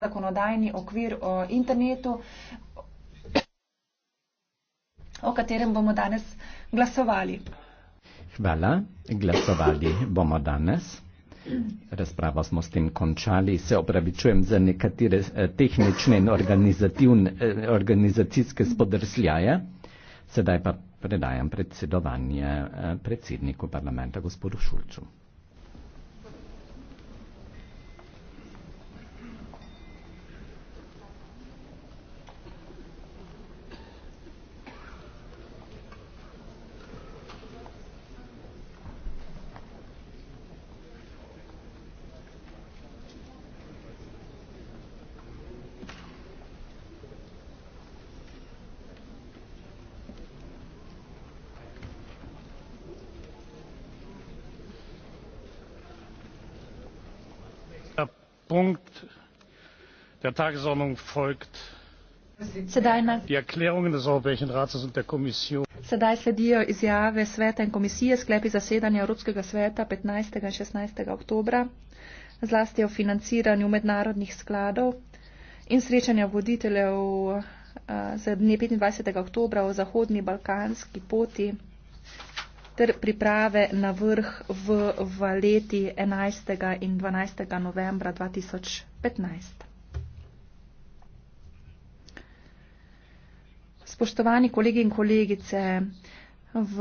zakonodajni okvir o internetu, o katerem bomo danes glasovali. Hvala, glasovali bomo danes. Razpravo smo s tem končali. Se opravičujem za nekatere eh, tehnične in eh, organizacijske spodrsljaje. Sedaj pa predajam predsedovanje eh, predsedniku parlamenta gospodu Šulču. tagesordnung folgt die erklärungen des europäischen rates und der kommission Sedaj sledijo izjave sveta in komisije, sklepi zasedanja Evropskega sveta 15. in 16. oktobra, zlasti o financiranju mednarodnih skladov in srečanja voditeljev eh, za dne 25. oktobra o Zahodni balkanski poti ter priprave na vrh v valeti 11. in 12. novembra 2015. Spoštovani kolegi in kolegice, v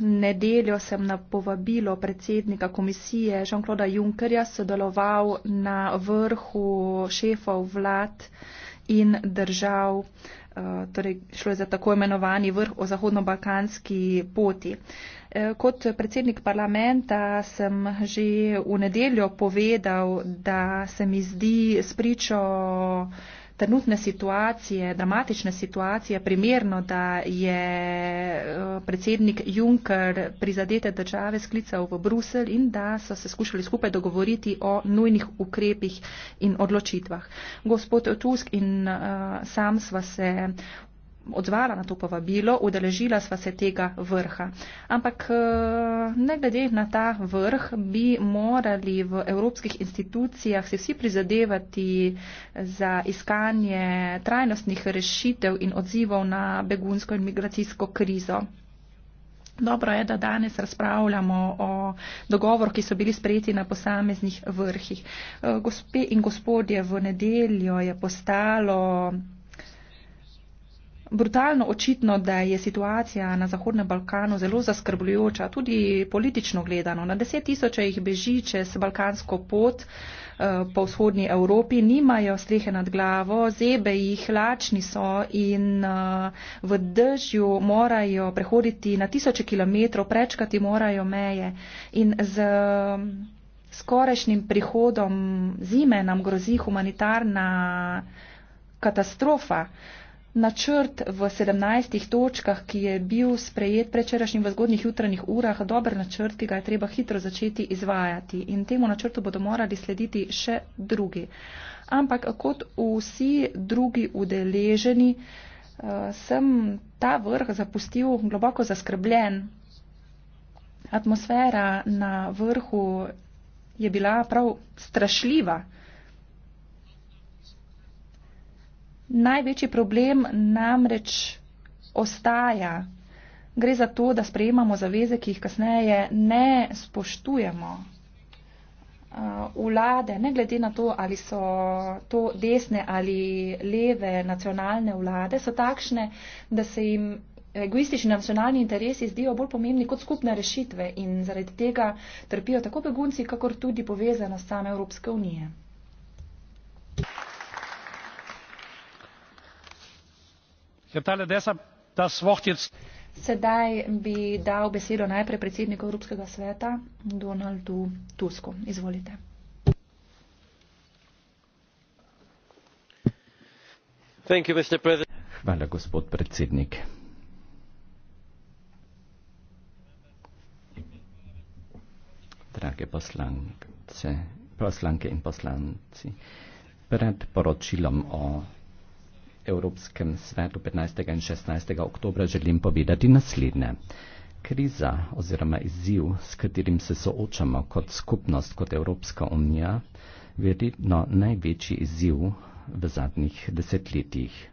nedeljo sem na povabilo predsednika komisije Jean-Claude Junckerja sodeloval na vrhu šefov vlad in držav, eh, torej šlo je za tako imenovani vrh o zahodno-balkanski poti. Eh, kot predsednik parlamenta sem že v nedeljo povedal, da se mi zdi spričo trenutne situacije, dramatične situacije, primerno, da je eh, predsednik Juncker prizadete države sklical v Bruselj in da so se skušali skupaj dogovoriti o nujnih ukrepih in odločitvah. Gospod Tusk in uh, sam sva se odzvala na to povabilo, udeležila sva se tega vrha. Ampak eh, ne glede na ta vrh, bi morali v evropskih institucijah se vsi prizadevati za iskanje trajnostnih rešitev in odzivov na begunsko in migracijsko krizo. Dobro je, da danes razpravljamo o dogovor, ki so bili sprejeti na posameznih vrhih. Eh, gospe in gospodje, v nedeljo je postalo Brutalno očitno, da je situacija na Zahodnem Balkanu zelo zaskrbljujoča, tudi politično gledano. Na deset tisoče jih beži čez balkansko pot eh, po vzhodni Evropi, nimajo strehe nad glavo, zebe jih, lačni so in eh, v dežju morajo prehoditi na tisoče kilometrov, prečkati morajo meje. In z mm, skorešnjim prihodom zime nam grozi humanitarna katastrofa načrt v 17 točkah, ki je bil sprejet prečerašnjim v zgodnjih jutranjih urah, dober načrt, ki ga je treba hitro začeti izvajati. In temu načrtu bodo morali slediti še drugi. Ampak kot vsi drugi udeleženi, eh, sem ta vrh zapustil globoko zaskrbljen. Atmosfera na vrhu je bila prav strašljiva. Največji problem namreč ostaja. Gre za to, da sprejemamo zaveze, ki jih kasneje ne spoštujemo. Uh, vlade, ne glede na to, ali so to desne ali leve nacionalne vlade, so takšne, da se jim egoistični nacionalni interesi zdijo bolj pomembni kot skupne rešitve in zaradi tega trpijo tako begunci, kakor tudi povezanost same Evropske unije. Thank you. Ich ja, erteile deshalb das Wort jetzt. Sedaj bi dal besedo najprej predsedniku Evropskega sveta Donaldu Tusku. Izvolite. Hvala, gospod predsednik. Drage poslanke in poslanci, pred poročilom o Evropskem svetu 15. in 16. oktobra želim povedati naslednje. Kriza oziroma izziv, s katerim se soočamo kot skupnost, kot Evropska unija, verjetno največji izziv v zadnjih desetletjih.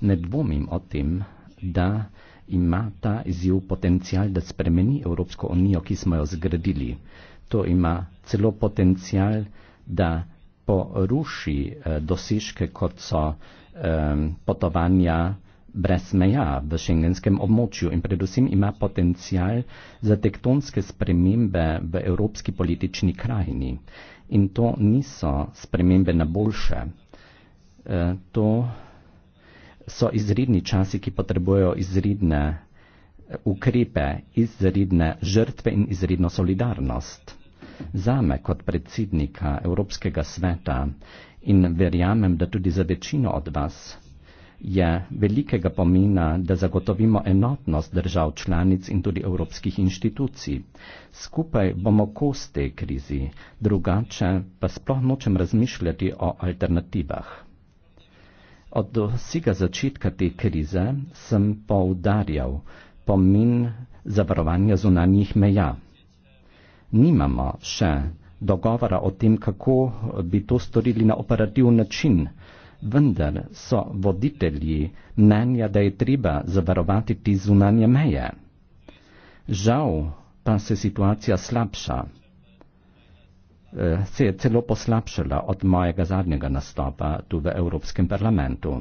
Ne dvomim o tem, da ima ta izziv potencial, da spremeni Evropsko unijo, ki smo jo zgradili. To ima celo potencial, da poruši eh, dosežke, kot so potovanja brez meja v šengenskem območju in predvsem ima potencial za tektonske spremembe v evropski politični krajini. In to niso spremembe na boljše. Eh, to so izredni časi, ki potrebujejo izredne ukrepe, izredne žrtve in izredno solidarnost zame kot predsednika Evropskega sveta in verjamem, da tudi za večino od vas je velikega pomena, da zagotovimo enotnost držav članic in tudi evropskih inštitucij. Skupaj bomo kos te krizi, drugače pa sploh nočem razmišljati o alternativah. Od vsega začetka te krize sem poudarjal pomen zavarovanja zunanjih meja nimamo še dogovora o tem, kako bi to storili na operativni način. Vendar so voditelji mnenja, da je treba zavarovati ti zunanje meje. Žal pa se situacija slabša. Eh, se je celo poslabšala od mojega zadnjega nastopa tu v Evropskem parlamentu.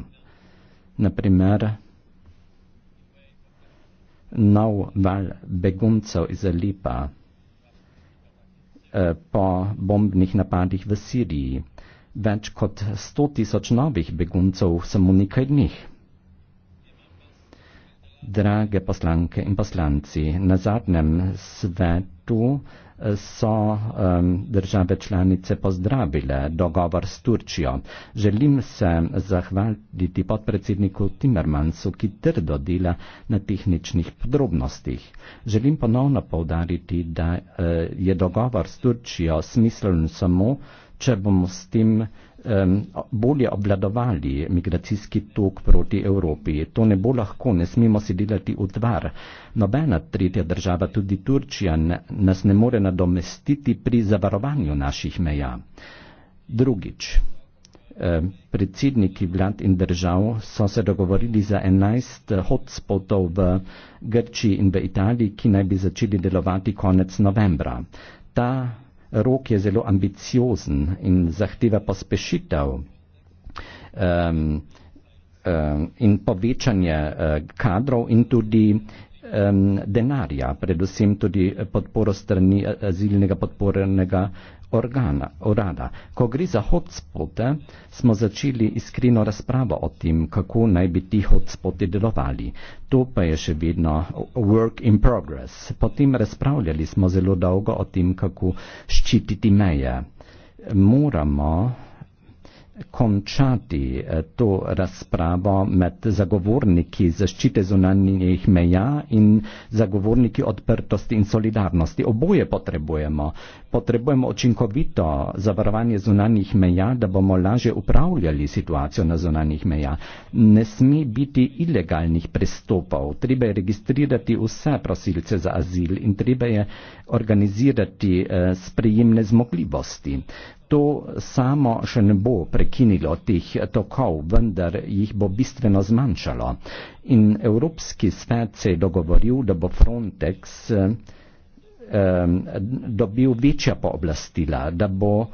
Naprimer, nov val beguncev iz Lipa Eh, po bombnih napadih v Siriji. Več kot 100 tisoč novih beguncev samo nekaj dneh. Drage poslanke in poslanci, na zadnjem svet tu eh, so um, države članice pozdravile dogovor s Turčijo. Želim se zahvaliti podpredsedniku Timmermansu, ki trdo dela na tehničnih podrobnostih. Želim ponovno povdariti, da uh, je dogovor s Turčijo smiseln samo, če bomo s tem bolje obvladovali migracijski tok proti Evropi. To ne bo lahko, ne smemo si delati utvar. Nobena tretja država, tudi Turčija, nas ne more nadomestiti pri zavarovanju naših meja. Drugič, predsedniki vlad in držav so se dogovorili za 11 hotspotov v Grčiji in v Italiji, ki naj bi začeli delovati konec novembra. Ta rok je zelo ambiciozen in zahteva pospešitev um, um, in povečanje uh, kadrov in tudi um, denarja, predvsem tudi podporo strani uh, azilnega podpornega organa, urada. Ko gre za hotspote, smo začeli iskreno razpravo o tem, kako naj bi ti hotspoti delovali. To pa je še vedno work in progress. Potem razpravljali smo zelo dolgo o tem, kako ščititi meje. Moramo končati eh, to razpravo med zagovorniki zaščite zunanjih meja in zagovorniki odprtosti in solidarnosti. Oboje potrebujemo potrebujemo očinkovito zavarovanje zunanjih meja, da bomo lažje upravljali situacijo na zunanjih meja. Ne sme biti ilegalnih prestopov, treba je registrirati vse prosilce za azil in treba je organizirati eh, sprejemne zmogljivosti. To samo še ne bo prekinilo teh eh, tokov, vendar jih bo bistveno zmanjšalo. In Evropski svet se je dogovoril, da bo Frontex eh, eh, dobil večja pooblastila, da bo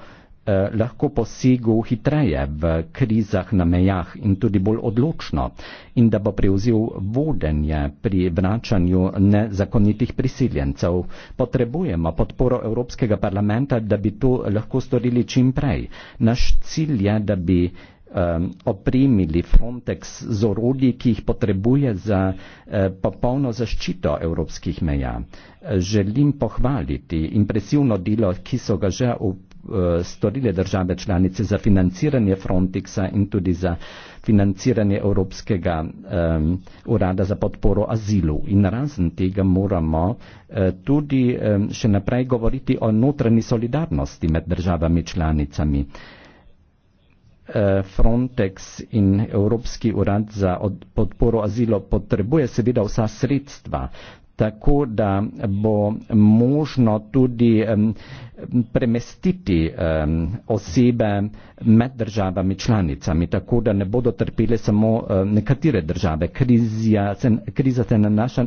eh, lahko posegel hitreje v krizah na mejah in tudi bolj odločno in da bo prevzel vodenje pri vračanju nezakonitih priseljencev. Potrebujemo podporo Evropskega parlamenta, da bi to lahko storili čim prej. Naš cilj je, da bi Um, opremili Frontex z orodji, ki jih potrebuje za eh, popolno zaščito evropskih meja. Želim pohvaliti impresivno delo, ki so ga že eh, storile države članice za financiranje Frontexa in tudi za financiranje Evropskega um, urada za podporo azilu. In razen tega moramo uh, tudi um, še naprej govoriti o notranji solidarnosti med državami članicami. Uh, Eh, Frontex in Evropski urad za podporo azilo potrebuje seveda vsa sredstva, tako da bo možno tudi premestiti osebe med državami članicami, tako da ne bodo trpele samo eh, nekatere države. Krizija, kriza se nanaša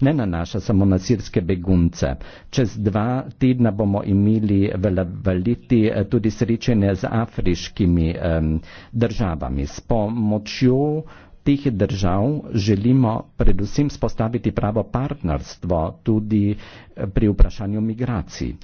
ne nanaša samo na sirske begunce. Čez dva tedna bomo imeli v Valiti eh, tudi srečanje z afriškimi državami. S pomočjo teh držav želimo predvsem spostaviti pravo partnerstvo tudi eh, pri vprašanju migracij.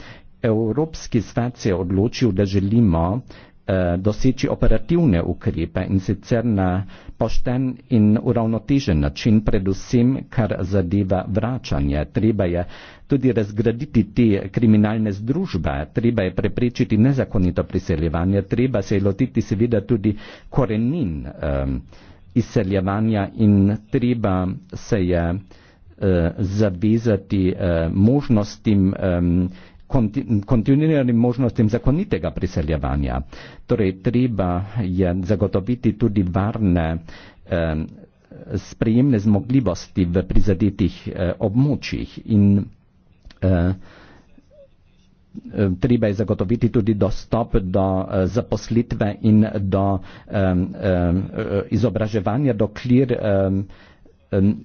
Evropski svet se je odločil, da želimo Eh, doseči operativne ukrepe in sicer na pošten in uravnotežen način, predvsem kar zadeva vračanje. Treba je tudi razgraditi te kriminalne združbe, treba je preprečiti nezakonito priseljevanje, treba se je lotiti seveda tudi korenin eh, izseljevanja in treba se je eh, zavezati eh, možnostim eh, kontinuiranim možnostim zakonitega priseljevanja. Torej, treba je zagotoviti tudi varne eh, sprejemne zmogljivosti v prizadetih eh, območjih in eh, treba je zagotoviti tudi dostop do eh, zaposlitve in do eh, eh, izobraževanja, dokler eh,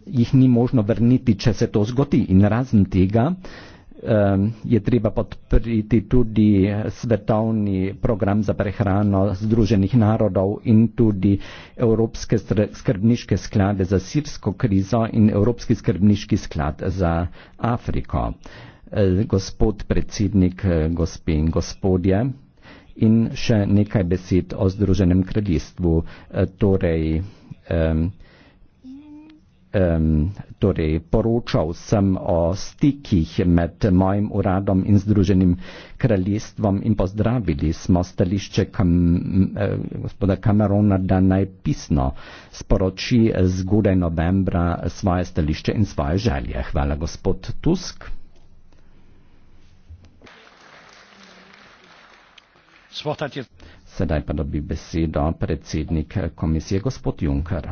jih ni možno vrniti, če se to zgodi. In razen tega, eh, um, je treba podpriti tudi svetovni program za prehrano Združenih narodov in tudi Evropske skrbniške sklade za sirsko krizo in Evropski skrbniški sklad za Afriko. Ehm, gospod predsednik, ehm, gospe in gospodje, in še nekaj besed o Združenem kraljestvu. Torej, um, um, torej poročal sem o stikih med mojim uradom in Združenim kraljestvom in pozdravili smo stališče kam, eh, gospoda Camerona, da naj pisno sporoči zgodaj novembra svoje stališče in svoje želje. Hvala, gospod Tusk. Sedaj pa dobi besedo predsednik komisije, gospod Juncker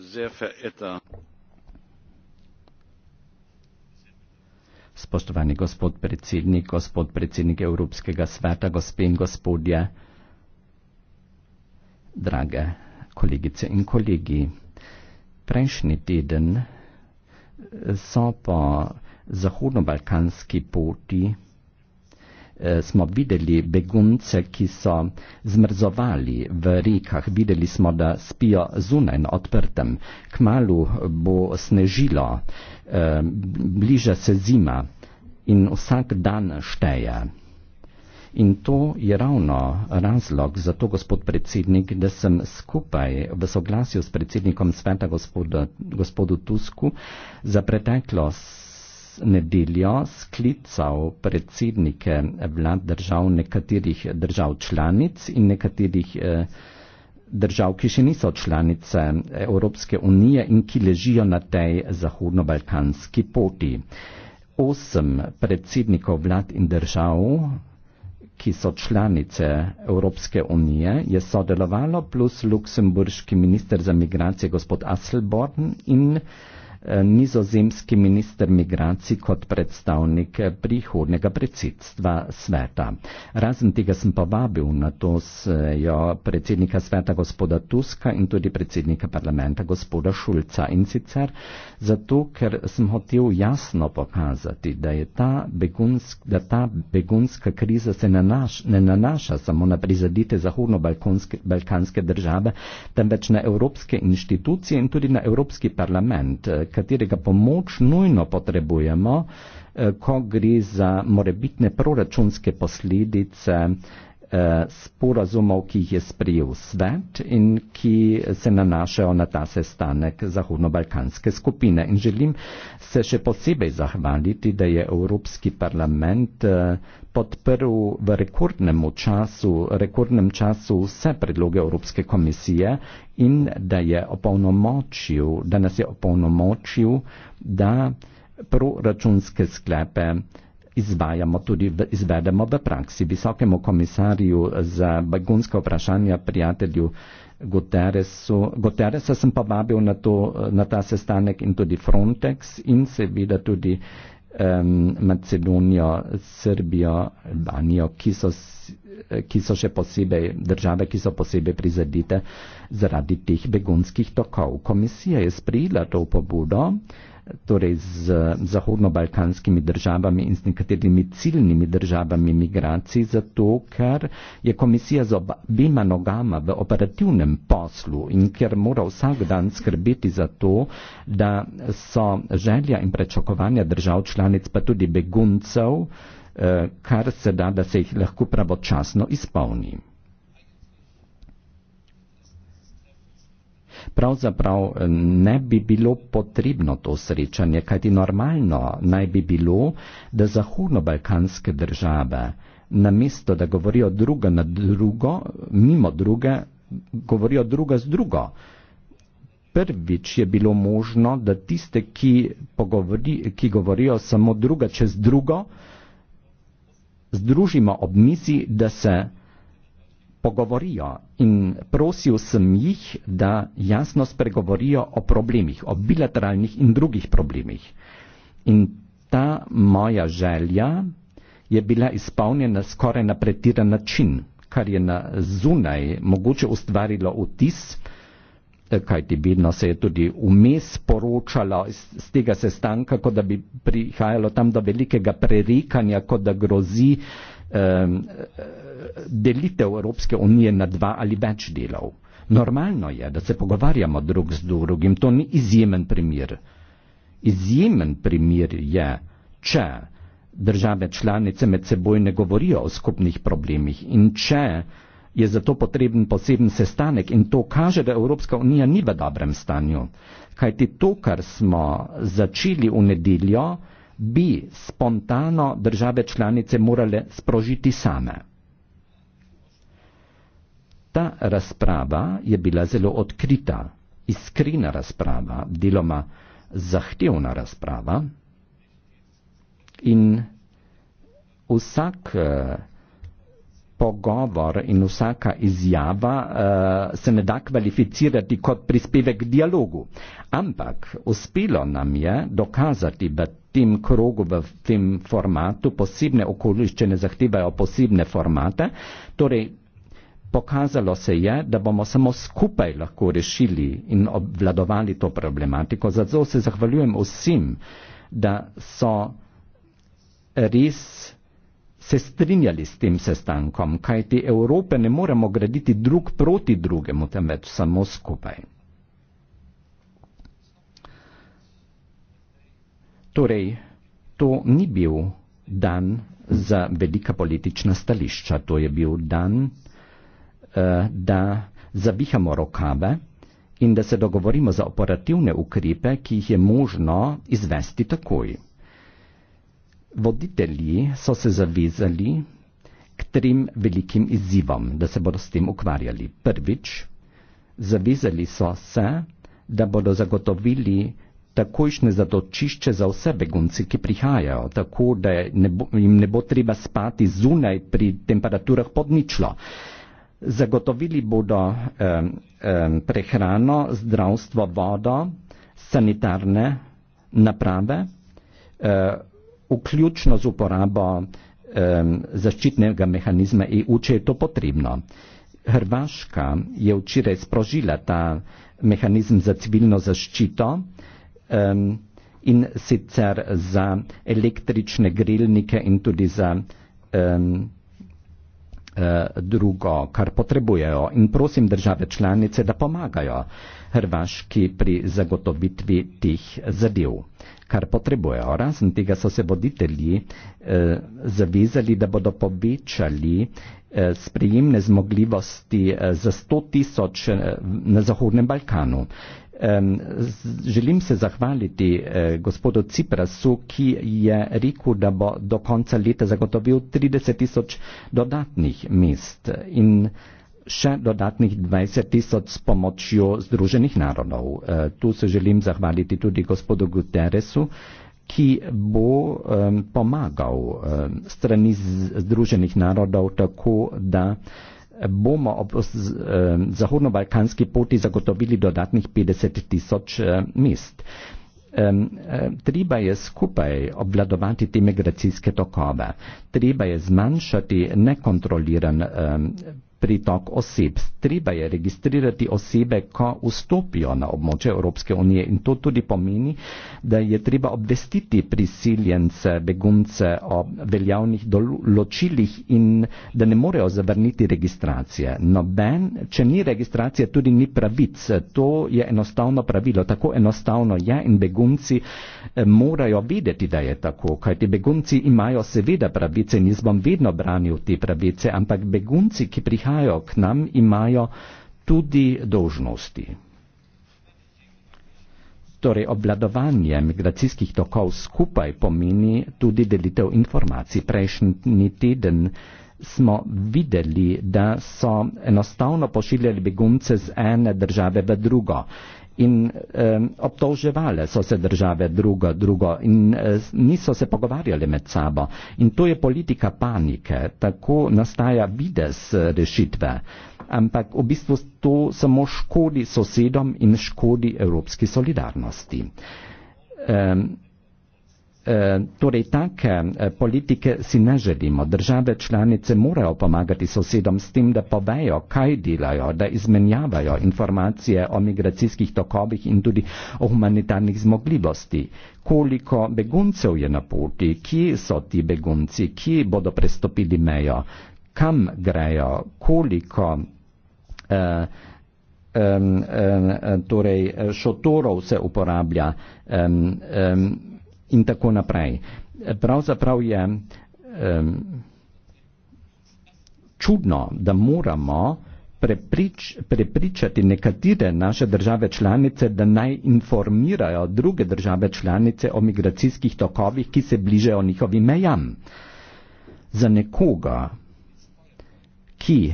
sehr verehrter Spoštovani gospod predsednik, gospod predsednik Evropskega sveta, gospe in gospodje, drage kolegice in kolegi. Prejšnji teden so po zahodno-balkanski poti Eh, smo videli begunce, ki so zmrzovali v rekah, videli smo, da spijo zunaj na odprtem, kmalo bo snežilo, eh, bliža se zima in vsak dan šteje. In to je ravno razlog za to, gospod predsednik, da sem skupaj v soglasju s predsednikom sveta gospodu, gospodu Tusku za preteklost nedeljo sklical predsednike vlad držav nekaterih držav članic in nekaterih eh, držav, ki še niso članice eh, Evropske unije in ki ležijo na tej zahodno-balkanski poti. Osem predsednikov vlad in držav, ki so članice Evropske unije, je sodelovalo, plus luksemburški minister za migracije gospod Asselborn in Eh, nizozemski minister migracij kot predstavnik eh, prihodnega predsedstva sveta. Razen tega sem povabil na to sejo predsednika sveta gospoda Tuska in tudi predsednika parlamenta gospoda Šulca in sicer zato, ker sem hotel jasno pokazati, da, ta, begunsk, da ta begunska kriza se nanaš, ne nanaša samo na prizadite zahodno-balkanske države, temveč na evropske institucije in tudi na evropski parlament eh, katerega pomoč nujno potrebujemo, eh, ko gre za morebitne proračunske posledice eh, sporazumov, ki jih je sprejel svet in ki se nanašajo na ta sestanek Zahodno-Balkanske skupine. In želim se še posebej zahvaliti, da je Evropski parlament eh, podprl v rekordnem času, rekordnem času vse predloge Evropske komisije in da, je da nas je opolnomočil, da proračunske sklepe izvajamo tudi, izvedemo v praksi. Visokemu komisarju za begunske vprašanja prijatelju Guterresu, Guterresa sem povabil na, to, na ta sestanek in tudi Frontex in seveda tudi um, Macedonijo, Srbijo, Albanijo, ki so, ki so še posebej države, ki so posebej prizadite zaradi teh begunskih tokov. Komisija je sprejela to pobudo torej z zahodno-balkanskimi državami in z nekaterimi ciljnimi državami migracij, zato ker je komisija z obima nogama v operativnem poslu in ker mora vsak dan skrbeti za to, da so želja in prečakovanja držav članic, pa tudi beguncev, eh, kar se da, da se jih lahko pravočasno izpolni. pravzaprav eh, ne bi bilo potrebno to srečanje, kajti normalno naj bi bilo, da zahodno-balkanske države, namesto da govorijo druga na drugo, mimo druge, govorijo druga z drugo. Prvič je bilo možno, da tiste, ki, pogovori, ki govorijo samo druga čez drugo, združimo ob misli, da se pogovorijo in prosil sem jih, da jasno spregovorijo o problemih, o bilateralnih in drugih problemih. In ta moja želja je bila izpolnjena skoraj na pretiran način, kar je na zunaj mogoče ustvarilo vtis, eh, kajti vedno se je tudi vmes poročalo iz, iz tega sestanka, kot da bi prihajalo tam do velikega prerekanja, kot da grozi. Eh, delitev Evropske unije na dva ali več delov. Normalno je, da se pogovarjamo drug z drugim, to ni izjemen primer. Izjemen primer je, če države članice med seboj ne govorijo o skupnih problemih in če je zato potreben poseben sestanek in to kaže, da Evropska unija ni v dobrem stanju. Kajti to, kar smo začeli v nedeljo, bi spontano države članice morale sprožiti same ta razprava je bila zelo odkrita, iskrena razprava, deloma zahtevna razprava. In vsak uh, pogovor in vsaka izjava uh, se ne da kvalificirati kot prispevek k dialogu. Ampak uspelo nam je dokazati v tem krogu, v tem formatu, posebne okoliščine zahtevajo posebne formate, torej Pokazalo se je, da bomo samo skupaj lahko rešili in obvladovali to problematiko. Zato se zahvaljujem vsem, da so res se strinjali s tem sestankom, kajti Evrope ne moremo graditi drug proti drugemu, temveč samo skupaj. Torej, to ni bil dan za velika politična stališča, to je bil dan, Eh, da zabihamo rokave in da se dogovorimo za operativne ukrepe, ki jih je možno izvesti takoj. Voditelji so se zavezali k trim velikim izzivom, da se bodo s tem ukvarjali. Prvič, zavezali so se, da bodo zagotovili takojšnje zatočišče za vse begunce, ki prihajajo, tako da ne bo, jim ne bo treba spati zunaj pri temperaturah pod ničlo. Uh, zagotovili bodo um, um, prehrano, zdravstvo, vodo, sanitarne naprave, um, vključno z uporabo um, zaščitnega mehanizma EU, če je to potrebno. Hrvaška je včeraj sprožila ta mehanizem za civilno zaščito um, in sicer za električne grilnike in tudi za um, Eh, drugo, kar potrebujejo. In prosim države članice, da pomagajo Hrvaški pri zagotovitvi tih zadev, kar potrebujejo. Razen tega so se voditelji eh, zavezali, da bodo povečali eh, sprejemne zmogljivosti za 100 tisoč na Zahodnem Balkanu. Um, želim se zahvaliti uh, gospodu Ciprasu, ki je rekel, da bo do konca leta zagotovil 30 tisoč dodatnih mest in še dodatnih 20 tisoč s pomočjo Združenih narodov. Uh, tu se želim zahvaliti tudi gospodu Guterresu, ki bo um, pomagal um, strani Združenih narodov tako, da uh, bomo ob zahodno-balkanski poti zagotovili dodatnih 50 tisoč e, mest. E, treba je skupaj obvladovati te migracijske tokove, treba je zmanjšati nekontroliran pritok oseb. Treba je registrirati osebe, ko vstopijo na območje Evropske unije in to tudi pomeni, da je treba obvestiti prisiljence, begunce o veljavnih določilih in da ne morejo zavrniti registracije. Noben, če ni registracije, tudi ni pravic. To je enostavno pravilo. Tako enostavno je in begunci eh, morajo vedeti, da je tako, kajti begunci imajo seveda pravice in jaz bom vedno branil te pravice, ampak begunci, ki prihajajo prihajajo k nam, imajo tudi dožnosti. Torej, obladovanje migracijskih tokov skupaj pomeni tudi delitev informacij. Prejšnji teden smo videli, da so enostavno pošiljali begunce z ene države v drugo in eh, obtoževale so se države drugo, drugo in eh, niso se pogovarjali med sabo. In to je politika panike, tako nastaja vides e, rešitve, ampak v bistvu to samo škodi sosedom in škodi evropski solidarnosti. Eh, Eh, torej take eh, politike si ne želimo. Države članice morajo pomagati sosedom s tem, da povejo, kaj delajo, da izmenjavajo informacije o migracijskih tokovih in tudi o humanitarnih zmogljivosti. Koliko beguncev je na poti, kje so ti begunci, kje bodo prestopili mejo, kam grejo, koliko. Eh, torej eh, šotorov se uporablja, in tako naprej. Pravzaprav je um, čudno, da moramo preprič, prepričati nekatere naše države članice, da naj informirajo druge države članice o migracijskih tokovih, ki se bližajo njihovim mejam. Za nekoga, ki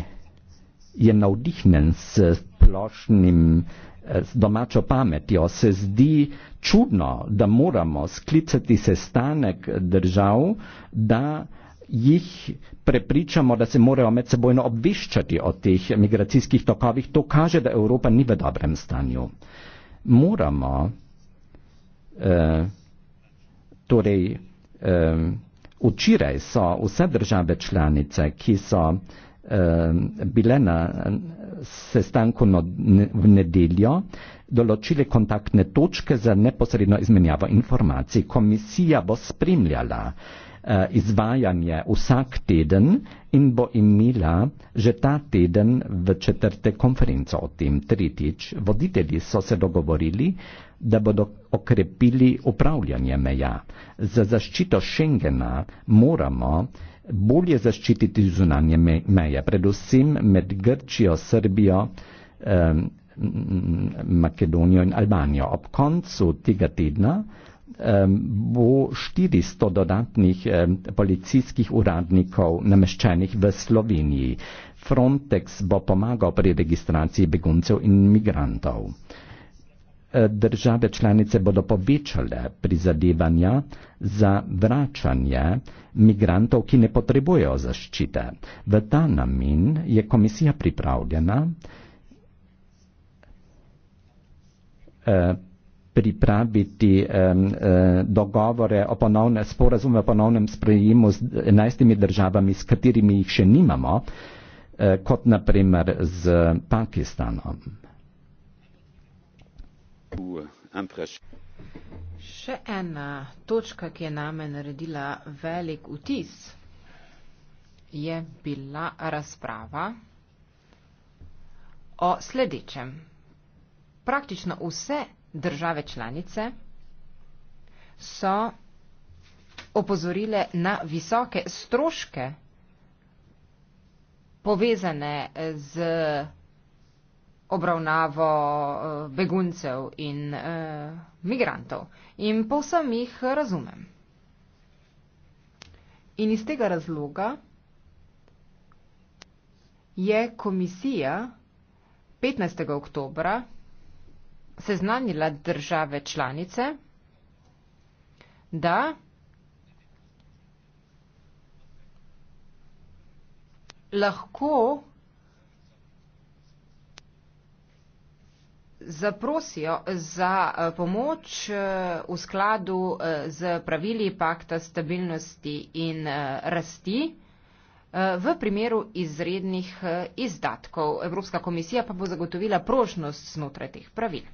je navdihnen s splošnim uh, Eh, z domačo pametjo, se zdi čudno, da moramo sklicati sestanek držav, da jih prepričamo, da se morajo med sebojno obveščati o teh migracijskih tokovih. To kaže, da Evropa ni v dobrem stanju. Moramo eh, torej eh, včeraj so vse države članice, ki so eh, bile na sestanku no- v nedeljo določili kontaktne točke za neposredno izmenjavo informacij. Komisija bo spremljala eh, izvajanje vsak teden in bo imela že ta teden v četrte konferenco o tem tretjič. Voditelji so se dogovorili, da bodo okrepili upravljanje meja. Za zaščito Schengena moramo bolje zaščititi zunanje meje, predvsem med Grčijo, Srbijo, Makedonijo in Albanijo. Ob koncu tega tedna bo 400 dodatnih policijskih uradnikov nameščenih v Sloveniji. Frontex bo pomagal pri registraciji beguncev in migrantov države članice bodo povečale prizadevanja za vračanje migrantov, ki ne potrebujejo zaščite. V ta namen je komisija pripravljena eh, pripraviti eh, dogovore o ponovne, sporazume o ponovnem sprejemu z enajstimi državami, s katerimi jih še nimamo, eh, kot naprimer z Pakistanom. Še ena točka, ki je name naredila velik vtis, je bila razprava o sledečem. Praktično vse države članice so opozorile na visoke stroške povezane z obravnavo eh, beguncev in uh, migrantov. In povsem jih razumem. In iz tega razloga je komisija 15. oktober seznanila države članice, da lahko zaprosijo za eh, pomoč eh, v skladu eh, z pravili pakta stabilnosti in rasti v primeru izrednih izdatkov. Evropska komisija pa bo zagotovila prožnost znotraj teh pravil.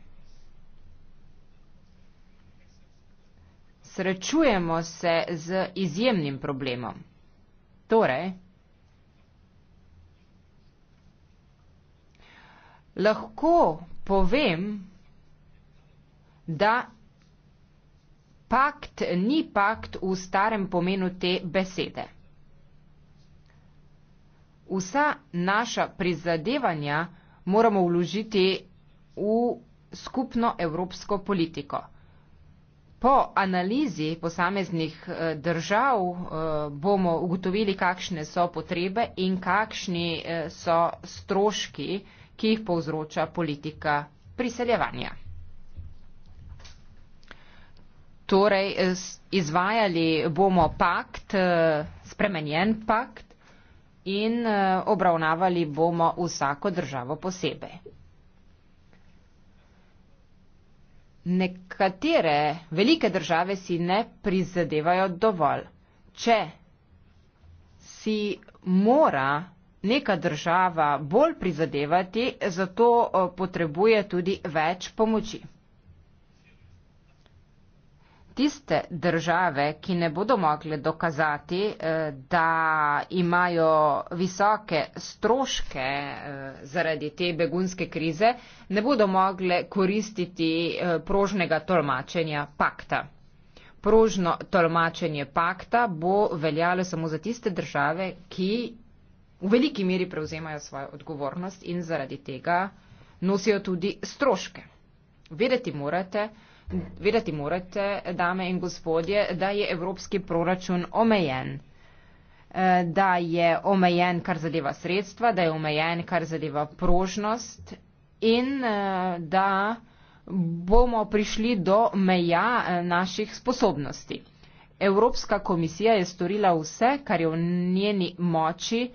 Srečujemo se z izjemnim problemom. Torej, lahko povem, da pakt ni pakt v starem pomenu te besede. Vsa naša prizadevanja moramo vložiti v skupno evropsko politiko. Po analizi posameznih eh, držav eh, bomo ugotovili, kakšne so potrebe in kakšni eh, so stroški, ki jih povzroča politika priseljevanja. Torej, izvajali bomo pakt, eh, spremenjen pakt in eh, obravnavali bomo vsako državo posebej. Nekatere velike države si ne prizadevajo dovolj. Če si mora neka država bolj prizadevati, zato eh, potrebuje tudi več pomoči. Tiste države, ki ne bodo mogli dokazati, eh, da imajo visoke stroške eh, zaradi te begunske krize, ne bodo mogli koristiti prožnega tolmačenja pakta. Prožno tolmačenje pakta bo veljalo samo za tiste države, ki v veliki meri prevzemajo svojo odgovornost in zaradi tega nosijo tudi stroške. Vedeti morate, vedeti morate, dame in gospodje, da je evropski proračun omejen, eh, da je omejen, kar zadeva sredstva, da je omejen, kar zadeva prožnost in eh, da bomo prišli do meja eh, naših sposobnosti. Evropska komisija je storila vse, kar je v njeni moči,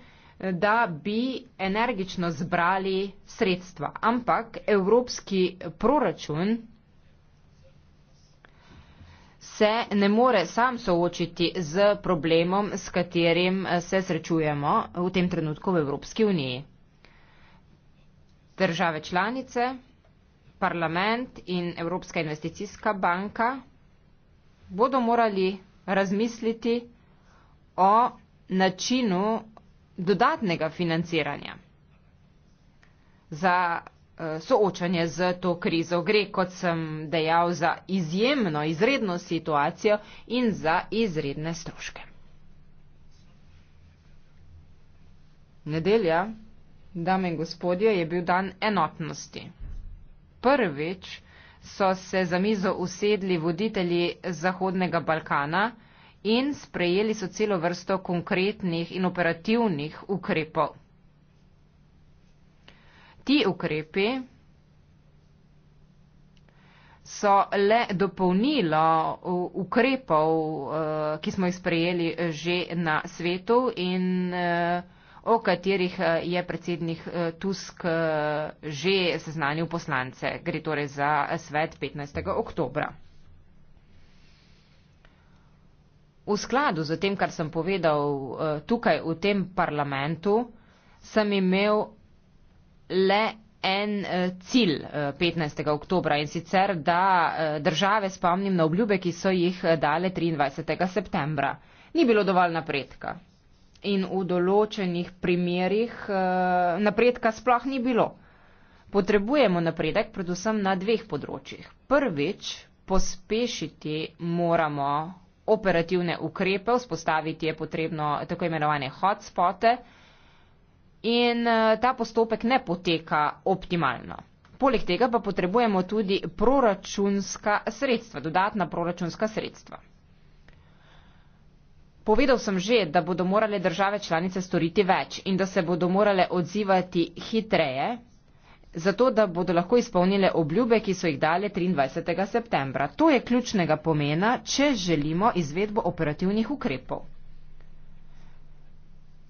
da bi energično zbrali sredstva. Ampak evropski proračun se ne more sam soočiti z problemom, s katerim eh, se srečujemo v tem trenutku v Evropski uniji. Države članice, parlament in Evropska investicijska banka bodo morali razmisliti o načinu dodatnega financiranja za eh, soočanje z to krizo. Gre, kot sem dejal, za izjemno, izredno situacijo in za izredne stroške. Nedelja, dame in gospodje, je bil dan enotnosti. Prvič so se za mizo usedli voditelji Zahodnega Balkana, in sprejeli so celo vrsto konkretnih in operativnih ukrepov. Ti ukrepi so le dopolnilo ukrepov, eh, ki smo jih sprejeli že na svetu in eh, o katerih eh, je predsednik Tusk že seznanil poslance. Gre torej za svet 15. oktobra. v skladu z tem, kar sem povedal eh, tukaj v tem parlamentu, sem imel le en eh, cilj 15. Eh, oktober in sicer, da države spomnim na obljube, ki so jih dale 23. septembra. Ni bilo dovolj napredka in v določenih primerjih napredka sploh ni bilo. Potrebujemo napredek predvsem na dveh področjih. Prvič, pospešiti moramo operativne ukrepe, vzpostaviti je potrebno tako imenovane hotspote in eh, ta postopek ne poteka optimalno. Poleg tega pa potrebujemo tudi proračunska sredstva, dodatna proračunska sredstva. Povedal sem že, da bodo morale države članice storiti več in da se bodo morale odzivati hitreje zato da bodo lahko izpolnile obljube, ki so jih dale 23. septembra. To je ključnega pomena, če želimo izvedbo operativnih ukrepov.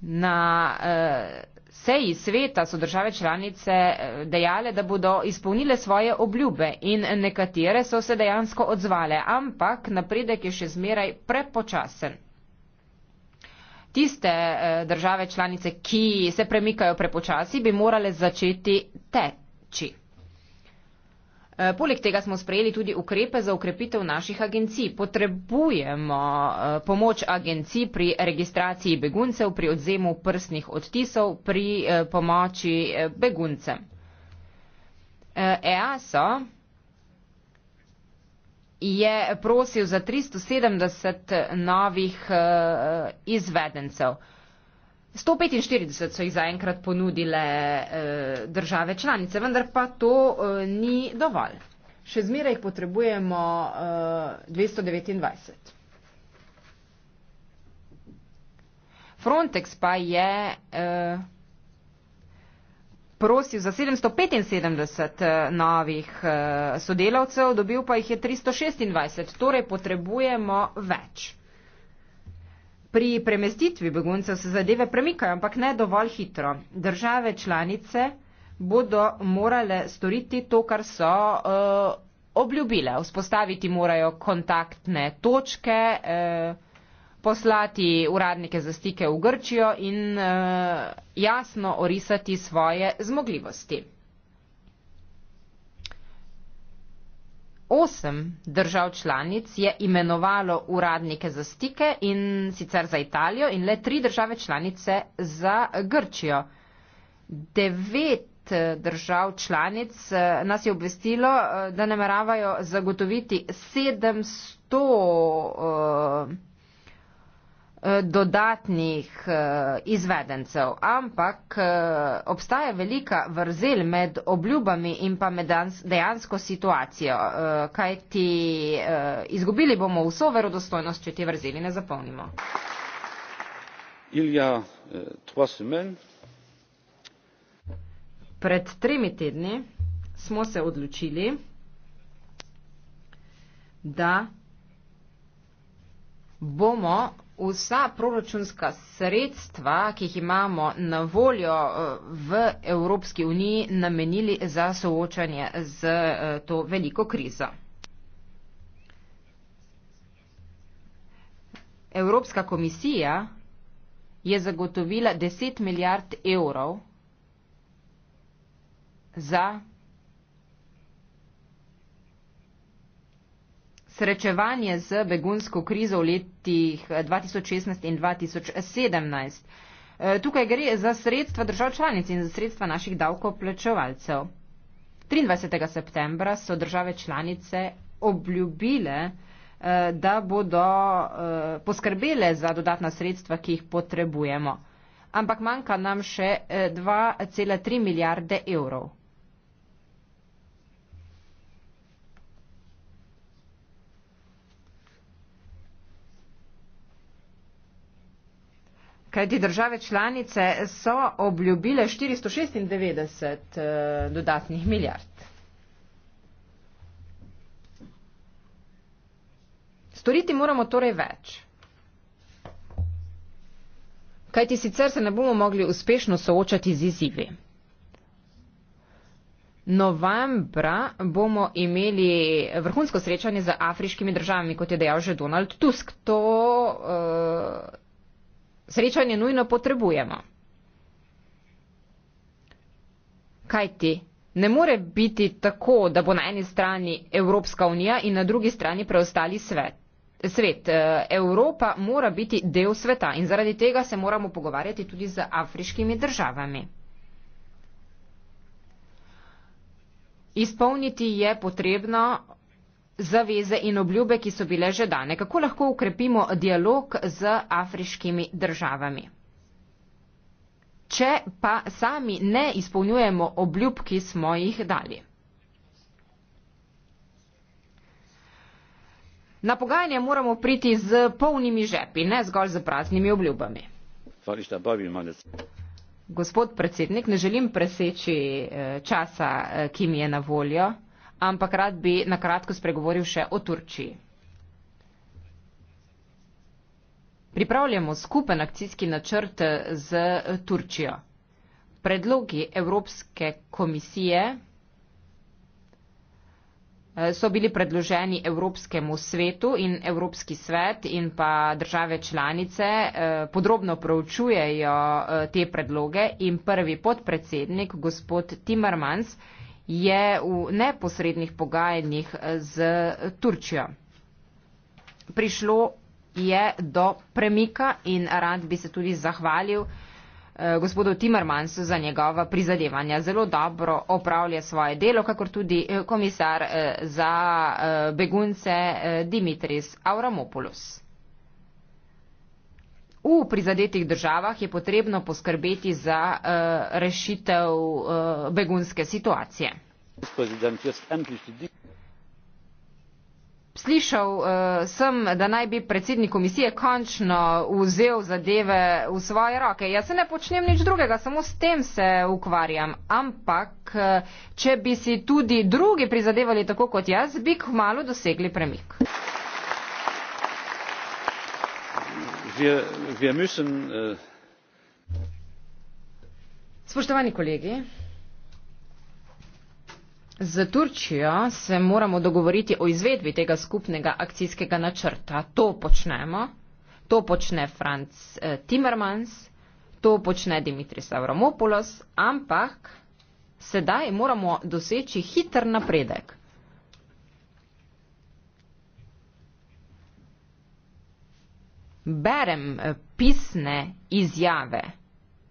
Na eh, seji sveta so države članice eh, dejale, da bodo izpolnile svoje obljube in nekatere so se dejansko odzvale, ampak napredek je še zmeraj prepočasen tiste eh, države članice, ki se premikajo prepočasi, bi morale začeti teči. Eh, poleg tega smo sprejeli tudi ukrepe za ukrepitev naših agencij. Potrebujemo eh, pomoč agencij pri registraciji beguncev, pri odzemu prstnih odtisov, pri pomoči beguncem. EASO, e je prosil za 370 novih eh, izvedencev. 145 so jih zaenkrat ponudile eh, države članice, vendar pa to eh, ni dovolj. Še zmeraj jih potrebujemo 229. Frontex pa je prosil za 775 eh, novih eh, sodelavcev, dobil pa jih je 326, torej potrebujemo več. Pri premestitvi beguncev se zadeve premikajo, ampak ne dovolj hitro. Države članice bodo morale storiti to, kar so uh, obljubile. Vzpostaviti morajo kontaktne točke. Uh, poslati uradnike za stike v Grčijo in uh, jasno orisati svoje zmogljivosti. Osem držav članic je imenovalo uradnike za stike in sicer za Italijo in le tri države članice za Grčijo. Devet eh, držav članic eh, nas je obvestilo, da nameravajo zagotoviti 700 uh, Eh, dodatnih eh, izvedencev. Ampak eh, obstaja velika vrzel med obljubami in pa med dejansko situacijo, kajti izgubili bomo vso verodostojnost, če te vrzeli ne zapolnimo. Pred tremi tedni smo se odločili, da bomo vsa proračunska sredstva, ki jih imamo na voljo eh, v Evropski uniji, namenili za soočanje z eh, to veliko krizo. Evropska komisija je zagotovila 10 milijard evrov za srečevanje z begunsko krizo v letih 2016 eh, in 2017. Eh, tukaj gre za sredstva držav članic in za sredstva naših davkoplačevalcev. 23. septembra so države članice obljubile, eh, da bodo poskrbele za dodatna sredstva, ki jih potrebujemo. Ampak manjka nam še 2,3 milijarde evrov. Kajti države članice so obljubile 496 eh, dodatnih milijard. Storiti moramo torej več. Kajti sicer se ne bomo mogli uspešno soočati z izzivi. Novembra bomo imeli vrhunsko srečanje z afriškimi državami, kot je dejal že Donald Tusk. To uh, srečanje nujno potrebujemo. Kaj ti? Ne more biti tako, da bo na eni strani Evropska unija in na drugi strani preostali svet. svet. E, Evropa mora biti del sveta in zaradi tega se moramo pogovarjati tudi z afriškimi državami. Izpolniti je potrebno zaveze in obljube, ki so bile že dane. Kako lahko ukrepimo dialog z afriškimi državami? Če pa sami ne izpolnjujemo obljub, ki smo jih dali. Na pogajanje moramo priti z polnimi žepi, ne zgolj z praznimi obljubami. Gospod predsednik, ne želim preseči eh, časa, eh, ki mi je na voljo ampak rad bi na kratko spregovoril še o Turčiji. Pripravljamo skupen akcijski načrt z Turčijo. Predlogi Evropske komisije eh, so bili predloženi Evropskemu svetu in Evropski svet in pa države članice eh, podrobno proučujejo eh, te predloge in prvi podpredsednik, gospod Timmermans, je v neposrednih pogajanjih z Turčijo. Prišlo je do premika in rad bi se tudi zahvalil eh, gospodu Timmermansu za njegova prizadevanja. Zelo dobro opravlja svoje delo, kakor tudi eh, komisar eh, za begunce Dimitris Auramopoulos. V prizadetih državah je potrebno poskrbeti za uh, rešitev uh, begunske situacije. Slišal uh, sem, da naj bi predsednik komisije končno vzel zadeve v svoje roke. Jaz se ne počnem nič drugega, samo s tem se ukvarjam. Ampak, če bi si tudi drugi prizadevali tako kot jaz, bi k malu dosegli premik. Äh, Spoštovani kolegi, z Turčijo se moramo dogovoriti o izvedbi tega skupnega akcijskega načrta. To počnemo, to počne Franz eh, Timmermans, to počne Dimitris Avramopoulos, ampak sedaj moramo doseči hiter napredek. berem eh, pisne izjave,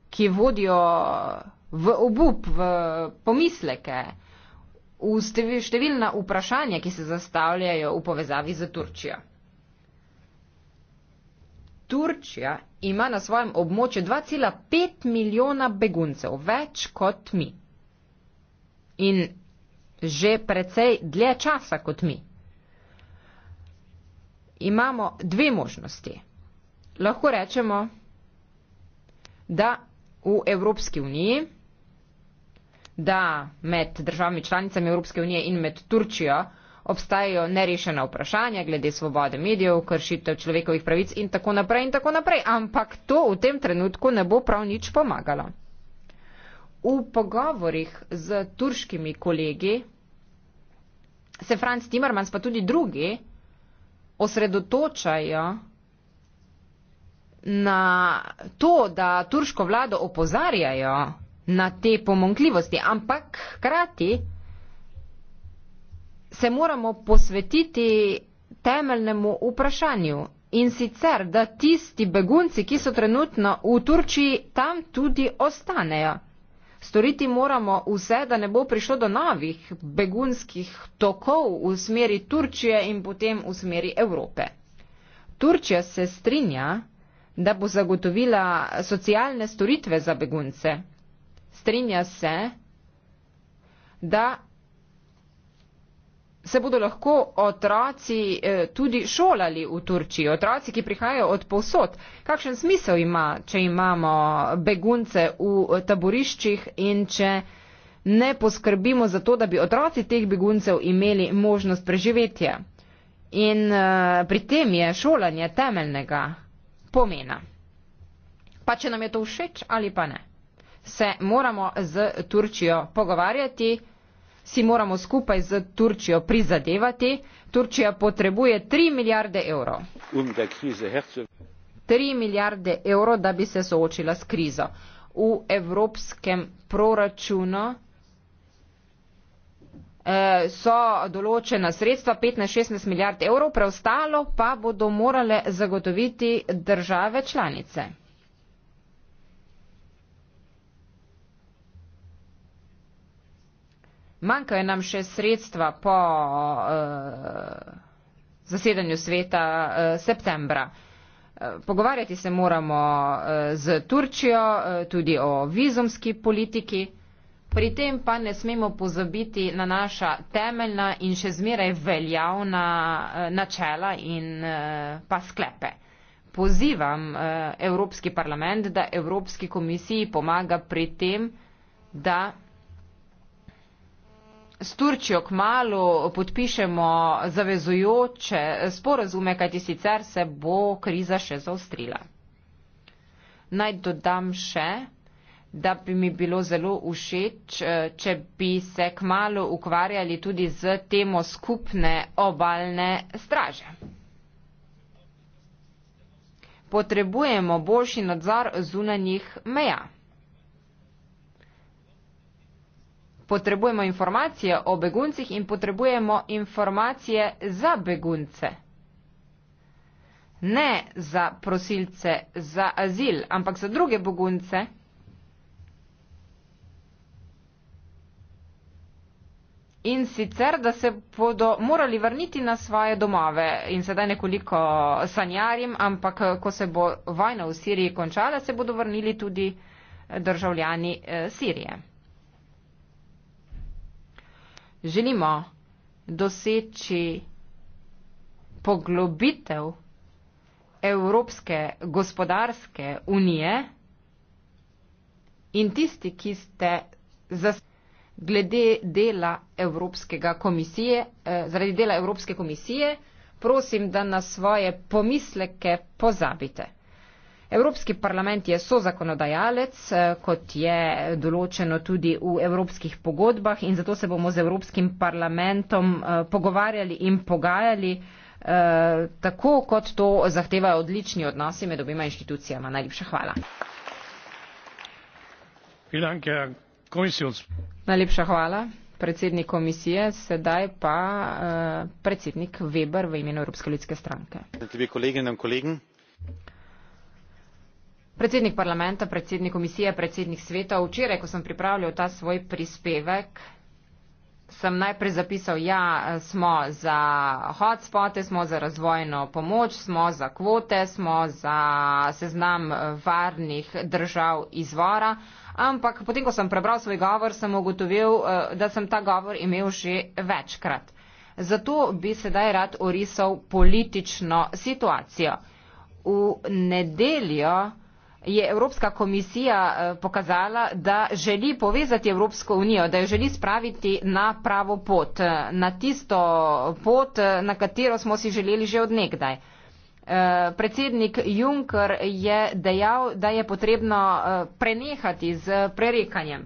ki vodijo v obup, v pomisleke, v številna vprašanja, ki se zastavljajo v povezavi z Turčijo. Turčija ima na svojem območju 2,5 milijona beguncev, več kot mi. In že precej dlje časa kot mi. Imamo dve možnosti lahko rečemo, da v Evropski uniji, da med državami članicami Evropske unije in med Turčijo obstajajo nerešena vprašanja glede svobode medijev, kršitev človekovih pravic in tako naprej in tako naprej, ampak to v tem trenutku ne bo prav nič pomagalo. V pogovorih z turškimi kolegi se Franz Timmermans pa tudi drugi osredotočajo na to, da turško vlado opozarjajo na te pomankljivosti, ampak hkrati se moramo posvetiti temeljnemu vprašanju in sicer, da tisti begunci, ki so trenutno v Turčiji, tam tudi ostanejo. Storiti moramo vse, da ne bo prišlo do novih begunskih tokov v smeri Turčije in potem v smeri Evrope. Turčija se strinja, da bo zagotovila socialne storitve za begunce. Strinja se, da se bodo lahko otroci eh, tudi šolali v Turčiji, otroci, ki prihajajo od povsod. Kakšen smisel ima, če imamo begunce v eh, taboriščih in če ne poskrbimo za to, da bi otroci teh beguncev imeli možnost preživetja. In eh, pri tem je šolanje temeljnega pomena. Pa če nam je to všeč ali pa ne, se moramo z Turčijo pogovarjati, si moramo skupaj z Turčijo prizadevati. Turčija potrebuje 3 milijarde evrov. 3 milijarde evrov, da bi se soočila s krizo. V evropskem proračunu Eh, so določena sredstva 15-16 milijard evrov, preostalo pa bodo morale zagotoviti države članice. Manjkajo nam še sredstva po uh, zasedanju sveta uh, septembra. Pogovarjati se moramo z Turčijo tudi o vizumski politiki. Pri tem pa ne smemo pozabiti na naša temeljna in še zmeraj veljavna eh, načela in eh, pa sklepe. Pozivam eh, Evropski parlament, da Evropski komisiji pomaga pri tem, da s Turčijo k malu podpišemo zavezujoče sporazume, kajti sicer se bo kriza še zaostrila. Naj dodam še, da bi mi bilo zelo všeč, eh, če bi se kmalo ukvarjali tudi z temo skupne obalne straže. Potrebujemo boljši nadzor zunanjih meja. Potrebujemo informacije o beguncih in potrebujemo informacije za begunce. Ne za prosilce za azil, ampak za druge begunce. In sicer, da se bodo morali vrniti na svoje domove in sedaj nekoliko sanjarim, ampak ko se bo vojna v Siriji končala, se bodo vrnili tudi eh, državljani eh, Sirije. Želimo doseči poglobitev Evropske gospodarske unije in tisti, ki ste zasedali glede dela Evropske komisije, eh, zaradi dela Evropske komisije, prosim, da na svoje pomisleke pozabite. Evropski parlament je sozakonodajalec, eh, kot je določeno tudi v evropskih pogodbah in zato se bomo z Evropskim parlamentom eh, pogovarjali in pogajali tako, kot to zahtevajo odlični odnosi med obima inštitucijama. Najlepša hvala. Vielen Dank, Herr Najlepša hvala, predsednik komisije. Sedaj pa eh, predsednik Weber v imenu Evropske ljudske stranke. Predsednik parlamenta, predsednik komisije, predsednik sveta, včeraj, ko sem pripravljal ta svoj prispevek, sem najprej zapisal, ja, smo za hotspote, smo za razvojno pomoč, smo za kvote, smo za seznam varnih držav izvora ampak potem, ko sem prebral svoj govor, sem ugotovil, eh, da sem ta govor imel že večkrat. Zato bi sedaj rad orisal politično situacijo. V nedeljo je Evropska komisija eh, pokazala, da želi povezati Evropsko unijo, da jo želi spraviti na pravo pot, eh, na tisto pot, na katero smo si želeli že odnegdaj. Eh, predsednik Juncker je dejal, da je potrebno eh, prenehati z prerekanjem.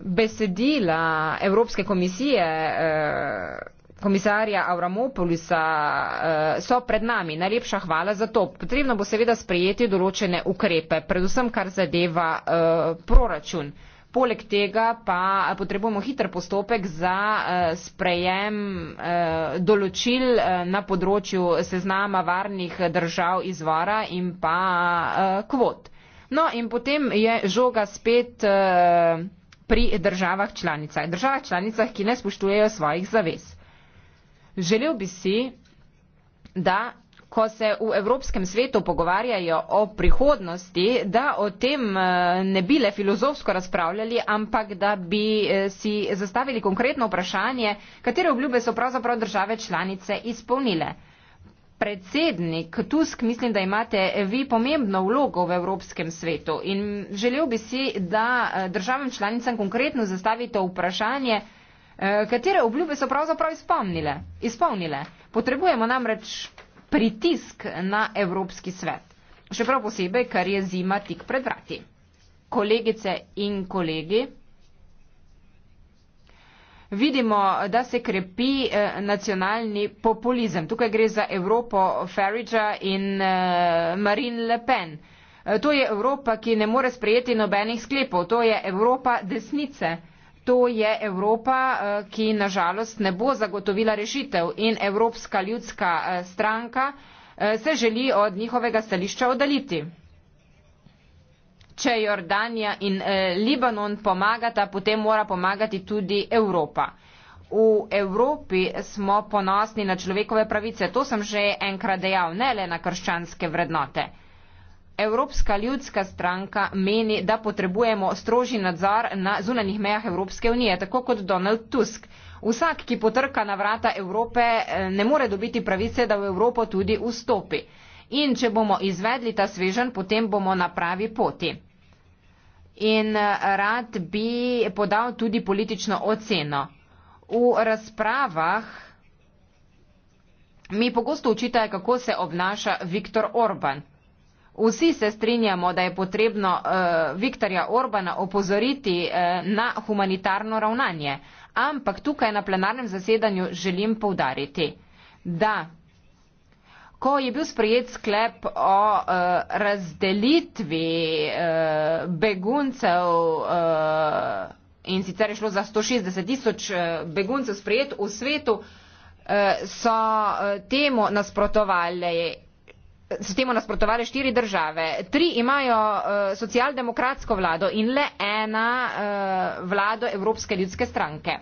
Besedila Evropske komisije eh, komisarja Avramopolisa so pred nami. Najlepša hvala za to. Potrebno bo seveda sprejeti določene ukrepe, predvsem kar zadeva proračun. Poleg tega pa potrebujemo hiter postopek za eh, sprejem eh, določil eh, na področju seznama varnih držav izvora in pa kvot. No in potem je žoga spet pri državah članicah. Državah članicah, ki ne spoštujejo svojih zavez. Želel bi si, da ko se v Evropskem svetu pogovarjajo o prihodnosti, da o tem eh, ne bi le filozofsko razpravljali, ampak da bi eh, si zastavili konkretno vprašanje, katere obljube so pravzaprav države članice izpolnile. Predsednik Tusk, mislim, da imate vi pomembno vlogo v Evropskem svetu in želel bi si, da eh, državam članicam konkretno zastavite vprašanje, katere obljube so pravzaprav izpolnile. Potrebujemo namreč pritisk na Evropski svet. Še prav posebej, ker je zima tik pred vrati. Kolegice in kolegi, vidimo, da se krepi eh, nacionalni populizem. Tukaj gre za Evropo Farage in eh, Marine Le Pen. Eh, to je Evropa, ki ne more sprejeti nobenih sklepov. To je Evropa desnice to je Evropa, eh, ki nažalost ne bo zagotovila rešitev in Evropska ljudska eh, stranka eh, se želi od njihovega stališča oddaliti. Če Jordanija in Libanon pomagata, potem mora pomagati tudi Evropa. V Evropi smo ponosni na človekove pravice, to sem že enkrat dejal, ne le na krščanske vrednote. Evropska ljudska stranka meni, da potrebujemo strožji nadzor na zunanih mejah Evropske unije, tako kot Donald Tusk. Vsak, ki potrka na vrata Evrope, eh, ne more dobiti pravice, da v Evropo tudi vstopi. In če bomo izvedli ta svežen, potem bomo na pravi poti. In eh, rad bi podal tudi politično oceno. V razpravah mi pogosto učitajo, kako se obnaša Viktor Orban. Vsi se strinjamo, da je potrebno uh, Viktorja Orbana opozoriti uh, na humanitarno ravnanje, ampak tukaj na plenarnem zasedanju želim poudariti, da ko je bil sprejet sklep o uh, razdelitvi uh, beguncev, uh, in sicer je šlo za 160 tisoč beguncev sprejet v svetu, so temu nasprotovali s temu nasprotovale štiri države. Tri imajo uh, socialdemokratsko vlado in le ena uh, vlado Evropske ljudske stranke.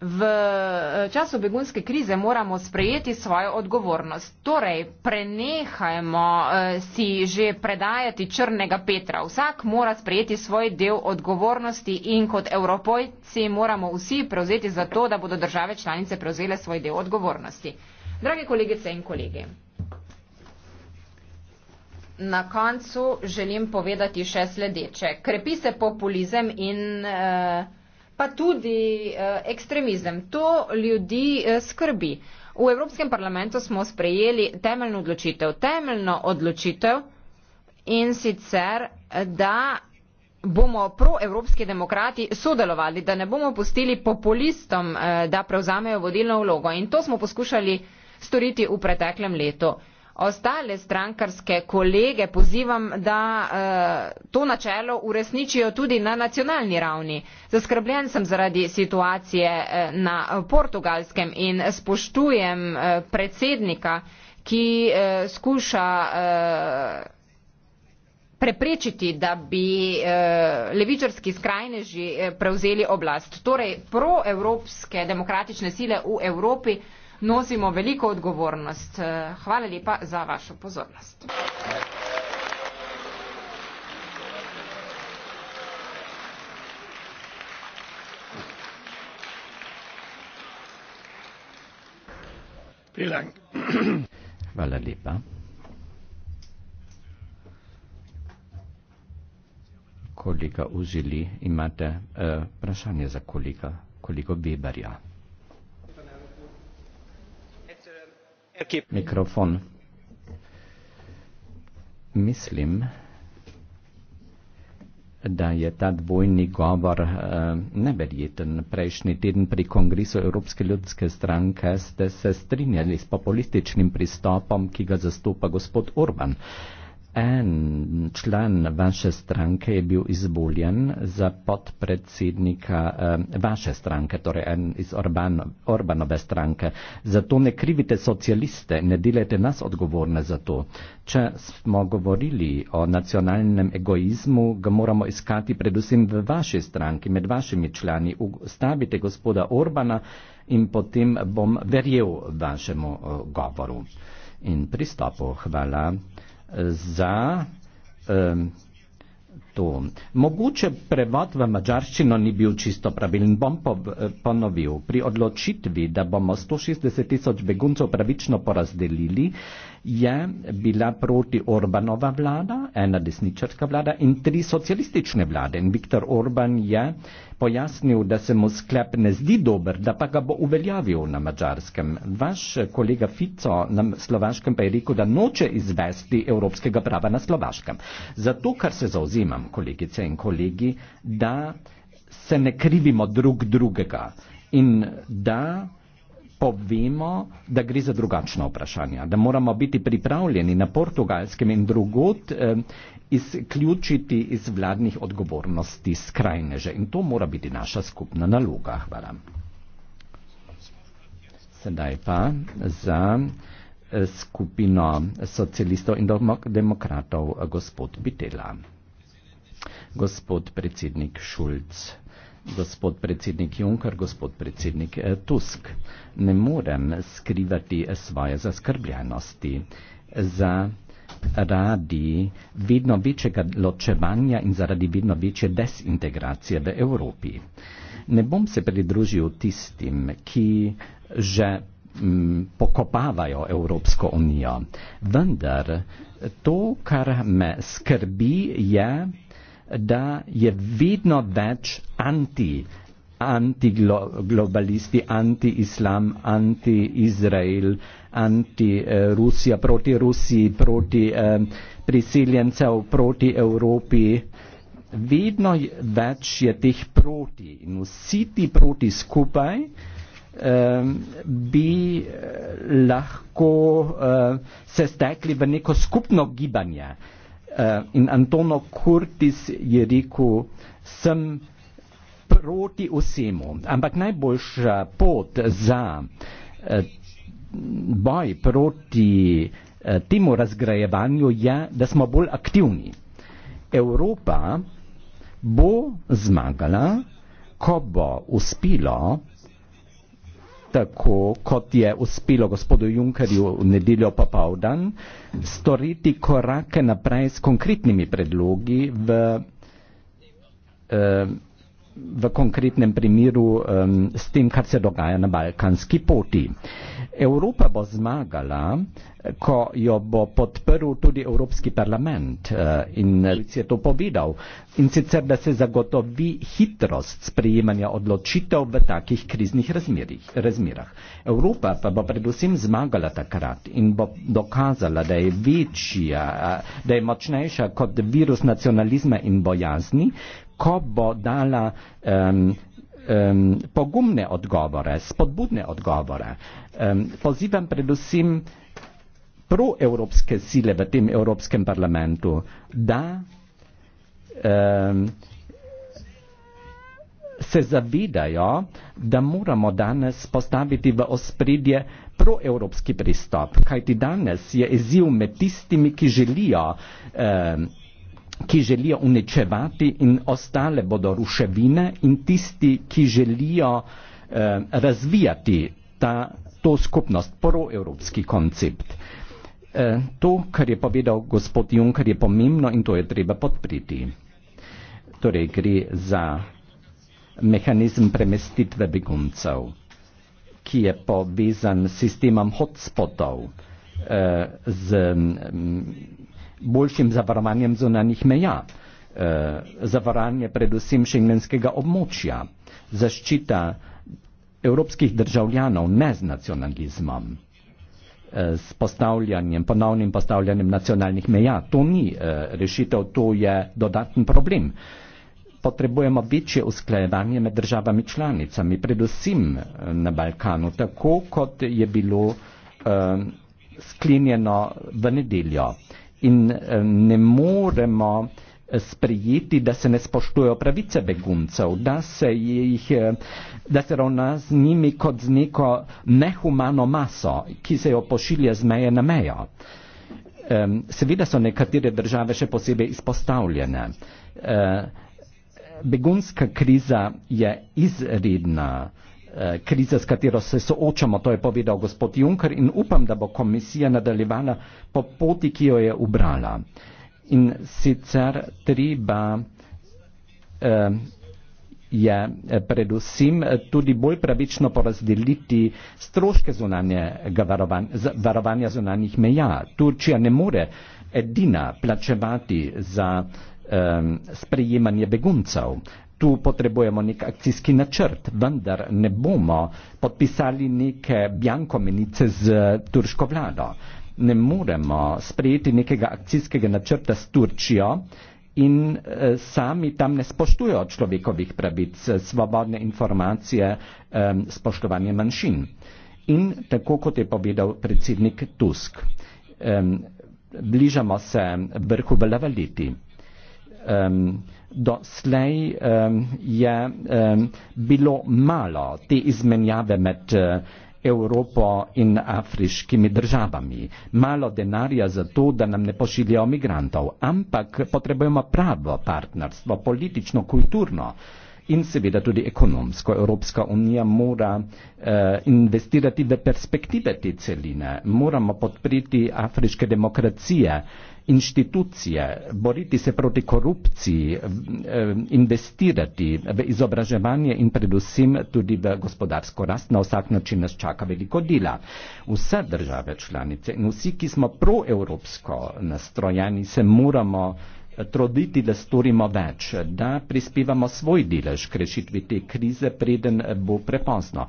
v eh, času begunske krize moramo sprejeti svojo odgovornost. Torej, prenehajmo eh, si že predajati črnega Petra. Vsak mora sprejeti svoj del odgovornosti in kot Evropojci moramo vsi prevzeti za to, da bodo države članice prevzele svoj del odgovornosti. Dragi kolegice in kolegi, na koncu želim povedati še sledeče. Krepi se populizem in. Uh, pa tudi eh, ekstremizem. To ljudi eh, skrbi. V Evropskem parlamentu smo sprejeli temeljno odločitev, temeljno odločitev in sicer, eh, da bomo proevropski demokrati sodelovali, da ne bomo pustili populistom, da prevzamejo vodilno vlogo. In to smo poskušali storiti v preteklem letu ostale strankarske kolege pozivam, da eh, to načelo uresničijo tudi na nacionalni ravni. Zaskrbljen sem zaradi situacije eh, na portugalskem in spoštujem eh, predsednika, ki skuša preprečiti, da bi levičarski skrajneži prevzeli oblast. Torej, proevropske demokratične sile v Evropi nosimo veliko odgovornost. Eh, hvala lepa za vašo pozornost. Hvala lepa. Kolega Uzili, imate uh, vprašanje za kolega, kolega Weberja? Mikrofon. Mislim, da je ta dvojni govor eh, neverjeten. Prejšnji teden pri Kongresu Evropske ljudske stranke ste se strinjali s populističnim pristopom, ki ga zastopa gospod Orban. Eh, En član vaše stranke je bil izvoljen za podpredsednika eh, vaše stranke, torej en iz Orbano, Orbanove stranke. Zato ne krivite socialiste, ne delajte nas odgovorne za to. Če smo govorili o nacionalnem egoizmu, ga moramo iskati predvsem v vaši stranki, med vašimi člani. Ustavite gospoda Orbana in potem bom verjel vašemu eh, govoru in pristopu. Hvala za tu. Mogoče prevod v mačarščino ni bil čisto pravilen. Bom ponovil, pri odločitvi, da bomo 160 tisoč beguncev pravično porazdelili, je bila proti Orbanova vlada, ena desničarska vlada in tri socialistične vlade. In Viktor Orban je pojasnil, da se mu sklep ne zdi dober, da pa ga bo uveljavil na mačarskem. Vaš kolega Fico na slovaškem pa je rekel, da noče izvesti evropskega prava na slovaškem. Zato, kar se zauzimam, kolegice in kolegi, da se ne krivimo drug drugega in da povemo, da gre za drugačno vprašanje, da moramo biti pripravljeni na portugalskem in drugot eh, izključiti iz vladnih odgovornosti skrajneže. In to mora biti naša skupna naloga. Hvala. Sedaj pa za eh, skupino socialistov in demokratov eh, gospod Bitela gospod predsednik Šulc, gospod predsednik Juncker, gospod predsednik eh, Tusk. Ne morem skrivati svoje zaskrbljenosti za radi vedno večjega ločevanja in zaradi vedno večje desintegracije v Evropi. Ne bom se pridružil tistim, ki že mm, pokopavajo Evropsko unijo. Vendar to, kar me skrbi, je da je vedno več anti, antiglobalisti, anti-islam, anti-izrael, anti-Rusija, eh, proti Rusiji, proti eh, priseljencev, proti Evropi. Vedno več je teh proti in vsi ti proti skupaj eh, bi eh, lahko eh, se stekli v neko skupno gibanje. Eh, in Antono Kurtis je rekel, sem proti vsemu, ampak najboljša pot za eh, boj proti eh, temu razgrajevanju je, da smo bolj aktivni. Evropa bo zmagala, ko bo uspelo tako kot je uspelo gospodu Junkerju v nedeljo popovdan, storiti korake naprej s konkretnimi predlogi v, eh, v konkretnem primeru s tem, kar se dogaja na balkanski poti. Evropa bo zmagala, ko jo bo podprl tudi Evropski parlament eh, in si je to povedal. In sicer, da se zagotovi hitrost sprejemanja odločitev v takih kriznih razmerah. Evropa pa bo predvsem zmagala takrat in bo dokazala, da je večja, eh, da je močnejša kot virus nacionalizma in bojazni, ko bo dala. Um, um, pogumne odgovore, spodbudne odgovore. Um, pozivam predvsem proevropske sile v tem Evropskem parlamentu, da um, se zavedajo, da moramo danes postaviti v ospredje proevropski pristop, kajti danes je izziv med tistimi, ki želijo um, ki želijo unečevati in ostale bodo ruševine in tisti, ki želijo eh, razvijati ta, to skupnost, proevropski koncept. Eh, to, kar je povedal gospod Juncker, je pomembno in to je treba podpriti. Torej gre za mehanizem premestitve beguncev, ki je povezan s sistemom hotspotov eh, z. Eh, boljšim zavarovanjem zunanih meja, eh, zavaranje predvsem šengenskega območja, zaščita evropskih državljanov ne z nacionalizmom, eh, s postavljanjem, ponovnim postavljanjem nacionalnih meja. To ni eh, rešitev, to je dodaten problem. Potrebujemo večje usklajevanje med državami članicami, predvsem na Balkanu, tako kot je bilo sklenjeno v nedeljo in eh, ne moremo eh, sprejeti, da se ne spoštujejo pravice beguncev, da se, jih, eh, da se ravna z njimi kot z neko nehumano maso, ki se jo pošilja z meje na mejo. Seveda so nekatere države še posebej izpostavljene. Begunska kriza je izredna Eh, krize, s katero se soočamo, to je povedal gospod Juncker in upam, da bo komisija nadaljevala po poti, ki jo je ubrala. In sicer treba eh, je eh, predvsem eh, tudi bolj pravično porazdeliti stroške zunanjega varovanja, varovanja zunanjih meja. Turčija ne more edina plačevati za sprejemanje beguncev tu potrebujemo nek akcijski načrt, vendar ne bomo podpisali neke bjankomenice z eh, turško vlado. Ne moremo sprejeti nekega akcijskega načrta s Turčijo in eh, sami tam ne spoštujo človekovih pravic, eh, svobodne informacije, eh, spoštovanje manjšin. In tako kot je povedal predsednik Tusk, eh, bližamo se vrhu Belavaliti. Eh, do slej um, je um, bilo malo te izmenjave med uh, Evropo in afriškimi državami. Malo denarja za to, da nam ne pošiljajo migrantov, ampak potrebujemo pravo partnerstvo, politično, kulturno. In seveda tudi ekonomsko. Evropska unija mora eh, investirati v perspektive te celine. Moramo podpreti afriške demokracije inštitucije, boriti se proti korupciji, eh, investirati v izobraževanje in predvsem tudi v gospodarsko rast. Na vsak način nas čaka veliko dela. Vse države članice in vsi, ki smo proevropsko nastrojeni, se moramo eh, truditi, da storimo več, da prispevamo svoj delež k rešitvi te krize, preden bo prepozno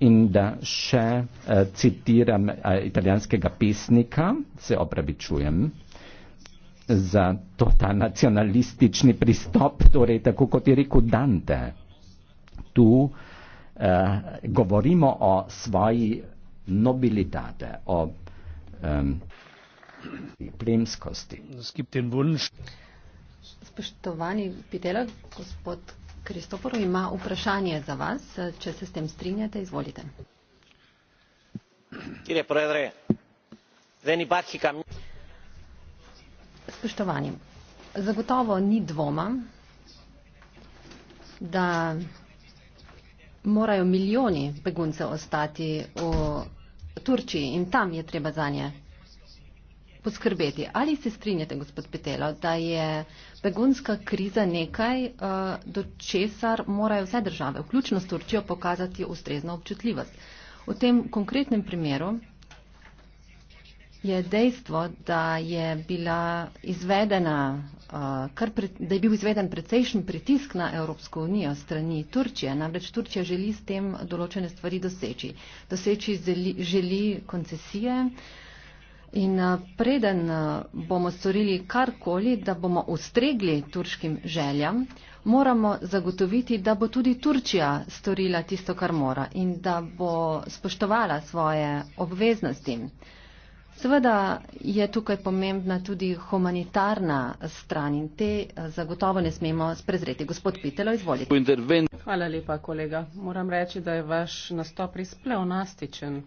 in da še eh, citiram eh, italijanskega pesnika, se opravičujem za to, ta nacionalistični pristop, torej tako kot je rekel Dante. Tu eh, govorimo o svoji nobilitate, o eh, plemskosti. Spoštovani Pitela, gospod Kristoforo ima vprašanje za vas. Če se s tem strinjate, izvolite. Spoštovani, zagotovo ni dvoma, da morajo milijoni beguncev ostati v Turčiji in tam je treba za nje poskrbeti. Ali se strinjate, gospod Petelo, da je begunska kriza nekaj, eh, do česar morajo vse države, vključno s Turčijo, pokazati ustrezno občutljivost? V tem konkretnem primeru je dejstvo, da je, bila izvedena, eh, kar, da je bil izveden precejšen pritisk na Evropsko unijo strani Turčije. Namreč Turčija želi s tem določene stvari doseči. Doseči želi koncesije, In eh, preden eh, bomo storili karkoli, da bomo ustregli turškim željam, moramo zagotoviti, da bo tudi Turčija storila tisto, kar mora in da bo spoštovala svoje obveznosti. Seveda je tukaj pomembna tudi humanitarna stran in te eh, zagotovo ne smemo sprezreti. Gospod Pitelo, izvolite. Hvala lepa, kolega. Moram reči, da je vaš nastop res pleonastičen.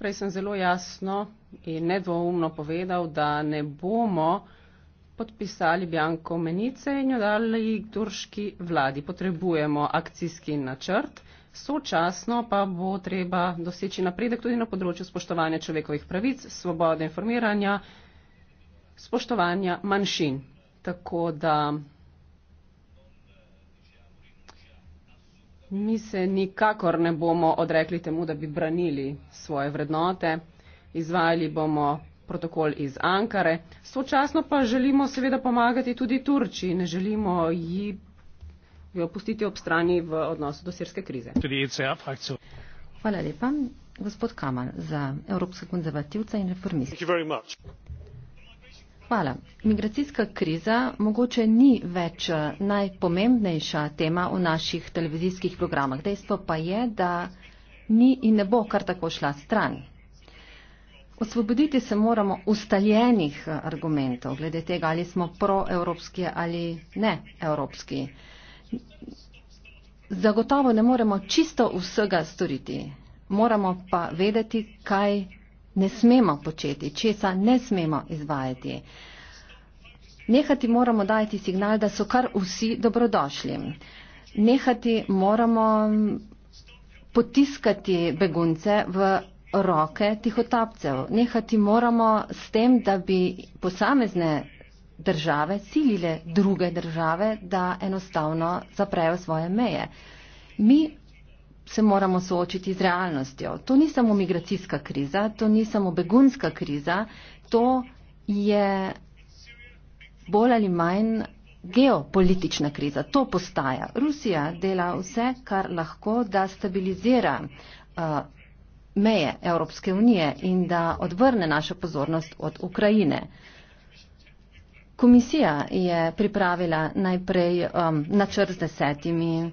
Prej sem zelo jasno in nedvoumno povedal, da ne bomo podpisali Bjanko Menice in jo dali turški vladi. Potrebujemo akcijski načrt, sočasno pa bo treba doseči napredek tudi na področju spoštovanja človekovih pravic, svobode informiranja, spoštovanja manjšin. Tako da Mi se nikakor ne bomo odrekli temu, da bi branili svoje vrednote. Izvajali bomo protokol iz Ankare. Sočasno pa želimo seveda pomagati tudi Turčiji. Ne želimo ji jo pustiti ob strani v odnosu do sirske krize. E Hvala lepa, gospod Kamal, za Evropske konzervativce in reformiste. Hvala. Migracijska kriza mogoče ni več eh, najpomembnejša tema v naših televizijskih programah. Dejstvo pa je, da ni in ne bo kar tako šla stran. Osvoboditi se moramo ustaljenih eh, argumentov glede tega, ali smo proevropski ali neevropski. Zagotovo ne moremo čisto vsega storiti, moramo pa vedeti, kaj ne smemo početi, česa ne smemo izvajati. Nehati moramo dajati signal, da so kar vsi dobrodošli. Nehati moramo potiskati begunce v roke tihotapcev. Nehati moramo s tem, da bi posamezne države silile druge države, da enostavno zaprejo svoje meje. Mi se moramo soočiti z realnostjo. To ni samo migracijska kriza, to ni samo begunska kriza, to je bolj ali manj geopolitična kriza. To postaja. Rusija dela vse, kar lahko, da stabilizira uh, meje Evropske unije in da odvrne našo pozornost od Ukrajine. Uh, Komisija je pripravila najprej um, načrt z desetimi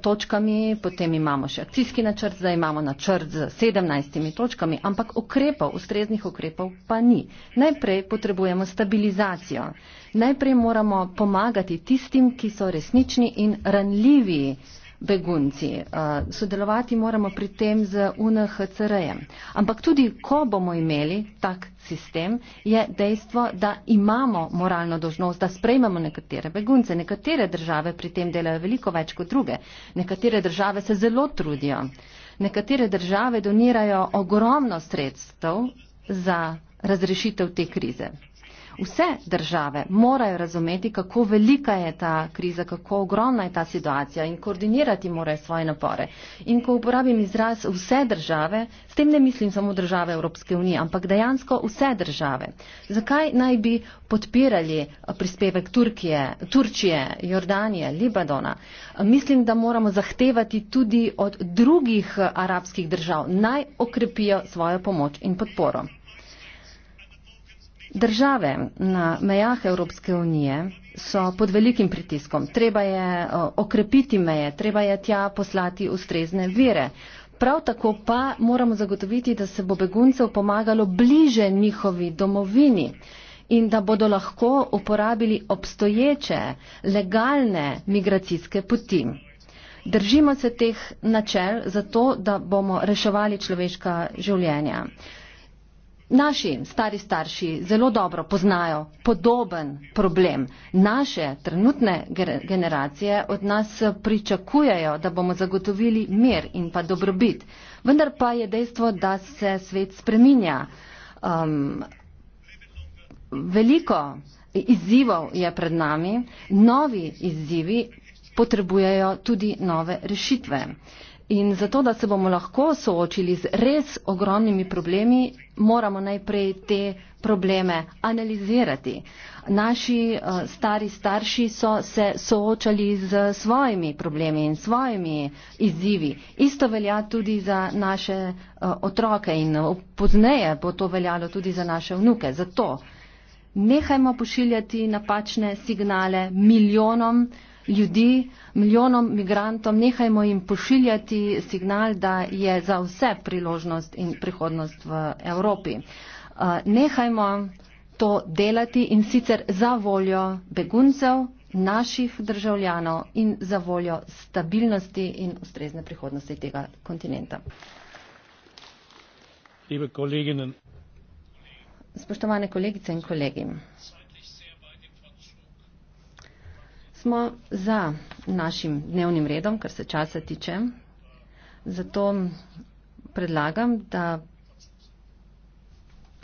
točkami, potem imamo še akcijski načrt, zdaj imamo načrt z sedemnajstimi točkami, ampak ukrepov, ustreznih ukrepov pa ni. Najprej potrebujemo stabilizacijo. Najprej moramo pomagati tistim, ki so resnični in ranljivi begunci. Eh, sodelovati moramo pri tem z UNHCR-jem. Ampak tudi, ko bomo imeli tak sistem, je dejstvo, da imamo moralno dožnost, da sprejmemo nekatere begunce. Nekatere države pri tem delajo veliko več kot druge. Nekatere države se zelo trudijo. Nekatere države donirajo ogromno sredstev za razrešitev te krize vse države morajo razumeti, kako velika je ta kriza, kako ogromna je ta situacija in koordinirati morajo svoje napore. In ko uporabim izraz vse države, s tem ne mislim samo države Evropske unije, ampak dejansko vse države. Zakaj naj bi podpirali prispevek Turkije, Turčije, Jordanije, Libadona? Mislim, da moramo zahtevati tudi od drugih arabskih držav, naj okrepijo svojo pomoč in podporo. Države na mejah Evropske unije so pod velikim pritiskom. Treba je okrepiti meje, treba je tja poslati ustrezne vire. Prav tako pa moramo zagotoviti, da se bo beguncev pomagalo bliže njihovi domovini in da bodo lahko uporabili obstoječe legalne migracijske poti. Držimo se teh načel zato, da bomo reševali človeška življenja naši stari starši zelo dobro poznajo podoben problem. Naše trenutne generacije od nas pričakujejo, da bomo zagotovili mir in pa dobrobit. Vendar pa je dejstvo, da se svet spreminja. Um, veliko izzivov je pred nami, novi izzivi potrebujejo tudi nove rešitve. In zato, da se bomo lahko soočili z res ogromnimi problemi, moramo najprej te probleme analizirati. Naši eh, stari starši so se soočali z svojimi problemi in svojimi izzivi. Isto velja tudi za naše eh, otroke in pozneje bo to veljalo tudi za naše vnuke. Zato nehajmo pošiljati napačne signale milijonom ljudi, milijonom migrantom, nehajmo jim pošiljati signal, da je za vse priložnost in prihodnost v Evropi. Uh, nehajmo to delati in sicer za voljo beguncev, naših državljanov in za voljo stabilnosti in ustrezne prihodnosti tega kontinenta. Liebe kolegine, Spoštovane kolegice in kolegi, smo za našim dnevnim redom, kar se časa tiče. Zato predlagam, da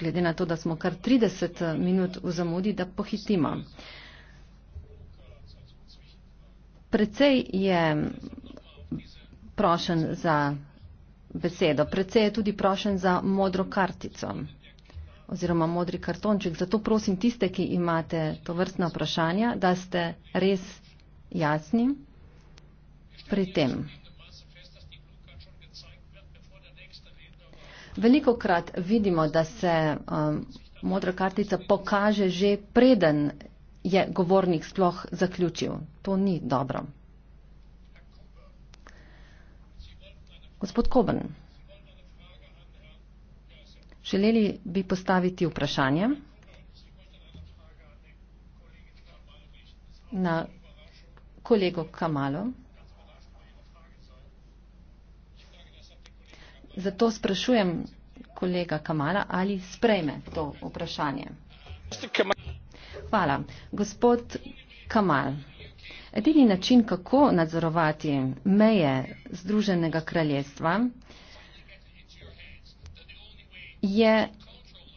glede na to, da smo kar 30 minut v zamudi, da pohitimo. Precej je prošen za besedo, precej je tudi prošen za modro kartico oziroma modri kartonček. Zato prosim tiste, ki imate to vrstno vprašanje, da ste res jasni pri tem. Veliko krat vidimo, da se um, modra kartica pokaže že preden je govornik sploh zaključil. To ni dobro. Gospod Koben. Želeli bi postaviti vprašanje na kolego Kamalo. Zato sprašujem kolega Kamala, ali sprejme to vprašanje. Hvala. Gospod Kamal, edini način, kako nadzorovati meje Združenega kraljestva, je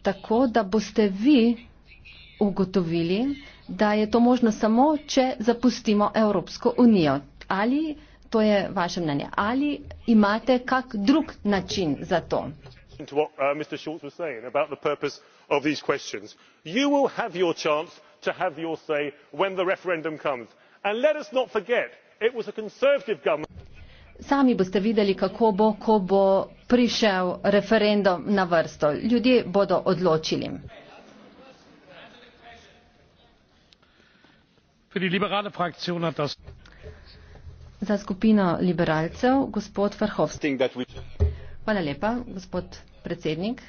tako, da boste vi ugotovili, da je to možno samo, če zapustimo Evropsko unijo. Ali to je vaše mnenje? Ali imate kak drug način za to? Uh, Sami boste videli, kako bo, ko bo prišel referendum na vrsto. Ljudje bodo odločili. Za skupino liberalcev, gospod Verhofstig. Hvala lepa, gospod predsednik.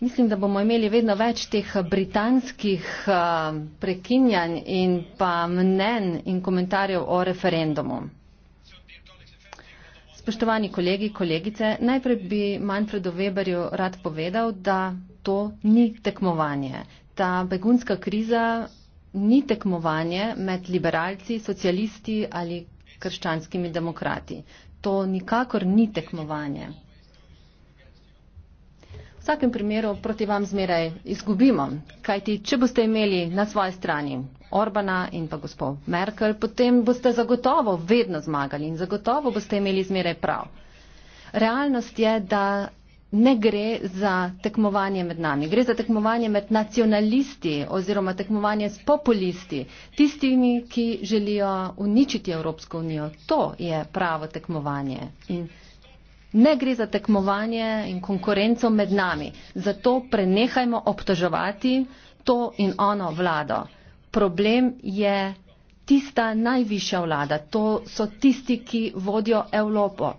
Mislim, da bomo imeli vedno več teh britanskih eh, prekinjanj in pa mnen in komentarjev o referendumu. Spoštovani kolegi, kolegice, najprej bi Manfredu Weberju rad povedal, da to ni tekmovanje. Ta begunska kriza ni tekmovanje med liberalci, socialisti ali krščanskimi demokrati. To nikakor ni tekmovanje. V vsakem primeru proti vam zmeraj izgubimo, kajti če boste imeli na svoji strani Orbana in pa gospod Merkel, potem boste zagotovo vedno zmagali in zagotovo boste imeli zmeraj prav. Realnost je, da ne gre za tekmovanje med nami, gre za tekmovanje med nacionalisti oziroma tekmovanje s populisti, tistimi, ki želijo uničiti Evropsko unijo. To je pravo tekmovanje. In Ne gre za tekmovanje in konkurenco med nami. Zato prenehajmo obtoževati to in ono vlado problem je tista najvišja vlada. To so tisti, ki vodijo Evropo.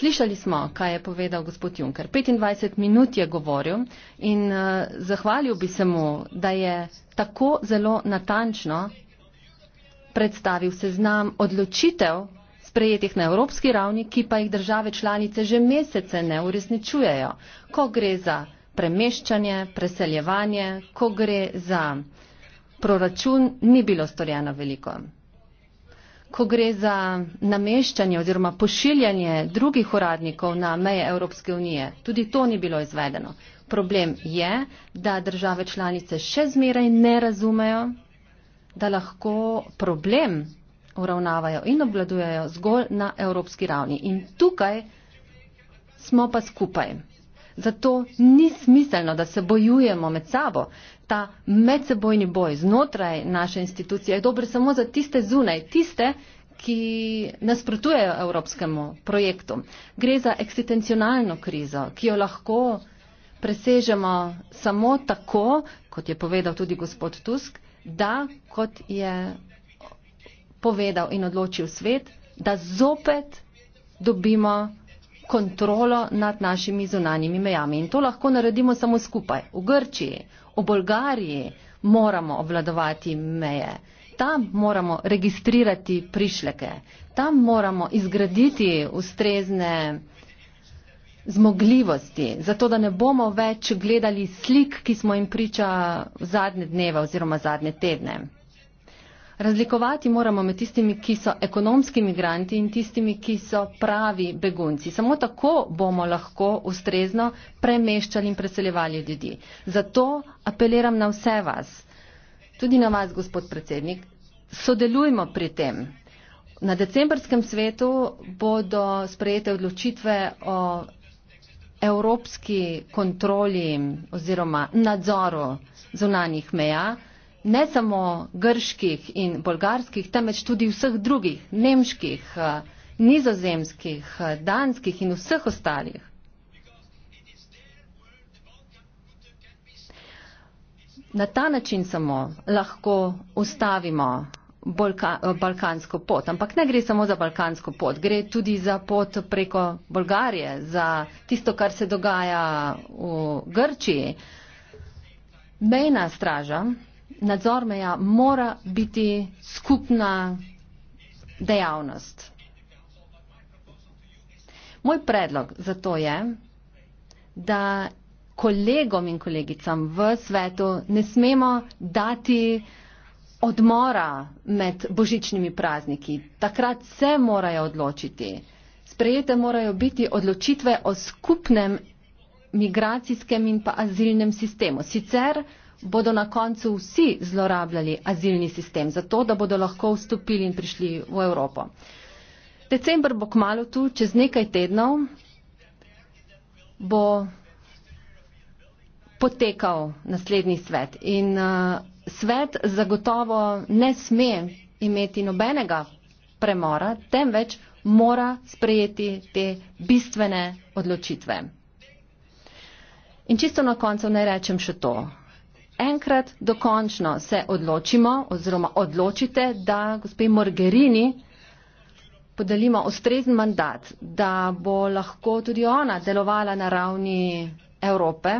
Slišali smo, kaj je povedal gospod Juncker. 25 minut je govoril in uh, zahvalil bi se mu, da je tako zelo natančno predstavil seznam odločitev sprejetih na evropski ravni, ki pa jih države članice že mesece ne uresničujejo. Ko gre za premeščanje, preseljevanje, ko gre za uh, proračun ni bilo storjeno veliko. Ko gre za nameščanje oziroma pošiljanje drugih uradnikov na meje Evropske unije, tudi to ni bilo izvedeno. Problem je, da države članice še zmeraj ne razumejo, da lahko problem uravnavajo in obvladujejo zgolj na evropski ravni. In tukaj smo pa skupaj. Zato ni smiselno, da se bojujemo med sabo. Ta medsebojni boj znotraj naše institucije je dober samo za tiste zunaj, tiste, ki nasprotujejo evropskemu projektu. Gre za eksistencionalno krizo, ki jo lahko presežemo samo tako, kot je povedal tudi gospod Tusk, da kot je povedal in odločil svet, da zopet dobimo kontrolo nad našimi zunanjimi mejami. In to lahko naredimo samo skupaj. V Grčiji, v Bolgariji moramo obvladovati meje. Tam moramo registrirati prišleke, tam moramo izgraditi ustrezne zmogljivosti, zato da ne bomo več gledali slik, ki smo jim priča zadnje dneve oziroma zadnje tedne. Razlikovati moramo med tistimi, ki so ekonomski migranti in tistimi, ki so pravi begunci. Samo tako bomo lahko ustrezno premeščali in preseljevali ljudi. Zato apeliram na vse vas, tudi na vas, gospod predsednik, sodelujmo pri tem. Na decembrskem svetu bodo sprejete odločitve o evropski kontroli oziroma nadzoru zunanjih meja ne samo grških in bolgarskih, temveč tudi vseh drugih, nemških, eh, nizozemskih, eh, danskih in vseh ostalih. Na ta način samo lahko ustavimo Balka, eh, balkansko pot, ampak ne gre samo za balkansko pot, gre tudi za pot preko Bolgarije, za tisto, kar se dogaja v Grčiji. Mejna straža nadzor meja mora biti skupna dejavnost. Moj predlog za to je, da kolegom in kolegicam v svetu ne smemo dati odmora med božičnimi prazniki. Takrat se morajo odločiti. Sprejete morajo biti odločitve o skupnem migracijskem in pa azilnem sistemu. Sicer bodo na koncu vsi zlorabljali azilni sistem, zato da bodo lahko vstopili in prišli v Evropo. December bo kmalo tu, čez nekaj tednov bo potekal naslednji svet. In uh, svet zagotovo ne sme imeti nobenega premora, temveč mora sprejeti te bistvene odločitve. In čisto na koncu naj rečem še to enkrat dokončno se odločimo oziroma odločite, da gospe Morgerini podelimo ustrezen mandat, da bo lahko tudi ona delovala na ravni Evrope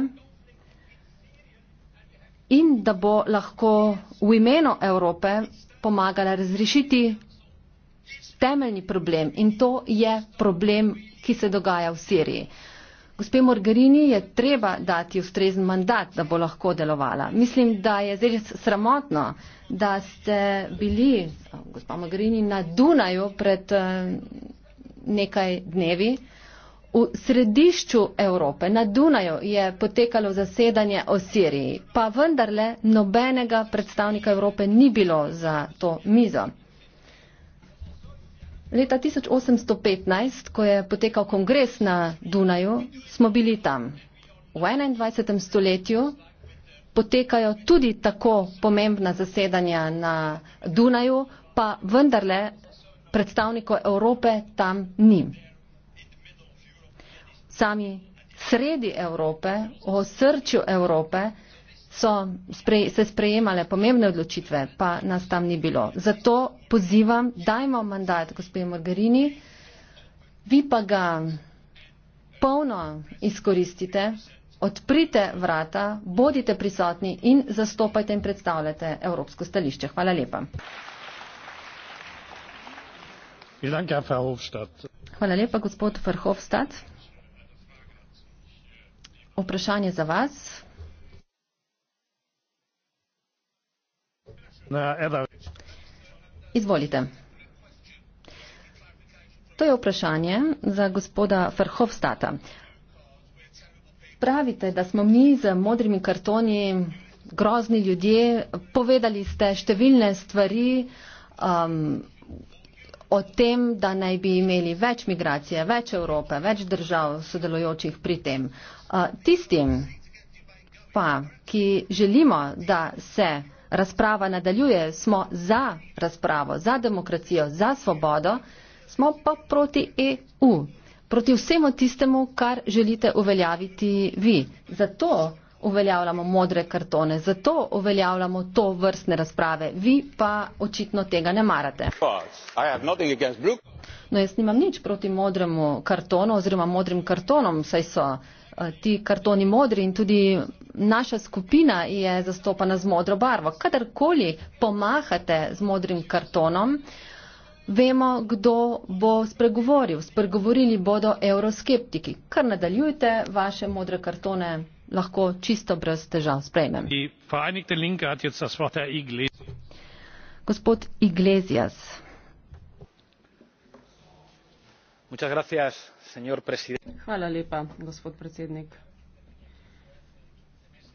in da bo lahko v imenu Evrope pomagala razrešiti temeljni problem in to je problem, ki se dogaja v Siriji. Gospe Morgarini je treba dati ustrezen mandat, da bo lahko delovala. Mislim, da je zdaj sramotno, da ste bili, gospa Morgarini, na Dunaju pred eh, nekaj dnevi. V središču Evrope, na Dunaju, je potekalo zasedanje o Siriji, pa vendarle nobenega predstavnika Evrope ni bilo za to mizo. Leta 1815, ko je potekal kongres na Dunaju, smo bili tam. V 21. stoletju potekajo tudi tako pomembna zasedanja na Dunaju, pa vendarle predstavnikov Evrope tam ni. Sami sredi Evrope, o srčju Evrope, so sprej, se sprejemale pomembne odločitve, pa nas tam ni bilo. Zato pozivam, dajmo mandat gospodin Morgarini, vi pa ga polno izkoristite, odprite vrata, bodite prisotni in zastopajte in predstavljate Evropsko stališče. Hvala lepa. Hvala lepa, gospod Verhofstadt. Vprašanje za vas. Eva. Izvolite. To je vprašanje za gospoda Ferhofstata. Pravite, da smo mi z modrimi kartoni grozni ljudje, povedali ste številne stvari um, o tem, da naj bi imeli več migracije, več Evrope, več držav sodelujočih pri tem. Uh, tistim pa, ki želimo, da se razprava nadaljuje, smo za razpravo, za demokracijo, za svobodo, smo pa proti EU, proti vsemu tistemu, kar želite uveljaviti vi. Zato uveljavljamo modre kartone, zato uveljavljamo to vrstne razprave. Vi pa očitno tega ne marate. No, jaz nimam nič proti modremu kartonu oziroma modrim kartonom, saj so Eh, ti kartoni modri in tudi naša skupina je zastopana z modro barvo. Kadarkoli pomahate z modrim kartonom, vemo, kdo bo spregovoril. Spregovorili bodo euroskeptiki. Kar nadaljujte vaše modre kartone lahko čisto brez težav sprejmem. Gospod Iglesias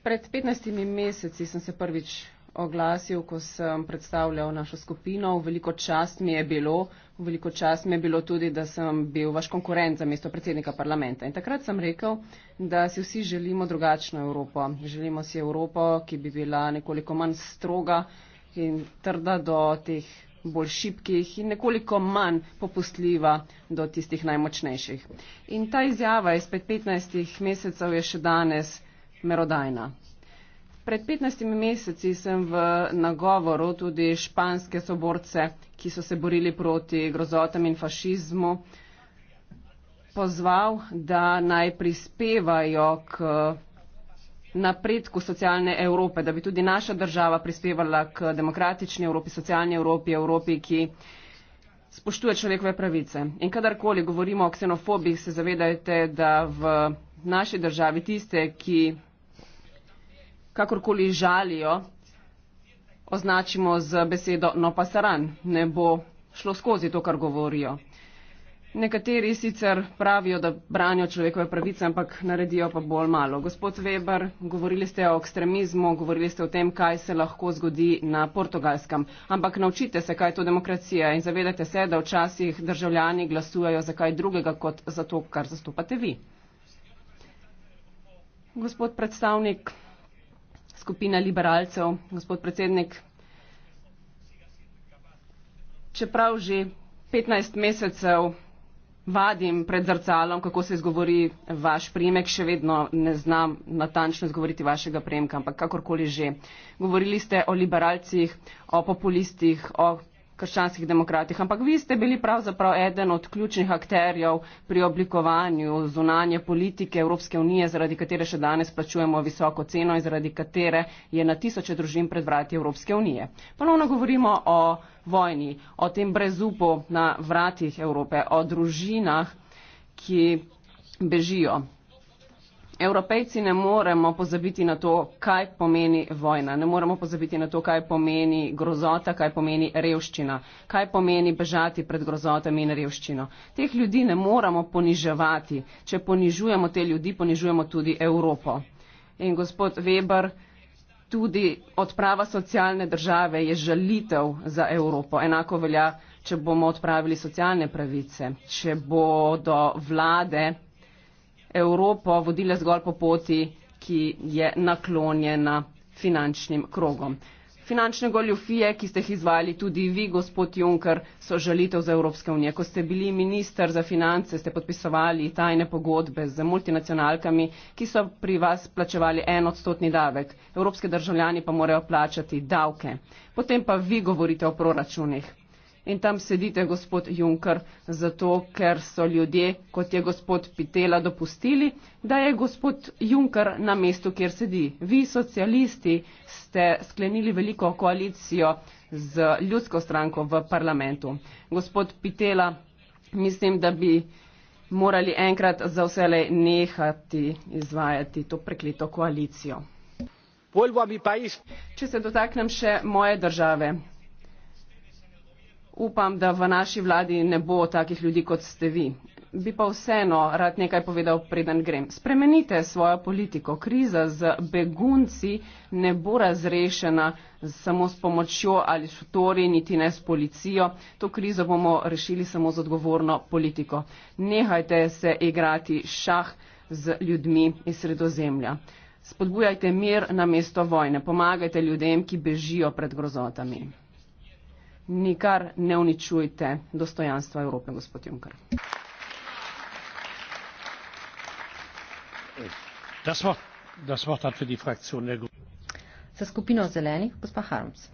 pred petnajstimi meseci sem se prvič oglasil ko sem predstavljal našo skupino v veliko čast mi je bilo v veliko čast mi je bilo tudi da sem bil vaš konkurent za mesto predsednika parlamenta in takrat sem rekel da si vsi želimo drugačno Evropo želimo si Evropo ki bi bila nekoliko manj stroga in trda do teh bolj šibkih in nekoliko manj popustljiva do tistih najmočnejših. In ta izjava izpred 15 mesecev je še danes merodajna. Pred 15 meseci sem v nagovoru tudi španske soborce, ki so se borili proti grozotam in fašizmu, pozval, da naj prispevajo k napredku socialne Evrope, da bi tudi naša država prispevala k demokratični Evropi, socialni Evropi, Evropi, ki spoštuje človekove pravice. In kadarkoli govorimo o ksenofobih, se zavedajte, da v naši državi tiste, ki kakorkoli žalijo, označimo z besedo no pa saran, ne bo šlo skozi to, kar govorijo. Nekateri sicer pravijo, da branijo človekove pravice, ampak naredijo pa bolj malo. Gospod Weber, govorili ste o ekstremizmu, govorili ste o tem, kaj se lahko zgodi na portugalskem. Ampak naučite se, kaj je to demokracija in zavedajte se, da včasih državljani glasujejo za kaj drugega, kot za to, kar zastopate vi. Gospod predstavnik skupine liberalcev, gospod predsednik, čeprav že 15 mesecev vadim pred zrcalom, kako se izgovori vaš primek, še vedno ne znam natančno izgovoriti vašega premka, ampak kakorkoli že. Govorili ste o liberalcih, o populistih, o krščanskih demokratih, ampak vi ste bili pravzaprav eden od ključnih akterjev pri oblikovanju zunanje politike Evropske unije, zaradi katere še danes plačujemo visoko ceno in zaradi katere je na tisoče družin pred vrati Evropske unije. Ponovno govorimo o vojni, o tem brezupu na vratih Evrope, o družinah, ki bežijo Evropejci ne moremo pozabiti na to, kaj pomeni vojna, ne moremo pozabiti na to, kaj pomeni grozota, kaj pomeni revščina, kaj pomeni bežati pred grozotami in revščino. Teh ljudi ne moramo poniževati. Če ponižujemo te ljudi, ponižujemo tudi Evropo. In gospod Weber, tudi odprava socialne države je žalitev za Evropo. Enako velja, če bomo odpravili socialne pravice, če bodo vlade Evropo vodile zgolj po poti, ki je naklonjena finančnim krogom. Finančne goljofije, ki ste jih izvali tudi vi, gospod Juncker, so žalitev za Evropske unije. Ko ste bili minister za finance, ste podpisovali tajne pogodbe z multinacionalkami, ki so pri vas plačevali en odstotni davek. Evropske državljani pa morajo plačati davke. Potem pa vi govorite o proračunih in tam sedite, gospod Juncker, zato ker so ljudje, kot je gospod Pitela, dopustili, da je gospod Juncker na mestu, kjer sedi. Vi, socialisti, ste sklenili veliko koalicijo z ljudsko stranko v parlamentu. Gospod Pitela, mislim, da bi morali enkrat za vselej nehati izvajati to prekleto koalicijo. Če se dotaknem še moje države. Upam, da v naši vladi ne bo takih ljudi, kot ste vi. Bi pa vseeno rad nekaj povedal, preden grem. Spremenite svojo politiko. Kriza z begunci ne bo razrešena samo s pomočjo ali šutori, niti ne s policijo. To krizo bomo rešili samo z odgovorno politiko. Nehajte se igrati šah z ljudmi iz sredozemlja. Spodbujajte mir na mesto vojne. Pomagajte ljudem, ki bežijo pred grozotami nikar ne uničujte dostojanstva Evrope, gospod Junker. Za skupino zelenih, gospa Harms.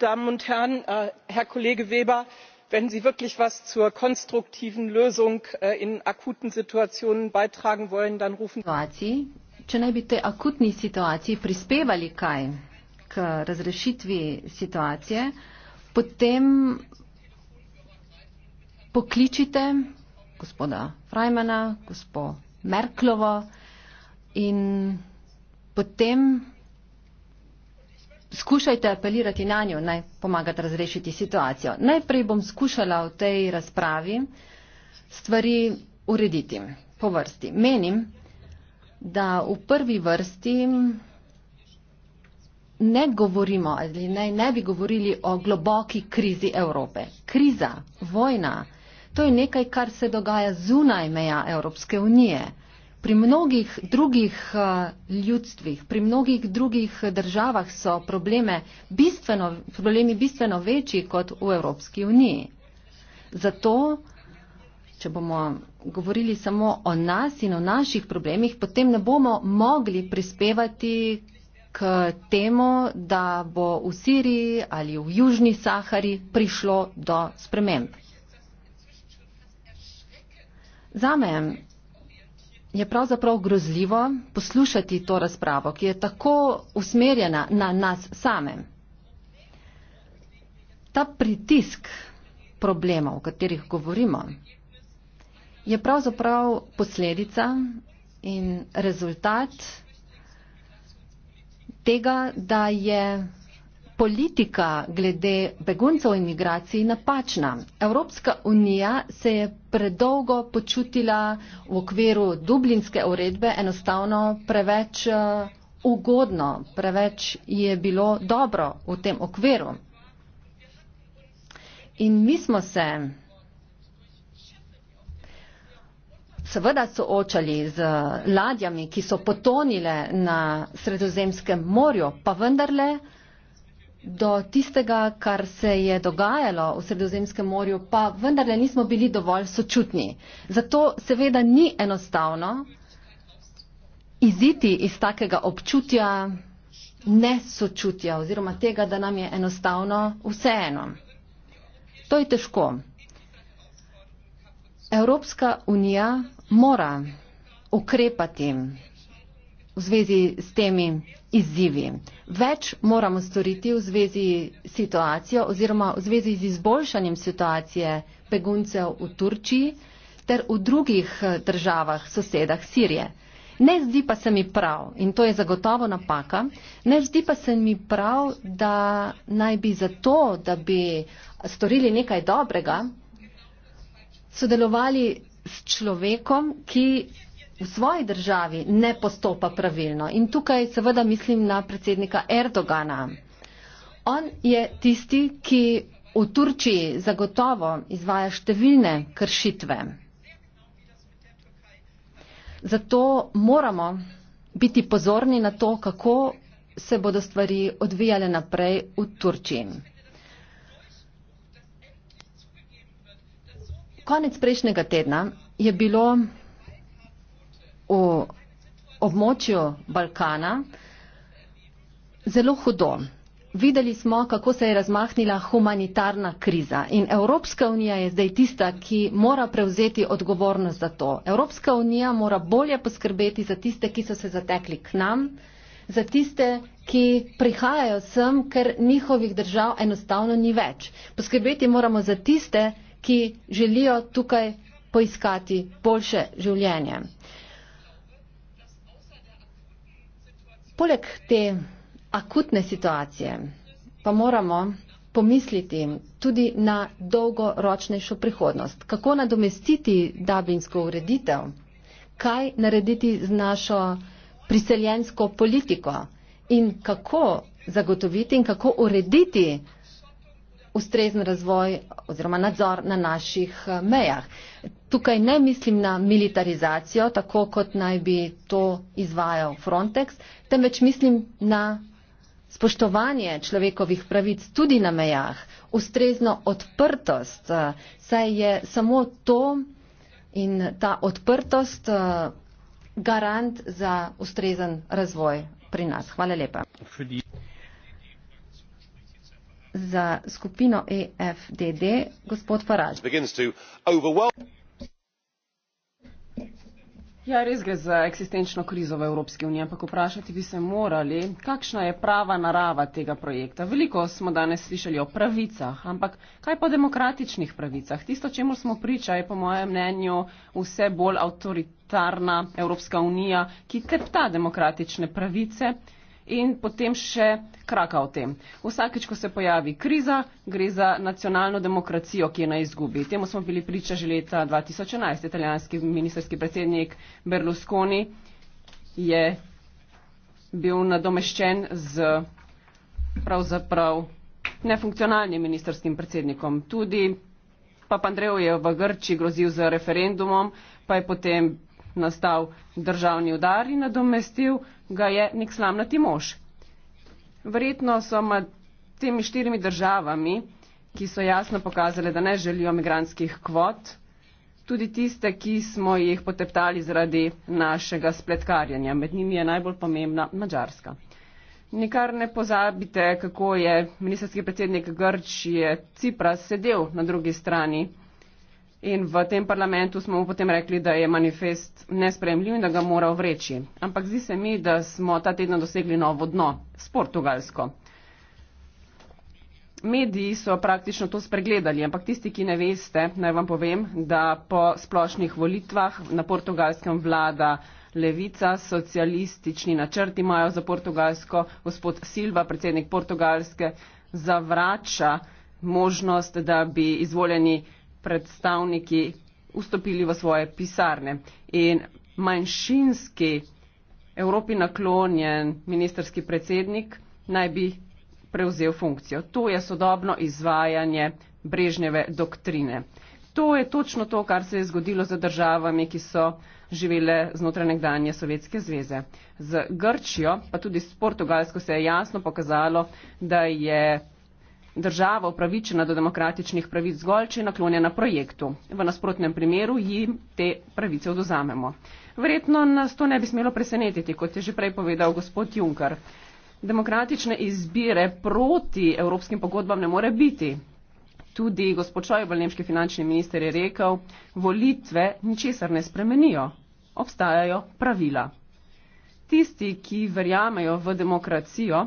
Damen und Herren, äh, Herr Kollege Weber, wenn Sie wirklich was zur konstruktiven Lösung äh, in akuten Situationen beitragen wollen, dann rufen Sie. Če naj bi te akutni situaciji prispevali kaj k razrešitvi situacije, potem pokličite gospoda Freimana, gospo Merklovo in potem skušajte apelirati na njo, naj pomagati razrešiti situacijo. Najprej bom skušala v tej razpravi stvari urediti po vrsti. Menim, da v prvi vrsti ne govorimo ali ne, ne bi govorili o globoki krizi Evrope. Kriza, vojna, to je nekaj, kar se dogaja zunaj meja Evropske unije. Pri mnogih drugih eh, ljudstvih, pri mnogih drugih državah so bistveno, problemi bistveno večji kot v Evropski uniji. Zato, če bomo govorili samo o nas in o naših problemih, potem ne bomo mogli prispevati k temu, da bo v Siriji ali v Južni Sahari prišlo do sprememb. Zame je pravzaprav grozljivo poslušati to razpravo, ki je tako usmerjena na nas same. Ta pritisk problemov, o katerih govorimo, je pravzaprav posledica in rezultat tega, da je politika glede beguncev in migracij napačna. Evropska unija se je predolgo počutila v okviru dublinske uredbe enostavno preveč eh, ugodno, preveč je bilo dobro v tem okviru. In mi smo se seveda soočali z ladjami, ki so potonile na sredozemskem morju, pa vendarle do tistega, kar se je dogajalo v sredozemskem morju, pa vendarle nismo bili dovolj sočutni. Zato seveda ni enostavno iziti iz takega občutja nesočutja oziroma tega, da nam je enostavno vseeno. To je težko. Evropska unija mora ukrepati v zvezi s temi izzivi. Več moramo storiti v zvezi s situacijo oziroma v zvezi z izboljšanjem situacije beguncev v Turčiji ter v drugih eh, državah, sosedah Sirije. Ne zdi pa se mi prav, in to je zagotovo napaka, ne zdi pa se mi prav, da naj bi zato, da bi storili nekaj dobrega, sodelovali s človekom, ki v svoji državi ne postopa pravilno. In tukaj seveda mislim na predsednika Erdogana. On je tisti, ki v Turčiji zagotovo izvaja številne kršitve. Zato moramo biti pozorni na to, kako se bodo stvari odvijale naprej v Turčiji. Konec prejšnjega tedna je bilo v območju Balkana zelo hudo. Videli smo, kako se je razmahnila humanitarna kriza in Evropska unija je zdaj tista, ki mora prevzeti odgovornost za to. Evropska unija mora bolje poskrbeti za tiste, ki so se zatekli k nam, za tiste, ki prihajajo sem, ker njihovih držav enostavno ni več. Poskrbeti moramo za tiste, ki želijo tukaj poiskati boljše življenje. Poleg te akutne situacije pa moramo pomisliti tudi na dolgoročnejšo prihodnost. Kako nadomestiti dabinsko ureditev? Kaj narediti z našo priseljensko politiko? In kako zagotoviti in kako urediti ustrezen razvoj oziroma nadzor na naših eh, mejah. Tukaj ne mislim na militarizacijo, tako kot naj bi to izvajal Frontex, temveč mislim na spoštovanje človekovih pravic tudi na mejah, ustrezno odprtost, eh, saj je samo to in ta odprtost eh, garant za ustrezen razvoj pri nas. Hvala lepa za skupino EFDD, gospod Faraž. Ja, res gre za eksistenčno krizo v Evropski uniji, ampak vprašati bi se morali, kakšna je prava narava tega projekta. Veliko smo danes slišali o pravicah, ampak kaj pa demokratičnih pravicah? Tisto, čemu smo priča, je po mojem mnenju vse bolj avtoritarna Evropska unija, ki tepta demokratične pravice in potem še kraka o tem. Vsakeč, ko se pojavi kriza, gre za nacionalno demokracijo, ki je na izgubi. Temu smo bili priča že leta 2011. Italijanski ministerski predsednik Berlusconi je bil nadomeščen z pravzaprav nefunkcionalnim ministerskim predsednikom. Tudi Papandreou je v Grči grozil z referendumom, pa je potem nastal državni udar in nadomestil ga je nek slamnati mož. Verjetno so med temi štirimi državami, ki so jasno pokazali, da ne želijo migranskih kvot, tudi tiste, ki smo jih poteptali zaradi našega spletkarjanja. Med njimi je najbolj pomembna Mačarska. Nikar ne pozabite, kako je ministerski predsednik Grčije Cipras sedel na drugi strani In v tem parlamentu smo mu potem rekli, da je manifest nespremljiv in da ga mora vreči. Ampak zdi se mi, da smo ta teden dosegli novo dno s Portugalsko. Mediji so praktično to spregledali, ampak tisti, ki ne veste, naj vam povem, da po splošnih volitvah na portugalskem vlada levica, socialistični načrti imajo za Portugalsko, gospod Silva, predsednik Portugalske, zavrača možnost, da bi izvoljeni predstavniki vstopili v svoje pisarne in manjšinski Evropi naklonjen ministerski predsednik naj bi prevzel funkcijo. To je sodobno izvajanje Brežneve doktrine. To je točno to, kar se je zgodilo za državami, ki so živele znotraj nekdanje Sovjetske zveze. Z Grčijo, pa tudi s Portugalsko se je jasno pokazalo, da je država upravičena do demokratičnih pravic zgolj, če je naklonjena projektu. V nasprotnem primeru jim te pravice oduzamemo. Verjetno nas to ne bi smelo presenetiti, kot je že prej povedal gospod Juncker. Demokratične izbire proti evropskim pogodbam ne more biti. Tudi gospod Šojbol, nemški finančni minister, je rekel, volitve ničesar ne spremenijo, obstajajo pravila. Tisti, ki verjamejo v demokracijo,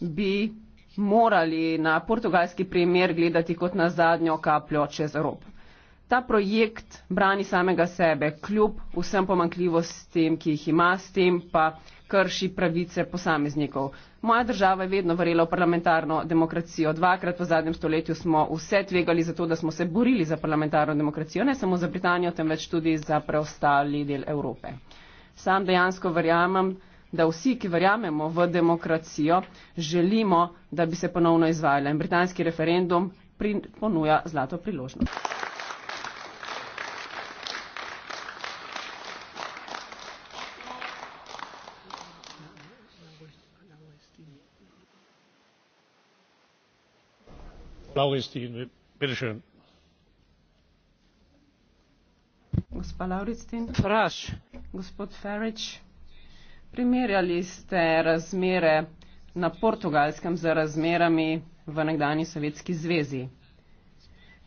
bi morali na portugalski primer gledati kot na zadnjo kapljo čez rob. Ta projekt brani samega sebe, kljub vsem pomankljivostim, ki jih ima, s tem pa krši pravice posameznikov. Moja država je vedno verjela v parlamentarno demokracijo. Dvakrat v zadnjem stoletju smo vse tvegali za to, da smo se borili za parlamentarno demokracijo, ne samo za Britanijo, temveč tudi za preostali del Evrope. Sam dejansko verjamem, da vsi, ki verjamemo v demokracijo, želimo, da bi se ponovno izvajala. In britanski referendum ponuja zlato priložnost. Gospod Lauristin, Gospod Farage, Primerjali ste razmere na portugalskem z razmerami v nekdani Sovjetski zvezi.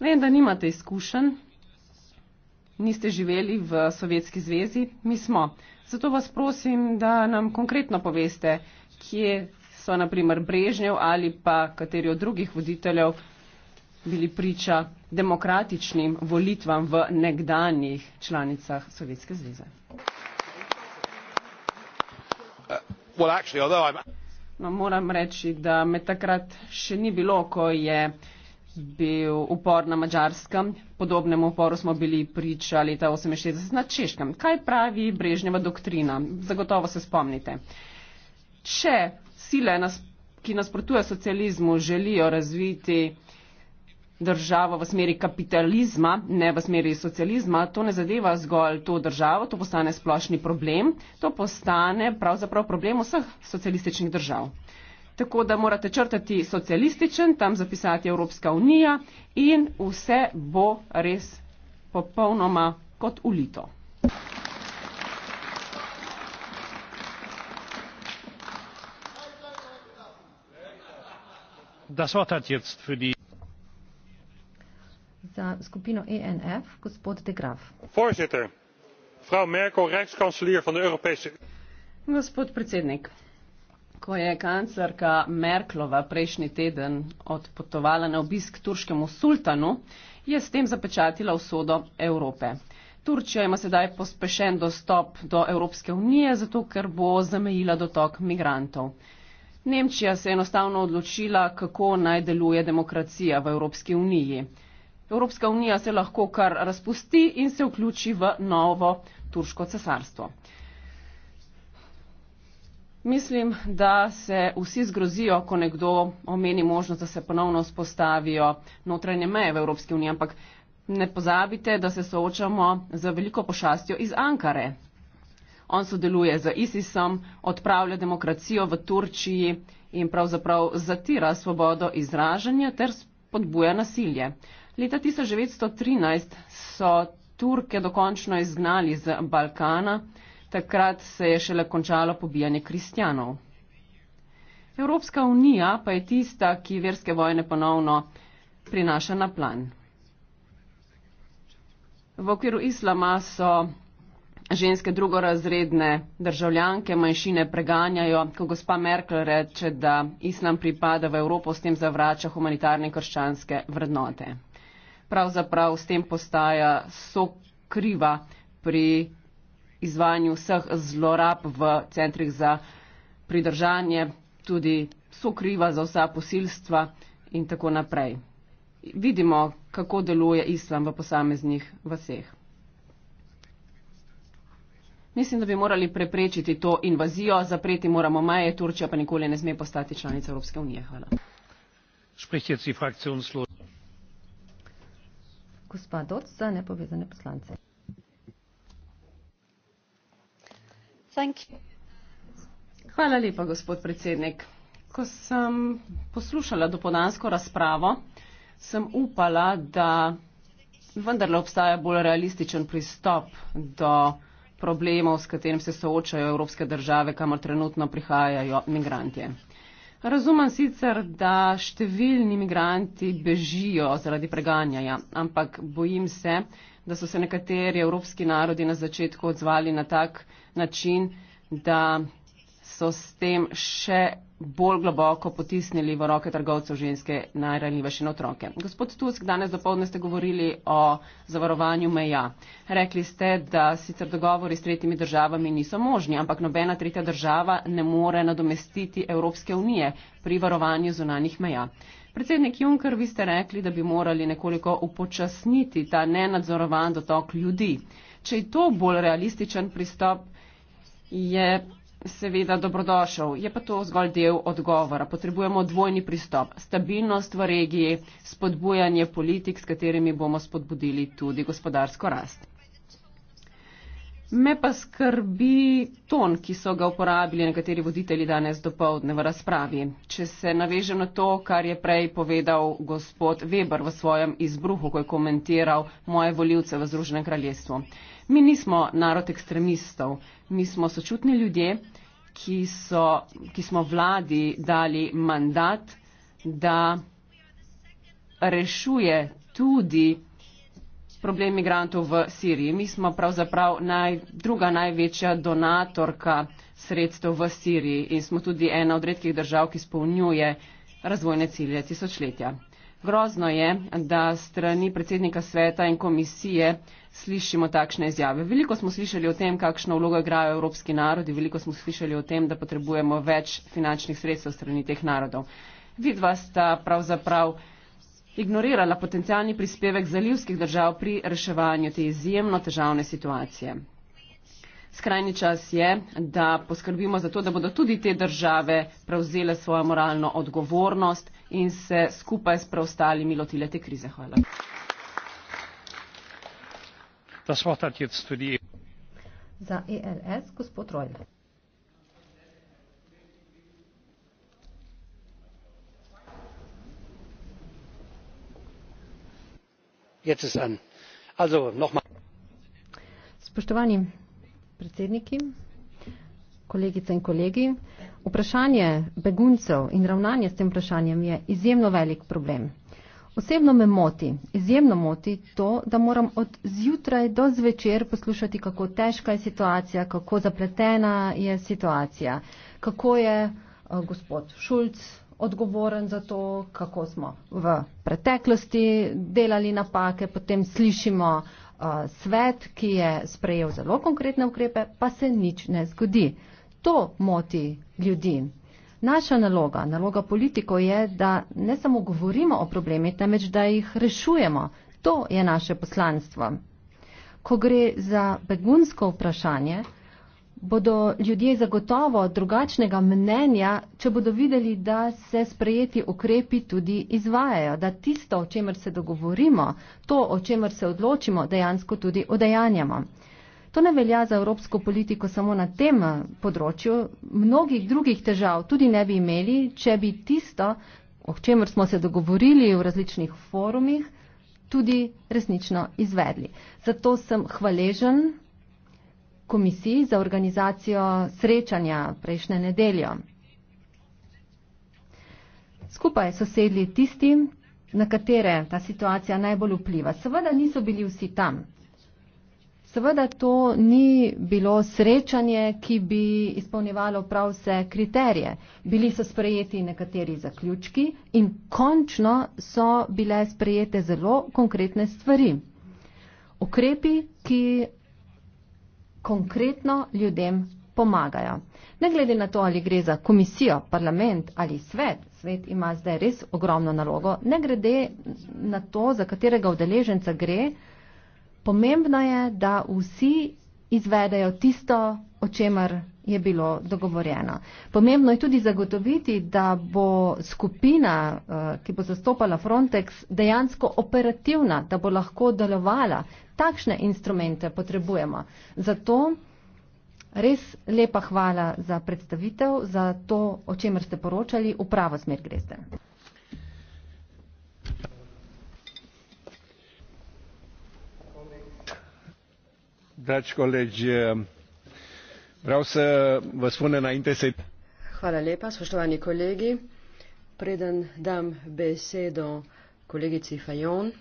Vem, da nimate izkušenj, niste živeli v Sovjetski zvezi, mi smo. Zato vas prosim, da nam konkretno poveste, kje so naprimer Brežnev ali pa kateri od drugih voditeljev bili priča demokratičnim volitvam v nekdanjih članicah Sovjetske zveze. No, moram reči, da me takrat še ni bilo, ko je bil upor na Mačarskem. Podobnemu uporu smo bili priča leta 1968 na Češkem. Kaj pravi Brežneva doktrina? Zagotovo se spomnite. Če sile, nas, ki nasprotujejo socializmu, želijo razviti državo v smeri kapitalizma, ne v smeri socializma, to ne zadeva zgolj to državo, to postane splošni problem, to postane pravzaprav problem vseh socialističnih držav. Tako da morate črtati socialističen, tam zapisati Evropska unija in vse bo res popolnoma kot ulito. Das Wort hat jetzt für die za skupino enf gospod de graaf voorzitter mevrouw merkel rijkskanselier van de europese gospod predsednik ko je kanclerka merklova prejšnji teden odpotovala na obisk turškemu sultanu je s tem zapečatila usodo evrope turčija ima sedaj pospešen dostop do evropske unije zato ker bo zamejila dotok migrantov Nemčija se je enostavno odločila, kako naj deluje demokracija v Evropski uniji. Evropska unija se lahko kar razpusti in se vključi v novo turško cesarstvo. Mislim, da se vsi zgrozijo, ko nekdo omeni možnost, da se ponovno spostavijo notranje meje v Evropski uniji, ampak ne pozabite, da se soočamo z veliko pošastjo iz Ankare. On sodeluje z ISISom, odpravlja demokracijo v Turčiji in pravzaprav zatira svobodo izražanja ter spodbuja nasilje. Leta 1913 so Turke dokončno izgnali z Balkana, takrat se je šele končalo pobijanje kristjanov. Evropska unija pa je tista, ki verske vojne ponovno prinaša na plan. V okviru islama so ženske drugorazredne državljanke, manjšine preganjajo, ko gospa Merkel reče, da islam pripada v Evropo, s tem zavrača humanitarne krščanske vrednote pravzaprav s tem postaja sokriva pri izvajanju vseh zlorab v centrih za pridržanje, tudi sokriva za vsa posilstva in tako naprej. Vidimo, kako deluje islam v posameznih vseh. Mislim, da bi morali preprečiti to invazijo, zapreti moramo maje, Turčija pa nikoli ne sme postati članica Evropske unije. Hvala. Sprich jetzt die Fraktionslose. Gospa Doc za nepovezane poslance. Hvala lepa, gospod predsednik. Ko sem poslušala dopodansko razpravo, sem upala, da vendarle obstaja bolj realističen pristop do problemov, s katerim se soočajo evropske države, kamor trenutno prihajajo migrantje. Razumem sicer, da številni imigranti bežijo zaradi preganjanja, ampak bojim se, da so se nekateri evropski narodi na začetku odzvali na tak način, da so s tem še bolj globoko potisnili v roke trgovcev ženske najranjivejše na otroke. Gospod Tusk, danes dopoledne ste govorili o zavarovanju meja. Rekli ste, da sicer dogovori s tretjimi državami niso možni, ampak nobena tretja država ne more nadomestiti Evropske unije pri varovanju zunanjih meja. Predsednik Juncker, vi ste rekli, da bi morali nekoliko upočasniti ta nenadzorovan dotok ljudi. Če je to bolj realističen pristop, je seveda dobrodošel, je pa to zgolj del odgovora. Potrebujemo dvojni pristop. Stabilnost v regiji, spodbujanje politik, s katerimi bomo spodbudili tudi gospodarsko rast. Me pa skrbi ton, ki so ga uporabili nekateri voditelji danes dopoldne v razpravi. Če se navežem na to, kar je prej povedal gospod Weber v svojem izbruhu, ko je komentiral moje voljivce v Združenem kraljestvu. Mi nismo narod ekstremistov, mi smo sočutni ljudje, ki, so, ki smo vladi dali mandat, da rešuje tudi problem migrantov v Siriji. Mi smo pravzaprav naj, druga največja donatorka sredstev v Siriji in smo tudi ena od redkih držav, ki spolnjuje razvojne cilje tisočletja. Grozno je, da strani predsednika sveta in komisije slišimo takšne izjave. Veliko smo slišali o tem, kakšno vlogo igrajo evropski narodi, veliko smo slišali o tem, da potrebujemo več finančnih sredstev strani teh narodov. Vidva sta pravzaprav ignorirala potencijalni prispevek zalivskih držav pri reševanju te izjemno težavne situacije. Skrajni čas je, da poskrbimo za to, da bodo tudi te države prevzele svojo moralno odgovornost in se skupaj s preostalimi lotile te krize. Hvala. Za ELS, gospod Rojl. Also, Spoštovani predsedniki, kolegice in kolegi, Vprašanje beguncev in ravnanje s tem vprašanjem je izjemno velik problem. Osebno me moti, izjemno moti to, da moram od zjutraj do zvečer poslušati, kako težka je situacija, kako zapletena je situacija, kako je uh, gospod Šulc odgovoren za to, kako smo v preteklosti delali napake, potem slišimo uh, svet, ki je sprejel zelo konkretne ukrepe, pa se nič ne zgodi. Uh, to moti ljudi. Naša naloga, naloga politikov je, da ne samo govorimo o problemih, temveč da jih rešujemo. To je naše poslanstvo. Ko gre za begunsko vprašanje, bodo ljudje zagotovo drugačnega mnenja, če bodo videli, da se sprejeti ukrepi tudi izvajajo, da tisto, o čemer se dogovorimo, to, o čemer se odločimo, dejansko tudi odejanjamo. To ne velja za evropsko politiko samo na tem eh, področju. Mnogih drugih težav tudi ne bi imeli, če bi tisto, o čemer smo se dogovorili v različnih forumih, tudi resnično izvedli. Zato sem hvaležen komisiji za organizacijo srečanja prejšnje nedeljo. Skupaj so sedli tisti, na katere ta situacija najbolj vpliva. Seveda niso bili vsi tam, Seveda to ni bilo srečanje, ki bi izpolnjevalo prav vse kriterije. Bili so sprejeti nekateri zaključki in končno so bile sprejete zelo konkretne stvari. Okrepi, ki konkretno ljudem pomagajo. Ne glede na to, ali gre za komisijo, parlament ali svet, svet ima zdaj res ogromno nalogo, ne glede na to, za katerega udeleženca gre, pomembno je, da vsi izvedejo tisto, o čemer je bilo dogovorjeno. Pomembno je tudi zagotoviti, da bo skupina, eh, ki bo zastopala Frontex, dejansko operativna, da bo lahko delovala. Takšne instrumente potrebujemo. Zato res lepa hvala za predstavitev, za to, o čemer ste poročali, v pravo smer greste. Thank you. dragi kolegi prav se vas spune najinte se hvala lepa spoštovani kolegi preden dam besedo kolegici fajon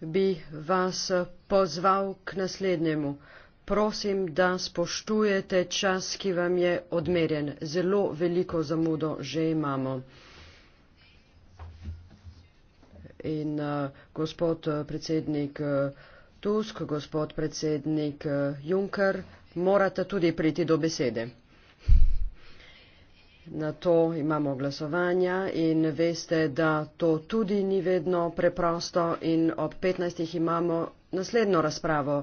bi vas pozval k naslednjemu prosim da spoštujete čas ki vam je odmerjen zelo veliko zamudo že imamo in uh, gospod uh, predsednik uh, Tusk, gospod predsednik eh, Juncker, morate tudi priti do besede. Na to imamo glasovanja in veste, da to tudi ni vedno preprosto in ob 15. imamo naslednjo razpravo,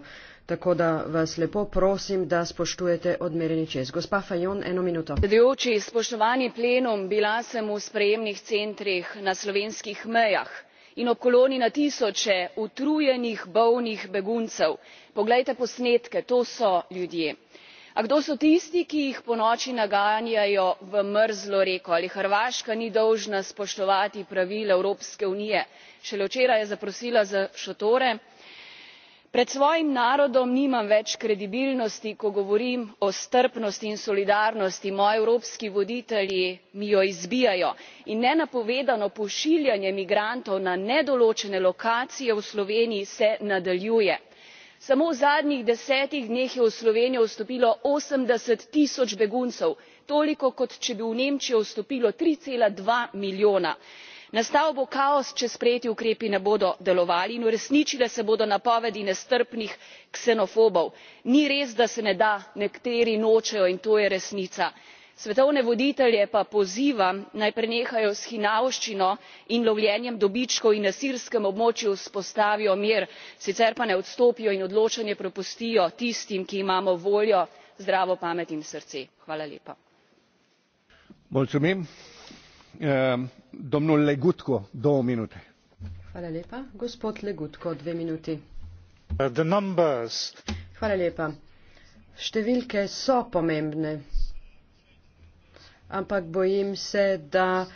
tako da vas lepo prosim, da spoštujete odmereni čez. Gospa Fajon, eno minuto. Predsedujoči, spoštovani plenum, bila sem v sprejemnih centrih na slovenskih mejah in ob koloni na tisoče utrujenih bolnih beguncev poglejte posnetke to so ljudje. a kdo so tisti ki jih ponoči naganjajo v mrzlo reko ali hrvaška ni dolžna spoštovati pravil evropske unije šele včeraj je zaprosila za šotore pred svojim narodom nimam več kredibilnosti ko govorim o strpnosti in solidarnosti moji evropski voditelji mi jo izbijajo in nenapovedano pošiljanje migrantov na nedoločene lokacije v sloveniji se nadaljuje. samo v zadnjih desetih dneh je v slovenijo vstopilo osemdeset tisoč beguncev toliko kot če bi v nemčijo vstopilo tri dva milijona nastal bo kaos če sprejeti ukrepi ne bodo delovali in uresničile se bodo napovedi nestrpnih ksenofobov. ni res da se ne da nekateri nočejo in to je resnica. svetovne voditelje pa pozivam naj prenehajo s hinavščino in lovljenjem dobičkov in na sirskem območju vzpostavijo mir sicer pa naj odstopijo in odločanje prepustijo tistim ki imamo voljo zdravo pamet in srce. Eh, uh, številke so pomembne ampak bojim se da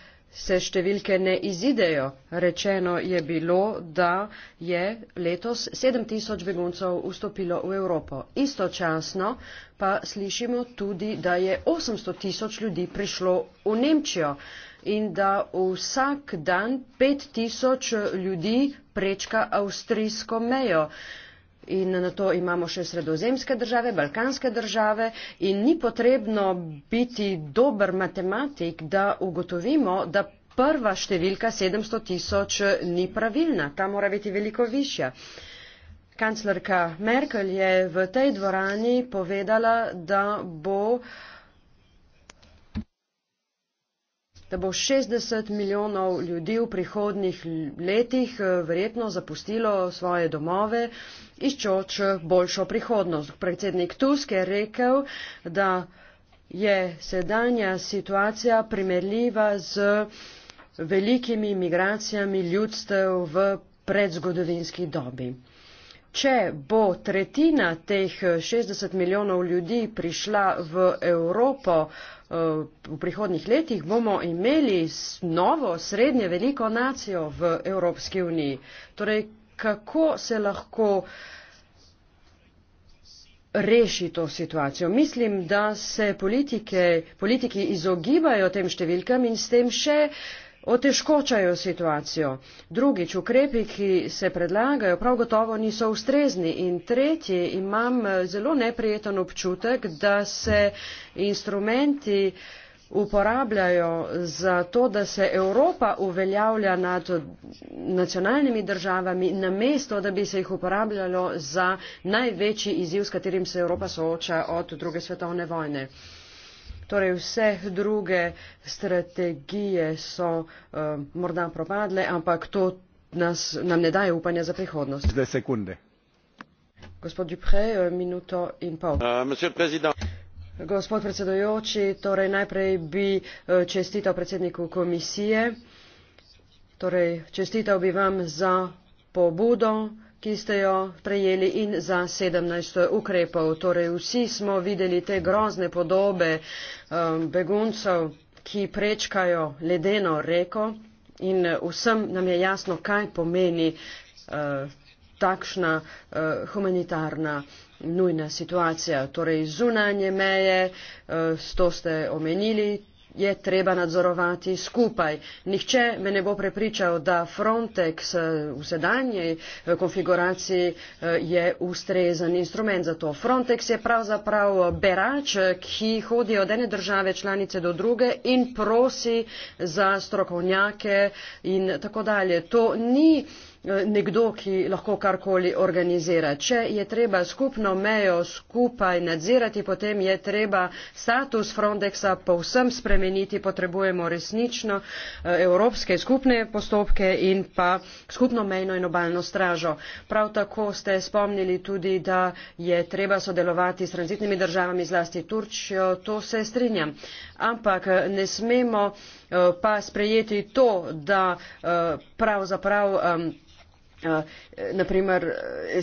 se številke ne izidejo rečeno je bilo da je letos sedem tisoč beguncev vstopilo v evropo istočasno pa slišimo tudi da je osemsto tisoč ljudi prišlo v nemčijo in da vsak dan pet tisoč ljudi prečka avstrijsko mejo. In na to imamo še sredozemske države, balkanske države in ni potrebno biti dober matematik, da ugotovimo, da prva številka 700 tisoč ni pravilna, ta mora biti veliko višja. Kanclerka Merkel je v tej dvorani povedala, da bo uh, da bo 60 milijonov ljudi v prihodnih letih eh, verjetno zapustilo svoje domove, iščoč eh, boljšo prihodnost. Predsednik Tusk je rekel, da je sedanja situacija primerljiva z velikimi migracijami ljudstev v predzgodovinski dobi če bo tretjina teh 60 milijonov ljudi prišla v Evropo eh, v prihodnih letih, bomo imeli novo srednje veliko nacijo v Evropski uniji. Torej, kako se lahko reši to situacijo. Mislim, da se politike, politiki izogibajo tem številkam in s tem še uh, otežkočajo situacijo. Drugič, ukrepi, ki se predlagajo, prav gotovo niso ustrezni. In tretji, imam eh, zelo neprijeten občutek, da se instrumenti uporabljajo za to, da se Evropa uveljavlja nad nacionalnimi državami, namesto da bi se jih uporabljalo za največji izziv, s katerim se Evropa sooča od druge svetovne vojne. Torej vse druge strategije so um, morda propadle, ampak to nas, nam ne daje upanja za prihodnost. Gospod Dupre, eh, minuto in pol. Uh, Gospod predsedujoči, torej najprej bi čestital predsedniku komisije. Torej, čestital bi vam za pobudo ki ste jo prejeli in za 17 ukrepov. Torej vsi smo videli te grozne podobe um, beguncev, ki prečkajo ledeno reko in uh, vsem nam je jasno, kaj pomeni uh, takšna uh, humanitarna nujna situacija. Torej zunanje meje, uh, to ste omenili, je treba nadzorovati skupaj. Nihče me ne bo prepričal, da Frontex eh, v sedanjej eh, konfiguraciji eh, je ustrezen instrument za to. Frontex je pravzaprav berač, ki hodi od ene države članice do druge in prosi za strokovnjake in tako dalje. To ni Eh, nekdo, ki lahko karkoli organizira. Če je treba skupno mejo skupaj nadzirati, potem je treba status Frontexa povsem spremeniti. Potrebujemo resnično eh, evropske skupne postopke in pa skupno mejno in obaljno stražo. Prav tako ste spomnili tudi, da je treba sodelovati s tranzitnimi državami, zlasti Turčjo. To se strinjam. Ampak eh, ne smemo pa sprejeti to, da pravzaprav prav, Eh, naprimer, eh,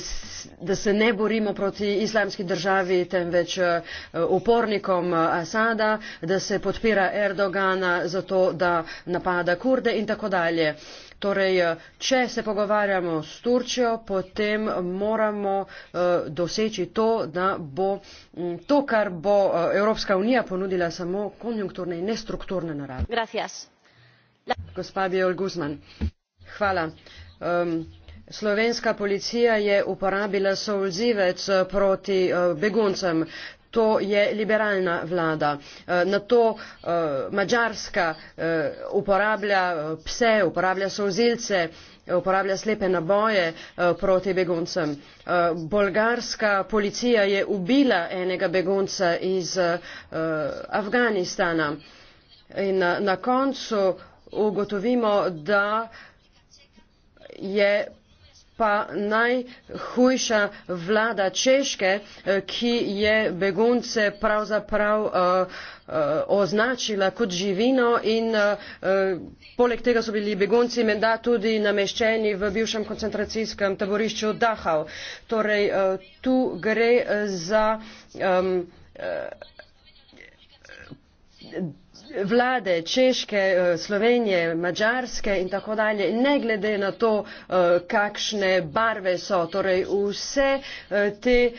da se ne borimo proti islamski državi, temveč eh, upornikom Asada, da se podpira Erdogana za to, da napada kurde in tako dalje. Torej, če se pogovarjamo s Turčjo, potem moramo doseči to, da bo mm, to, kar bo Evropska unija ponudila, samo konjunkturne in nestrukturne narave. Gospa Biol Guzman, hvala. Um, slovenska policija je uporabila solzivec eh, proti eh, beguncem to je liberalna vlada eh, na to mađarska uporablja pse uporablja solzilce uporablja slepe naboje proti beguncem bolgarska policija je ubila enega begunca iz afganistana in na koncu ugotovimo da je pa najhujša vlada Češke, eh, ki je begunce pravzaprav eh, eh, označila kot živino in poleg tega so bili begunci menda tudi nameščeni v bivšem koncentracijskem taborišču Dachau. Torej, tu gre za vlade češke eh, slovenije madžarske in tako dalje ne glede na to eh, kakšne barve so torej vse eh, te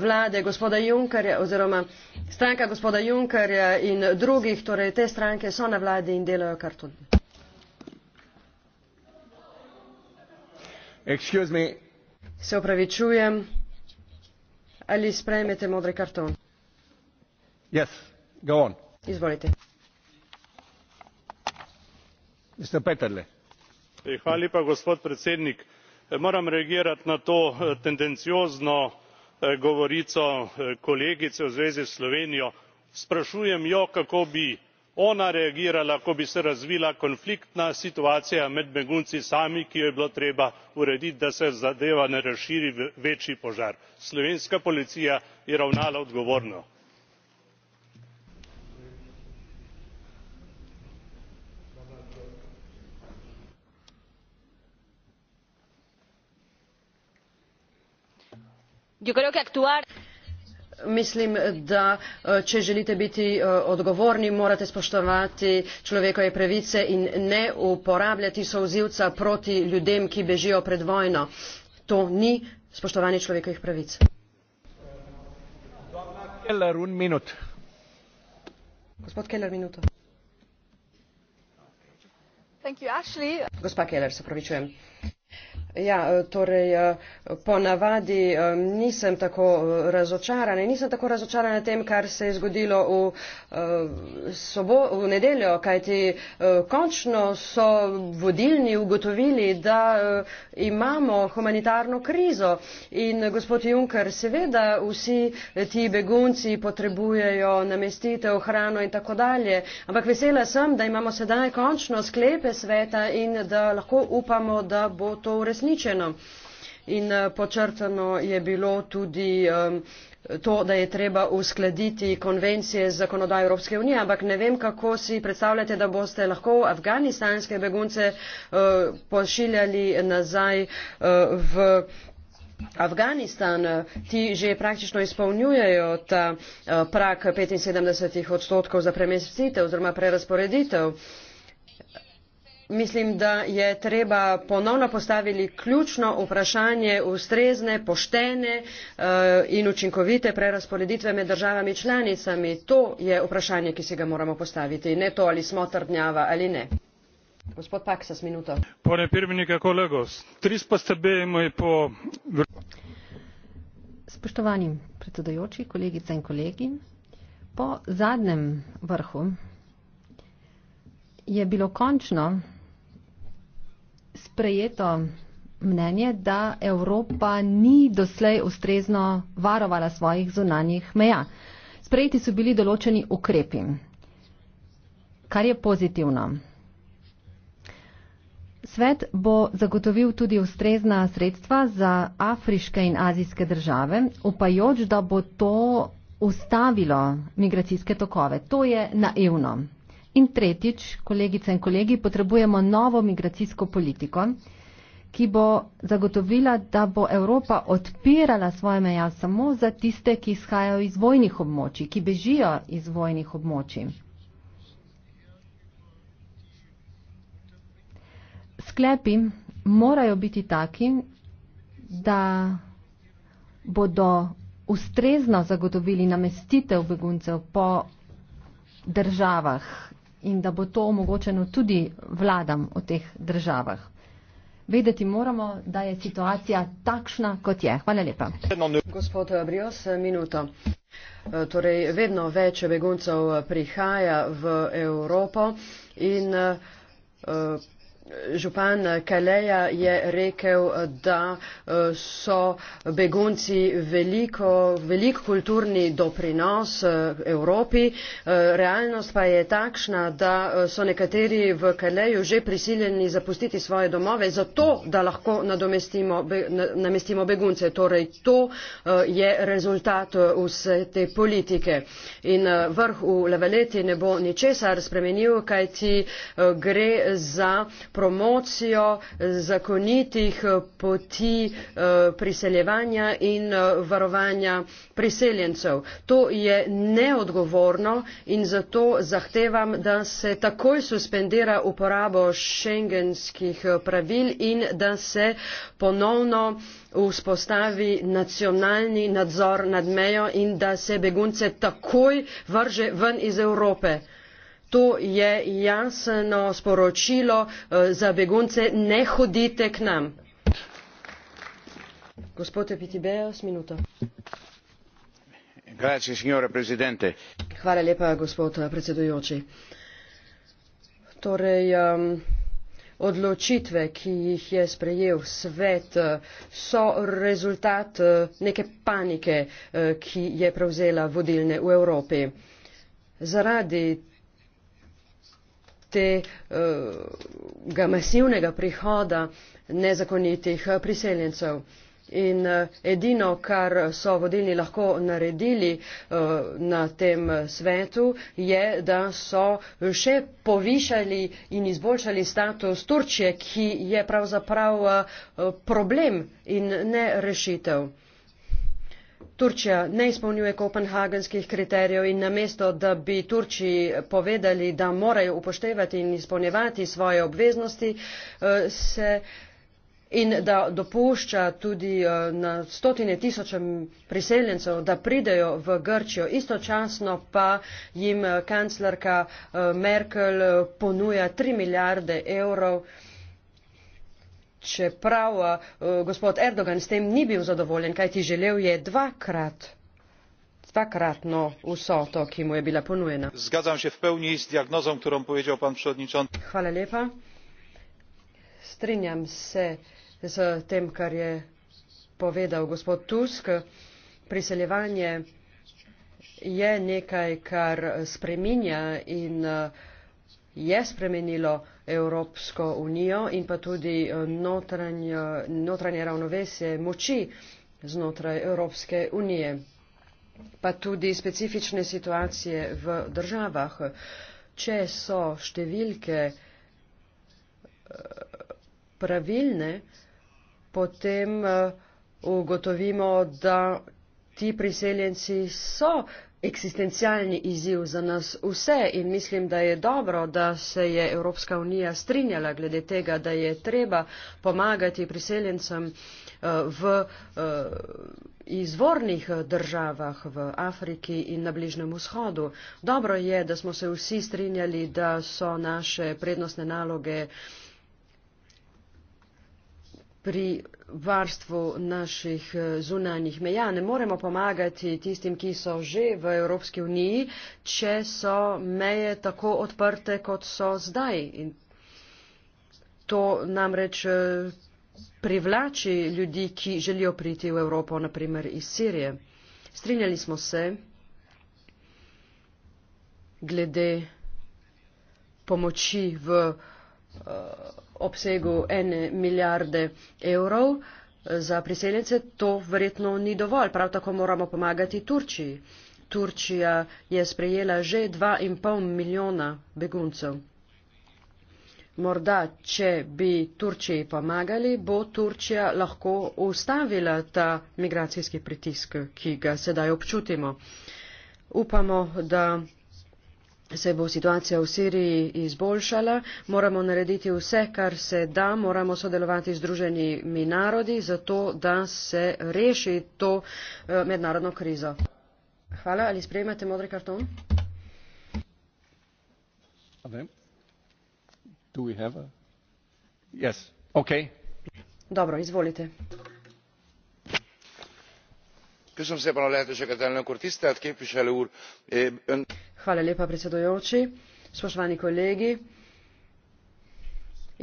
vlade gospoda junkarja oziroma stranka gospoda junkarja in drugih torej te stranke so na vladi in delajo kar tudi Se opravičujem, ali sprejmete modri karton? Yes, go on gospod predsednik e, moram reagirati na to e, tendenciozno e, govorico kolegice v zvezi s slovenijo. sprašujem jo kako bi ona reagirala ko bi se razvila konfliktna situacija med begunci sami ki jo je bilo treba urediti da se zadeva ne razširi v večji požar. slovenska policija je ravnala odgovorno. mislim da eh, če želite biti eh, odgovorni morate spoštovati človekove pravice in ne uporabljati solzivca proti ljudem ki bežijo pred vojno to ni spoštovanje človekovih pravic. gospa keller se opravičujem. Ja, e, torej, e, ponavadi e, nisem tako razočarana in nisem tako razočarana tem, kar se je zgodilo v, sobo, v nedeljo, kajti končno so vodilni ugotovili, da imamo humanitarno krizo in gospod Juncker, seveda vsi ti begunci potrebujejo namestitev, hrano in tako dalje, ampak vesela sem, da imamo sedaj končno sklepe sveta in da lahko upamo, da bo to uresničeno uresničeno. In eh, počrtano je bilo tudi to, da je treba uskladiti konvencije z zakonodajo Evropske unije, ampak ne vem, kako si predstavljate, da boste lahko afganistanske begunce eh, pošiljali nazaj eh, v. Afganistan, ti že praktično izpolnjujejo ta prak 75 odstotkov za premestitev oziroma prerasporeditev mislim da je treba ponovno postaviti ključno vprašanje ustrezne poštene eh, in učinkovite prerazporeditve med državami članicami to je vprašanje ki si ga moramo postaviti ne to ali smo trdnjava ali ne Pone pirmininke kolegos trys pastebėjimai po spoštovani predsedujoči kolegice in kolegi po zadnjem vrhu je bilo končno sprejeto mnenje, da Evropa ni doslej ustrezno varovala svojih zunanjih meja. Sprejeti so bili določeni ukrepi, kar je pozitivno. Svet bo zagotovil tudi ustrezna sredstva za afriške in azijske države, upajoč, da bo to ustavilo migracijske tokove. To je naivno. In tretjič, kolegice in kolegi, potrebujemo novo migracijsko politiko, ki bo zagotovila, da bo Evropa odpirala svoje meja samo za tiste, ki izhajajo iz vojnih območij, ki bežijo iz vojnih območij. Sklepi morajo biti taki, da bodo ustrezno zagotovili namestitev beguncev po državah in da bo to omogočeno tudi vladam v teh državah. Vedeti moramo, da je situacija takšna, kot je. Hvala lepa. Gospod Brios, minuto. Torej, vedno več beguncev prihaja v Evropo in eh, župan Kaleja je rekel, da eh, so begunci veliko, velik kulturni doprinos eh, Evropi. Eh, realnost pa je takšna, da so nekateri v Kaleju že prisiljeni zapustiti svoje domove, zato da lahko namestimo begunce. Torej, to je rezultat vse te politike. In vrh v Levaleti ne bo ničesar spremenil, kajti gre za promocijo zakonitih eh, poti eh, priseljevanja in eh, varovanja priseljencev. To je neodgovorno in zato zahtevam, da se takoj suspendira uporabo šengenskih pravil in da se ponovno vzpostavi nacionalni nadzor nad mejo in da se begunce takoj vrže ven iz Evrope to je jasno sporočilo eh, za begunce ne hodite k nam. Hvala lepa, gospod eh, predsedujoči. Torej, um, odločitve, ki jih je sprejel svet, eh, so rezultat neke panike, ki je prevzela vodilne v Evropi. Zaradi tega masivnega prihoda nezakonitih eh, priseljencev. In eh, edino, kar so vodilni lahko naredili eh, na tem svetu, je, da so še povišali in izboljšali status Turčije, ki je pravzaprav problem in ne rešitev turčija ne izpolnjuje kopenhagenskih kriterijev in namesto da bi turčiji povedali da morajo upoštevati in izpolnjevati svoje obveznosti eh, se in da dopušča tudi eh, na stotine tisočem priseljencev da pridejo v grčijo istočasno pa jim eh, kanclerka merkel ponuja tri milijarde evrov čeprav eh, gospod Erdogan s tem ni bil zadovoljen, kajti želel je dvakrat dvakratno vsoto, ki mu je bila ponujena. Zgadzam se v polni z diagnozo, ktorom povedal pan predsednik. Hvala lepa. Strinjam se z tem, kar je povedal gospod Tusk. Priseljevanje je nekaj, kar spreminja in eh, je spremenilo Evropsko unijo in pa tudi eh, notranje, notranje ravnovesje moči znotraj Evropske unije, pa tudi specifične situacije v državah. Če so številke eh, pravilne, potem eh, ugotovimo, da ti priseljenci so eksistencialni izziv za nas vse in mislim, da je dobro, da se je Evropska unija strinjala glede tega, da je treba pomagati priseljencem eh, v eh, izvornih eh, državah v Afriki in na Bližnem vzhodu. Dobro je, da smo se vsi strinjali, da so naše prednostne naloge pri varstvu naših eh, zunanjih meja. Ne moremo pomagati tistim, ki so že v Evropski uniji, če so meje tako odprte, kot so zdaj. In to namreč eh, privlači ljudi, ki želijo priti v Evropo, naprimer iz Sirije. Strinjali smo se glede pomoči v uh, obsegu ene milijarde evrov eh, za priseljence, to verjetno ni dovolj. Prav tako moramo pomagati Turčiji. Turčija je sprejela že 2,5 milijona beguncev. Morda, če bi Turčiji pomagali, bo Turčija lahko ustavila ta migracijski pritisk, ki ga sedaj občutimo. Upamo, da se bo situacija v Siriji izboljšala. Moramo narediti vse, kar se da, moramo sodelovati z druženimi narodi, zato da se reši to eh, mednarodno krizo. Hvala, ali sprejmete modri karton? Yes. Okay. Dobro, izvolite. Köszönöm szépen a lehetőséget, elnök úr. Tisztelt képviselő úr! Ön... Hvala lepa, predsedojoči. Spoštovani kolegi,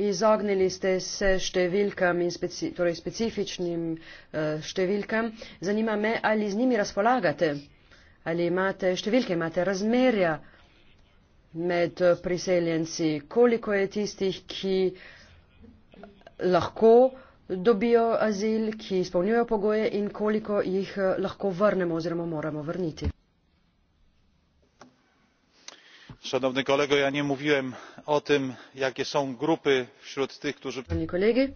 izognili ste se številkam in speci, torej specifičnim eh, številkam. Zanima me, ali z njimi razpolagate, ali imate številke, imate razmerja med priseljenci, koliko je tistih, ki lahko dobijo azil, ki izpolnjujejo pogoje in koliko jih eh, lahko vrnemo oziroma moramo vrniti szanowny kolego ja nie mówiłem o tym jakie są grupy wśród tych którzy. panie kolegie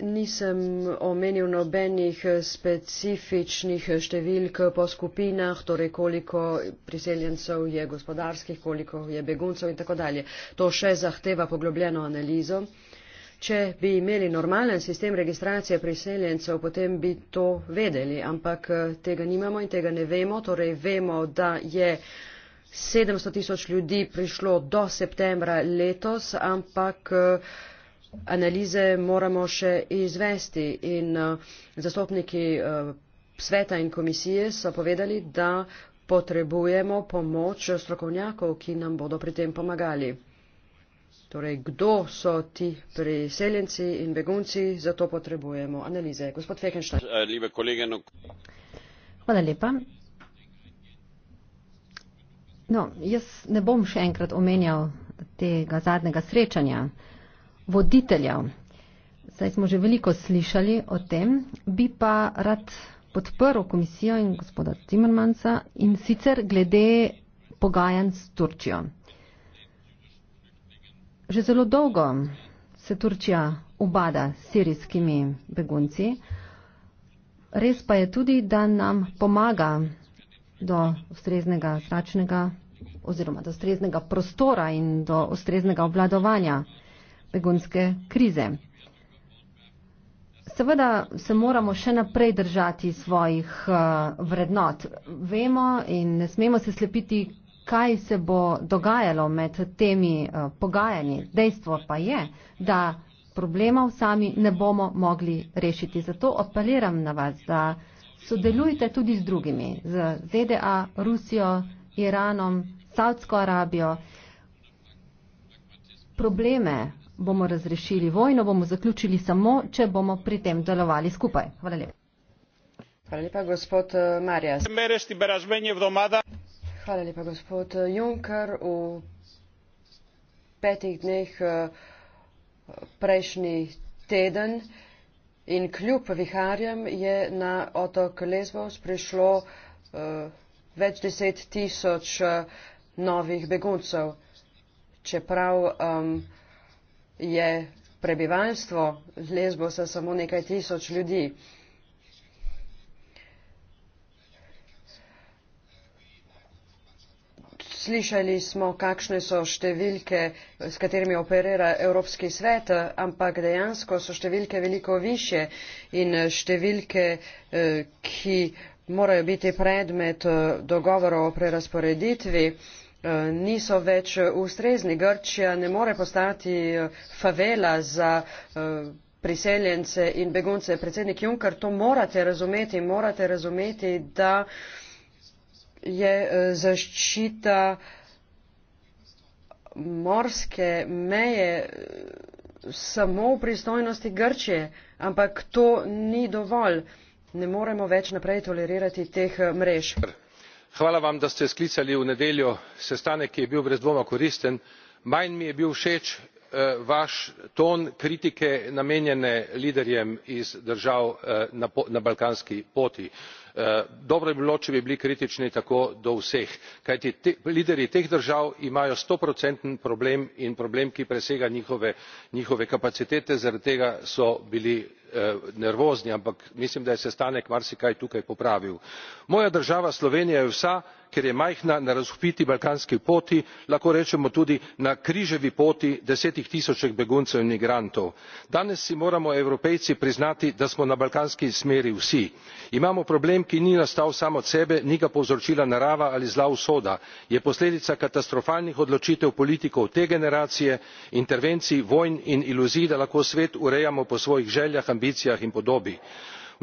nisem omenil nobenih specifičnih številk po skupinah torej koliko priseljencev je gospodarskih koliko je beguncev in tako dalje to še zahteva poglobljeno analizo. Če bi imeli normalen sistem registracije priseljencev, potem bi to vedeli, ampak eh, tega nimamo in tega ne vemo. Torej vemo, da je 700 tisoč ljudi prišlo do septembra letos, ampak eh, analize moramo še izvesti. In eh, zastopniki sveta in komisije so povedali, da potrebujemo pomoč strokovnjakov, ki nam bodo pri tem pomagali. Torej, kdo so ti priseljenci in begunci, zato potrebujemo analize. Gospod Fekenštajn. Eh, Hvala lepa. No, jaz ne bom še enkrat omenjal tega zadnjega srečanja voditeljev. Saj smo že veliko slišali o tem, bi pa rad podprl komisijo in gospoda Timmermansa in sicer glede pogajanj s Turčijo. Že zelo dolgo se Turčija ubada s sirijskimi begunci. Res pa je tudi, da nam pomaga do ustreznega zračnega oziroma do ustreznega prostora in do ustreznega obvladovanja begunske krize. Seveda se moramo še naprej držati svojih eh, vrednot. Vemo in ne smemo se slepiti, kaj se bo dogajalo med temi eh, pogajanji. Dejstvo pa je, da problemov sami ne bomo mogli rešiti. Zato apeliram na vas, da sodelujte tudi z drugimi, z ZDA, Rusijo, Iranom, Saudsko Arabijo. Probleme bomo razrešili, vojno bomo zaključili samo, če bomo pri tem delovali skupaj. Hvala lepa. Hvala lepa, gospod eh, Marjas. Hvala lepa, gospod Juncker. V petih dneh eh, prejšnji teden in kljub viharjem je na otok Lesbos prišlo eh, več deset tisoč eh, novih beguncev. Čeprav um, je prebivalstvo Lesbosa samo nekaj tisoč ljudi. Uh, slišali smo, kakšne so številke, s katerimi operira Evropski svet, ampak dejansko so številke veliko više in številke, eh, ki morajo biti predmet eh, dogovora o prerasporeditvi, eh, niso več ustrezni. Grčija ne more postati favela za priseljence in begunce. Predsednik Juncker, to morate razumeti, morate razumeti, da je e, zaščita morske meje e, samo v pristojnosti Grčije, ampak to ni dovolj. Ne moremo več naprej tolerirati teh e, mrež. Hvala vam, da ste sklicali v nedeljo sestanek, ki je bil brez dvoma koristen. Manj mi je bil všeč vaš ton kritike namenjene liderjem iz držav na balkanski poti. Eh, dobro bi bilo če bi bili kritični tako do vseh kajti lideri teh držav imajo stoprocenten problem in problem ki presega njihove kapacitete zaradi tega so bili eh, nervozni ampak mislim da je sestanek marsikaj tukaj popravil. moja država slovenija je vsa ker je majhna na razvpiti balkanski poti lahko rečemo tudi na križevi poti desetih tisočev beguncev in migrantov. danes si moramo evropejci priznati da smo na balkanski smeri vsi. imamo problem ki ga moramo reševati ki ni nastal sam od sebe ni ga povzročila narava ali zla usoda je posledica katastrofalnih odločitev politikov te generacije intervencij vojn in iluzij da lahko svet urejamo po svojih željah ambicijah in podobi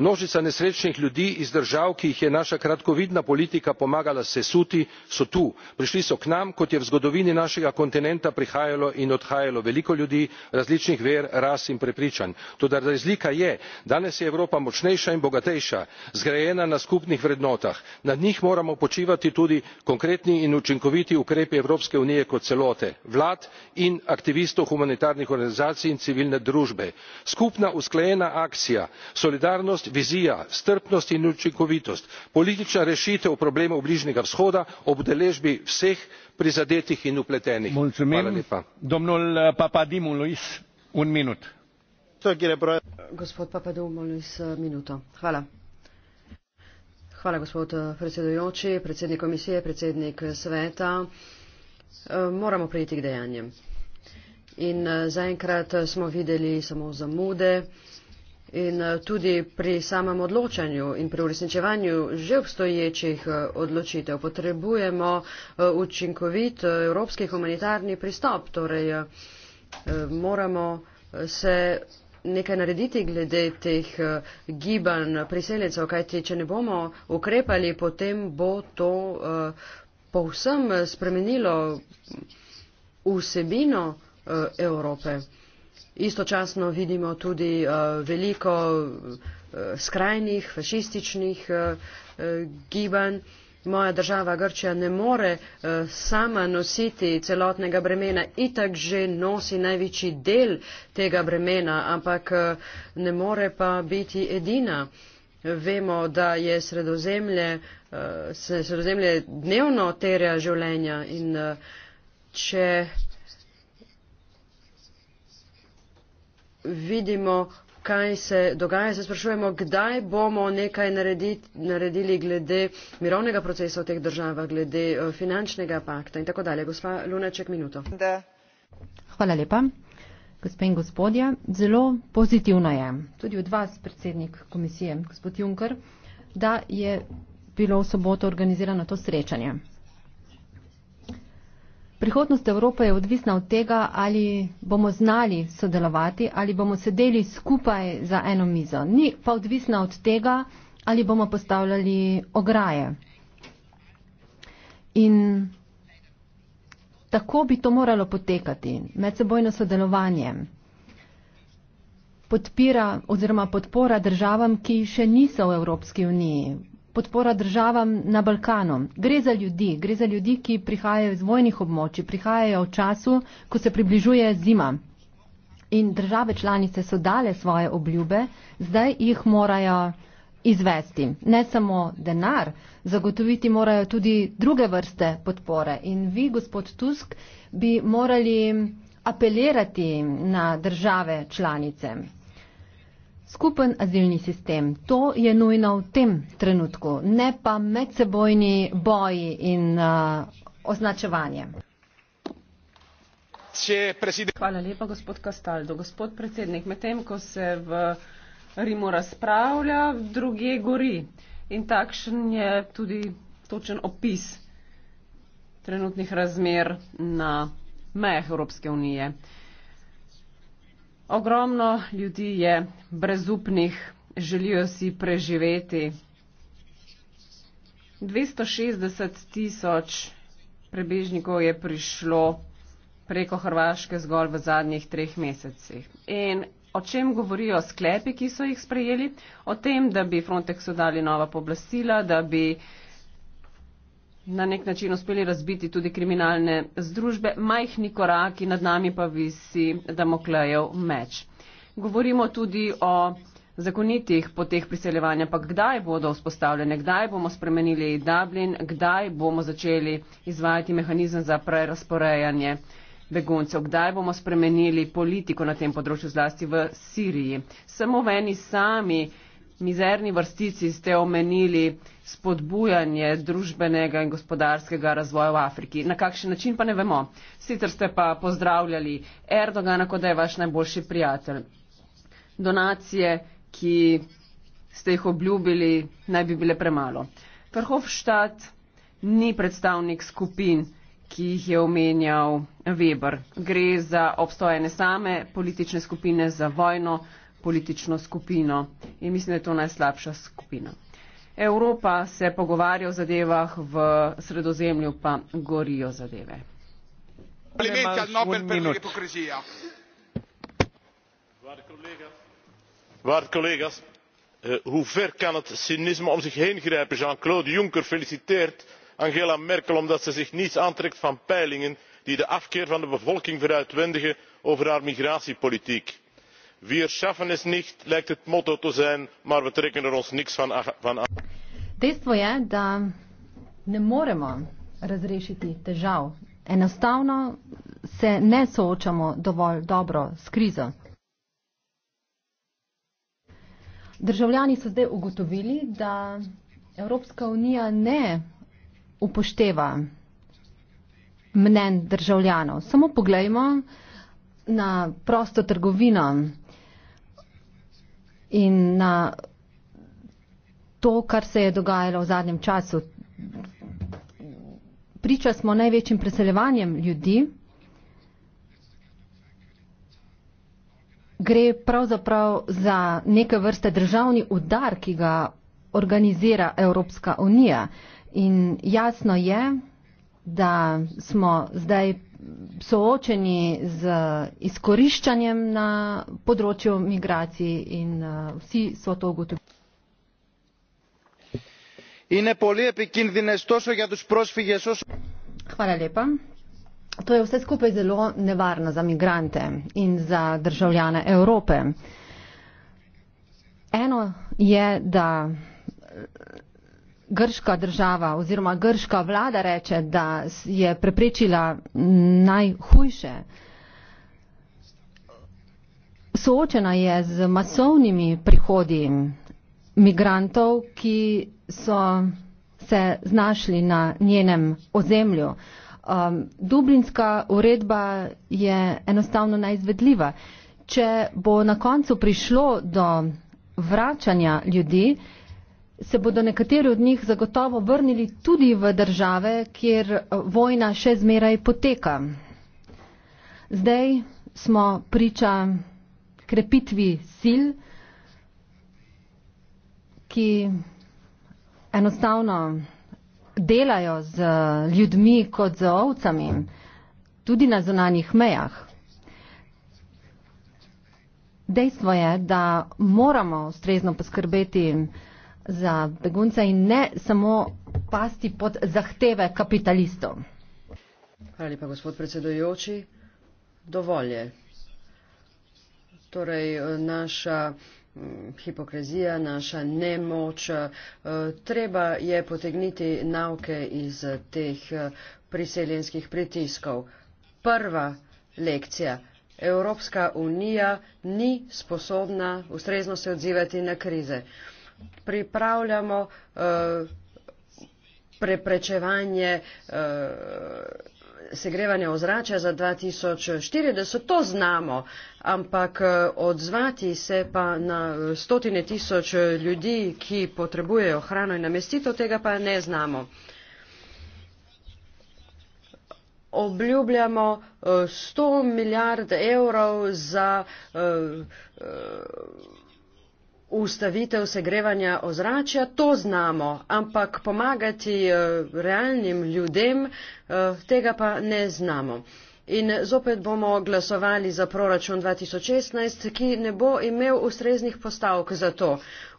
množica nesrečnih ljudi iz držav ki jih je naša kratkovidna politika pomagala sesuti so tu prišli so k nam kot je v zgodovini našega kontinenta prihajalo in odhajalo veliko ljudi različnih ver ras in prepričanj toda razlika je danes je evropa močnejša in bogatejša zgrajena na skupnih vrednotah na njih moramo počivati tudi konkretni in učinkoviti ukrepi evropske unije kot celote vlad in aktivistov humanitarnih organizacij in civilne družbe. skupna usklajena akcija solidarnost vizija strpnost in učinkovitost politična rešitev problemov bližnjega vzhoda ob udeležbi vseh prizadetih in vpletenih. Uh, uh, uh, moramo preiti k dejanjem in zaenkrat smo videli samo zamude in eh, tudi pri samem odločanju in pri uresničevanju že obstoječih eh, odločitev potrebujemo eh, učinkovit evropski humanitarni pristop. Torej, moramo se nekaj narediti glede teh gibanj priseljencev, kajti če ne bomo ukrepali, potem bo to povsem spremenilo vsebino Evrope istočasno vidimo tudi uh, veliko uh, skrajnih fašističnih uh, gibanj. Moja država Grčija ne more uh, sama nositi celotnega bremena, itak že nosi največji del tega bremena, ampak uh, ne more pa biti edina. Vemo, da je sredozemlje, uh, sredozemlje dnevno terja življenja in uh, če vidimo, kaj se dogaja. Se sprašujemo, kdaj bomo nekaj naredit, naredili glede mirovnega procesa v teh državah, glede eh, finančnega pakta in tako dalje. Gospa Lunaček, minuto. Da. Hvala lepa. Gospe in gospodje, zelo pozitivno je, tudi od vas, predsednik komisije, gospod Juncker, da je bilo v soboto organizirano to srečanje. Prihodnost Evrope je odvisna od tega, ali bomo znali sodelovati, ali bomo sedeli skupaj za eno mizo. Ni pa odvisna od tega, ali bomo postavljali ograje. In tako bi to moralo potekati, medsebojno sodelovanje. Podpira oziroma podpora državam, ki še niso v Evropski uniji, podpora državam na Balkanu. Gre za ljudi, gre za ljudi, ki prihajajo iz vojnih območij, prihajajo v času, ko se približuje zima. In države članice so dale svoje obljube, zdaj jih morajo izvesti. Ne samo denar, zagotoviti morajo tudi druge vrste podpore. In vi, gospod Tusk, bi morali apelirati na države članice skupen azilni sistem. To je nujno v tem trenutku, ne pa medsebojni boji in uh, označevanje. Hvala lepa, gospod Kastaldo. Gospod predsednik, medtem ko se v Rimu razpravlja, druge gori. In takšen je tudi točen opis trenutnih razmer na mejah Evropske unije. Uh, Ogromno ljudi je brezupnih, želijo si preživeti. 260 tisoč prebežnikov je prišlo preko Hrvaške zgolj v zadnjih treh mesecih. In o čem govorijo sklepi, ki so jih sprejeli? O tem, da bi Frontexu dali nova poblastila, da bi uh, na nek način uspeli razbiti tudi kriminalne združbe, majhni koraki, nad nami pa visi Damoklejev meč. Govorimo tudi o zakonitih poteh priseljevanja, pa kdaj bodo vzpostavljene, kdaj bomo spremenili Dublin, kdaj bomo začeli izvajati mehanizem za prerasporejanje beguncev, kdaj bomo spremenili politiko na tem področju, zlasti v Siriji. Samo v eni sami mizerni vrstici ste omenili, spodbujanje družbenega in gospodarskega razvoja v Afriki. Na kakšen način pa ne vemo. Sicer ste pa pozdravljali Erdogana, kot da je vaš najboljši prijatelj. Donacije, ki ste jih obljubili, naj bi bile premalo. Verhofstadt ni predstavnik skupin, ki jih je omenjal Weber. Gre za obstojene same politične skupine, za vojno politično skupino in mislim, da je to najslabša skupina. Evropa se pogovarja o zadevah, v sredozemlju pa gorijo zadeve. Waarde collega's, eh, hoe ver kan het cynisme om zich heen grijpen? Jean-Claude Juncker feliciteert Angela Merkel omdat ze zich niets aantrekt van peilingen die de afkeer van de bevolking veruitwendigen over haar migratiepolitiek. Wir schaffen es nicht lijkt het motto te zijn, maar we trekken er ons niks van aan. Dejstvo je, da ne moremo razrešiti težav. Enostavno se ne soočamo dovolj dobro s krizo. Državljani so zdaj ugotovili, da Evropska unija ne upošteva mnen državljanov. Samo pogledajmo na prosto trgovino in na to, kar se je dogajalo v zadnjem času. Priča smo največjim preseljevanjem ljudi. Gre pravzaprav za neke vrste državni udar, ki ga organizira Evropska unija. In jasno je, da smo zdaj soočeni z izkoriščanjem na področju migracij in eh, vsi so to ugotovili είναι πολύ επικίνδυνε τόσο για του πρόσφυγε όσο. Hvala lepa. To je vse skupaj zelo nevarno za migrante in za državljane Evrope. Eno je, da eh, grška država oziroma grška vlada reče, da je preprečila najhujše. Soočena je z masovnimi prihodi migrantov, ki so se znašli na njenem ozemlju. Um, Dublinska uredba je enostavno najizvedljiva. Če bo na koncu prišlo do vračanja ljudi, se bodo nekateri od njih zagotovo vrnili tudi v države, kjer uh, vojna še zmeraj poteka. Zdaj smo priča krepitvi sil, ki enostavno delajo z eh, ljudmi kot z ovcami, tudi na zunanjih mejah. Dejstvo je, da moramo ustrezno poskrbeti za begunce in ne samo pasti pod zahteve kapitalistov. Hvala lepa, gospod predsedujoči. Dovolj je. Torej, eh, naša hipokrizija, naša nemoč. Eh, treba je potegniti nauke iz teh eh, priseljenskih pritiskov. Prva lekcija. Evropska unija ni sposobna ustrezno se odzivati na krize. Pripravljamo uh, preprečevanje uh, segrevanja ozračja za 2040, to znamo, ampak eh, odzvati se pa na stotine tisoč eh, ljudi, ki potrebujejo hrano in namestitev, tega pa ne znamo. Obljubljamo 100 eh, milijard evrov za. Uh, uh, ustavitev segrevanja ozračja, to znamo, ampak pomagati eh, realnim ljudem eh, tega pa ne znamo. In zopet bomo glasovali za proračun 2016, ki ne bo imel ustreznih postavk za to.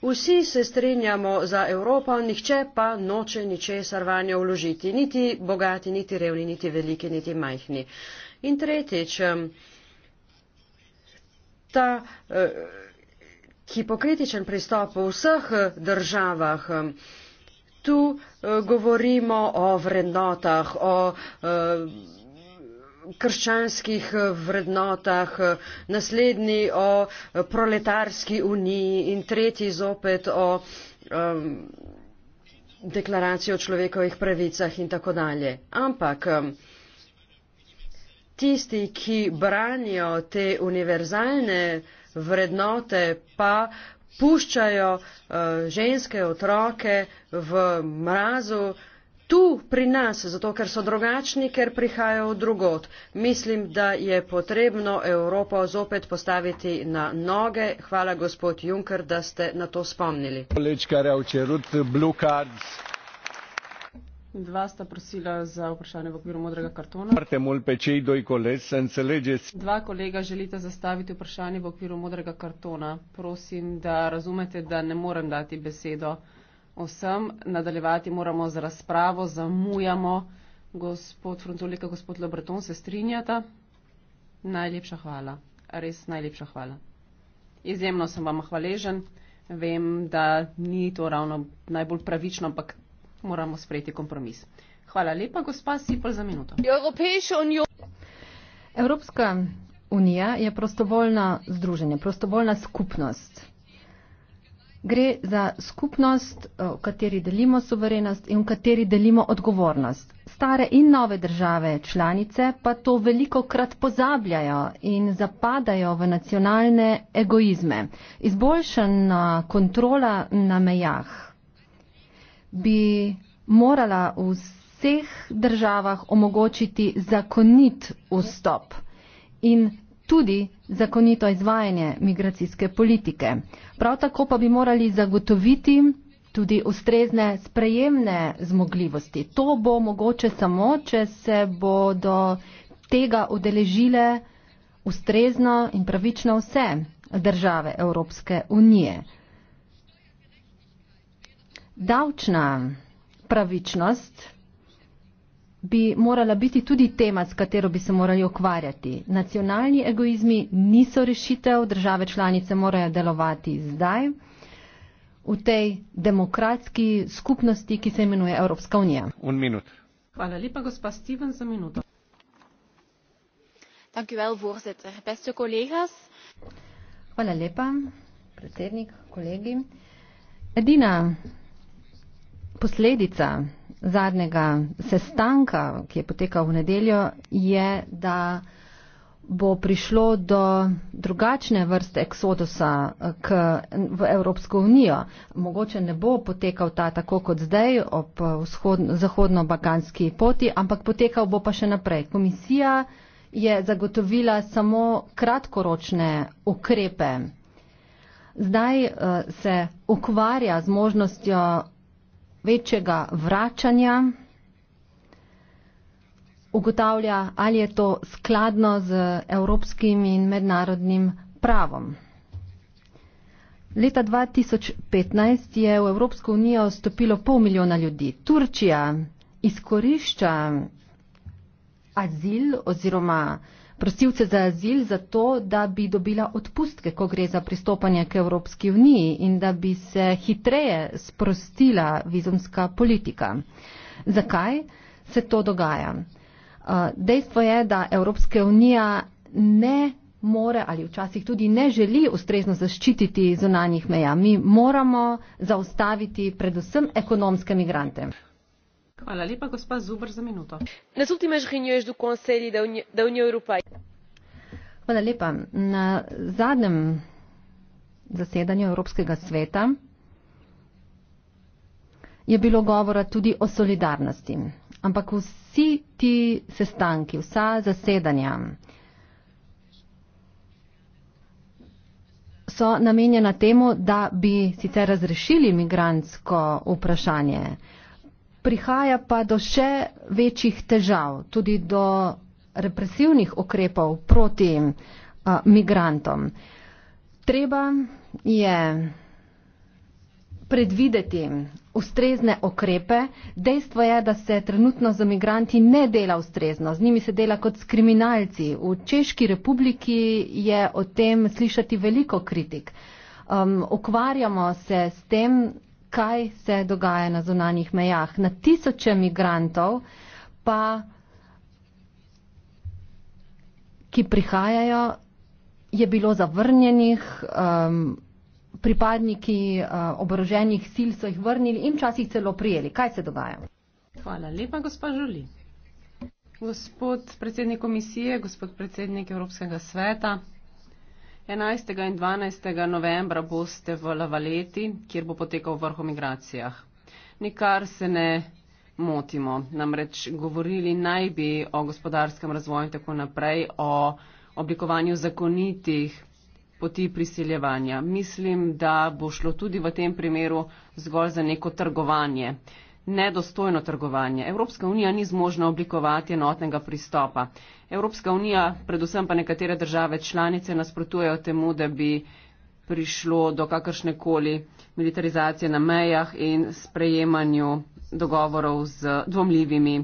Vsi se strinjamo za Evropo, nihče pa noče ničesar vanjo vložiti, niti bogati, niti revni, niti veliki, niti majhni. In tretjič, ta. Uh, hipokritičen pristop v vseh eh, državah. Eh, tu eh, govorimo o vrednotah, o krščanskih vrednotah, naslednji o proletarski uniji in tretji zopet o deklaracijo o človekovih pravicah in tako dalje. Ampak tisti, ki branijo te univerzalne vrednote, vrednote pa puščajo eh, ženske otroke v mrazu tu pri nas, zato ker so drugačni, ker prihajajo drugot. Mislim, da je potrebno Evropo zopet postaviti na noge. Hvala gospod Juncker, da ste na to spomnili. Blue cards. Dva sta prosila za vprašanje v okviru modrega kartona. Dva kolega želita zastaviti vprašanje v okviru modrega kartona. Prosim, da razumete, da ne morem dati besedo vsem. Nadaljevati moramo z razpravo, zamujamo. Gospod Frontolika, gospod Lobreton, se strinjata? Najlepša hvala. Res najlepša hvala. Izjemno sem vam hvaležen. Vem, da ni to ravno najbolj pravično, ampak moramo sprejeti kompromis. Hvala lepa, gospa Sipol, za minuto. Evropska unija je prostovoljna združenje, prostovoljna skupnost. Gre za skupnost, v kateri delimo suverenost in v kateri delimo odgovornost. Stare in nove države članice pa to veliko krat pozabljajo in zapadajo v nacionalne egoizme. Izboljšana kontrola na mejah bi morala v vseh državah omogočiti zakonit vstop in tudi zakonito izvajanje migracijske politike. Prav tako pa bi morali zagotoviti tudi ustrezne sprejemne zmogljivosti. To bo mogoče samo, če se bodo tega udeležile ustrezno in pravično vse države Evropske unije davčna pravičnost bi morala biti tudi tema, s katero bi se morali ukvarjati. Nacionalni egoizmi niso rešitev, države članice morajo delovati zdaj v tej demokratski skupnosti, ki se imenuje Evropska unija. Un minut. Hvala lepa, gospa Steven, za minuto. Hvala lepa, predsednik, kolegi. Edina Posledica zadnjega sestanka, ki je potekal v nedeljo, je, da bo prišlo do drugačne vrste eksodusa k, v Evropsko unijo. Mogoče ne bo potekal ta tako kot zdaj ob zahodno-bakanski poti, ampak potekal bo pa še naprej. Komisija je zagotovila samo kratkoročne ukrepe. Zdaj eh, se ukvarja z možnostjo večjega vračanja, ugotavlja, ali je to skladno z evropskim in mednarodnim pravom. Leta 2015 je v Evropsko unijo stopilo pol milijona ljudi. Turčija izkorišča azil oziroma prosilce za azil zato, da bi dobila odpustke, ko gre za pristopanje k Evropski uniji in da bi se hitreje sprostila vizumska politika. Zakaj se to dogaja? Uh, dejstvo je, da Evropska unija ne more ali včasih tudi ne želi ustrezno zaščititi zunanjih meja. Mi moramo zaustaviti predvsem ekonomske migrante. Hvala lepa, gospa Zubr, za minuto. Nas últimas reuniões do Conselho da União Europeia. Hvala lepa. Na zadnjem zasedanju Evropskega sveta je bilo govora tudi o solidarnosti. Ampak vsi ti sestanki, vsa zasedanja so namenjena temu, da bi sicer razrešili migransko vprašanje prihaja pa do še večjih težav, tudi do represivnih ukrepov proti uh, migrantom. Treba je predvideti ustrezne okrepe. Dejstvo je, da se trenutno za migranti ne dela ustrezno, z njimi se dela kot s kriminalci. V Češki republiki je o tem slišati veliko kritik. Um, okvarjamo se s tem, kaj se dogaja na zunanjih mejah. Na tisoče migrantov pa, ki prihajajo, je bilo zavrnjenih, um, pripadniki uh, oboroženih sil so jih vrnili in včasih celo prijeli. Kaj se dogaja? Hvala lepa, gospa Žuli. Gospod predsednik komisije, gospod predsednik Evropskega sveta, 11. in 12. novembra boste v Lavaleti, kjer bo potekal vrh o migracijah. Nikar se ne motimo, namreč govorili naj bi o gospodarskem razvoju in tako naprej, o oblikovanju zakonitih poti priseljevanja. Mislim, da bo šlo tudi v tem primeru zgolj za neko trgovanje, nedostojno trgovanje. Evropska unija ni zmožna oblikovati enotnega pristopa. Evropska unija, predvsem pa nekatere države članice, nasprotujejo temu, da bi prišlo do kakršnekoli militarizacije na mejah in sprejemanju dogovorov z dvomljivimi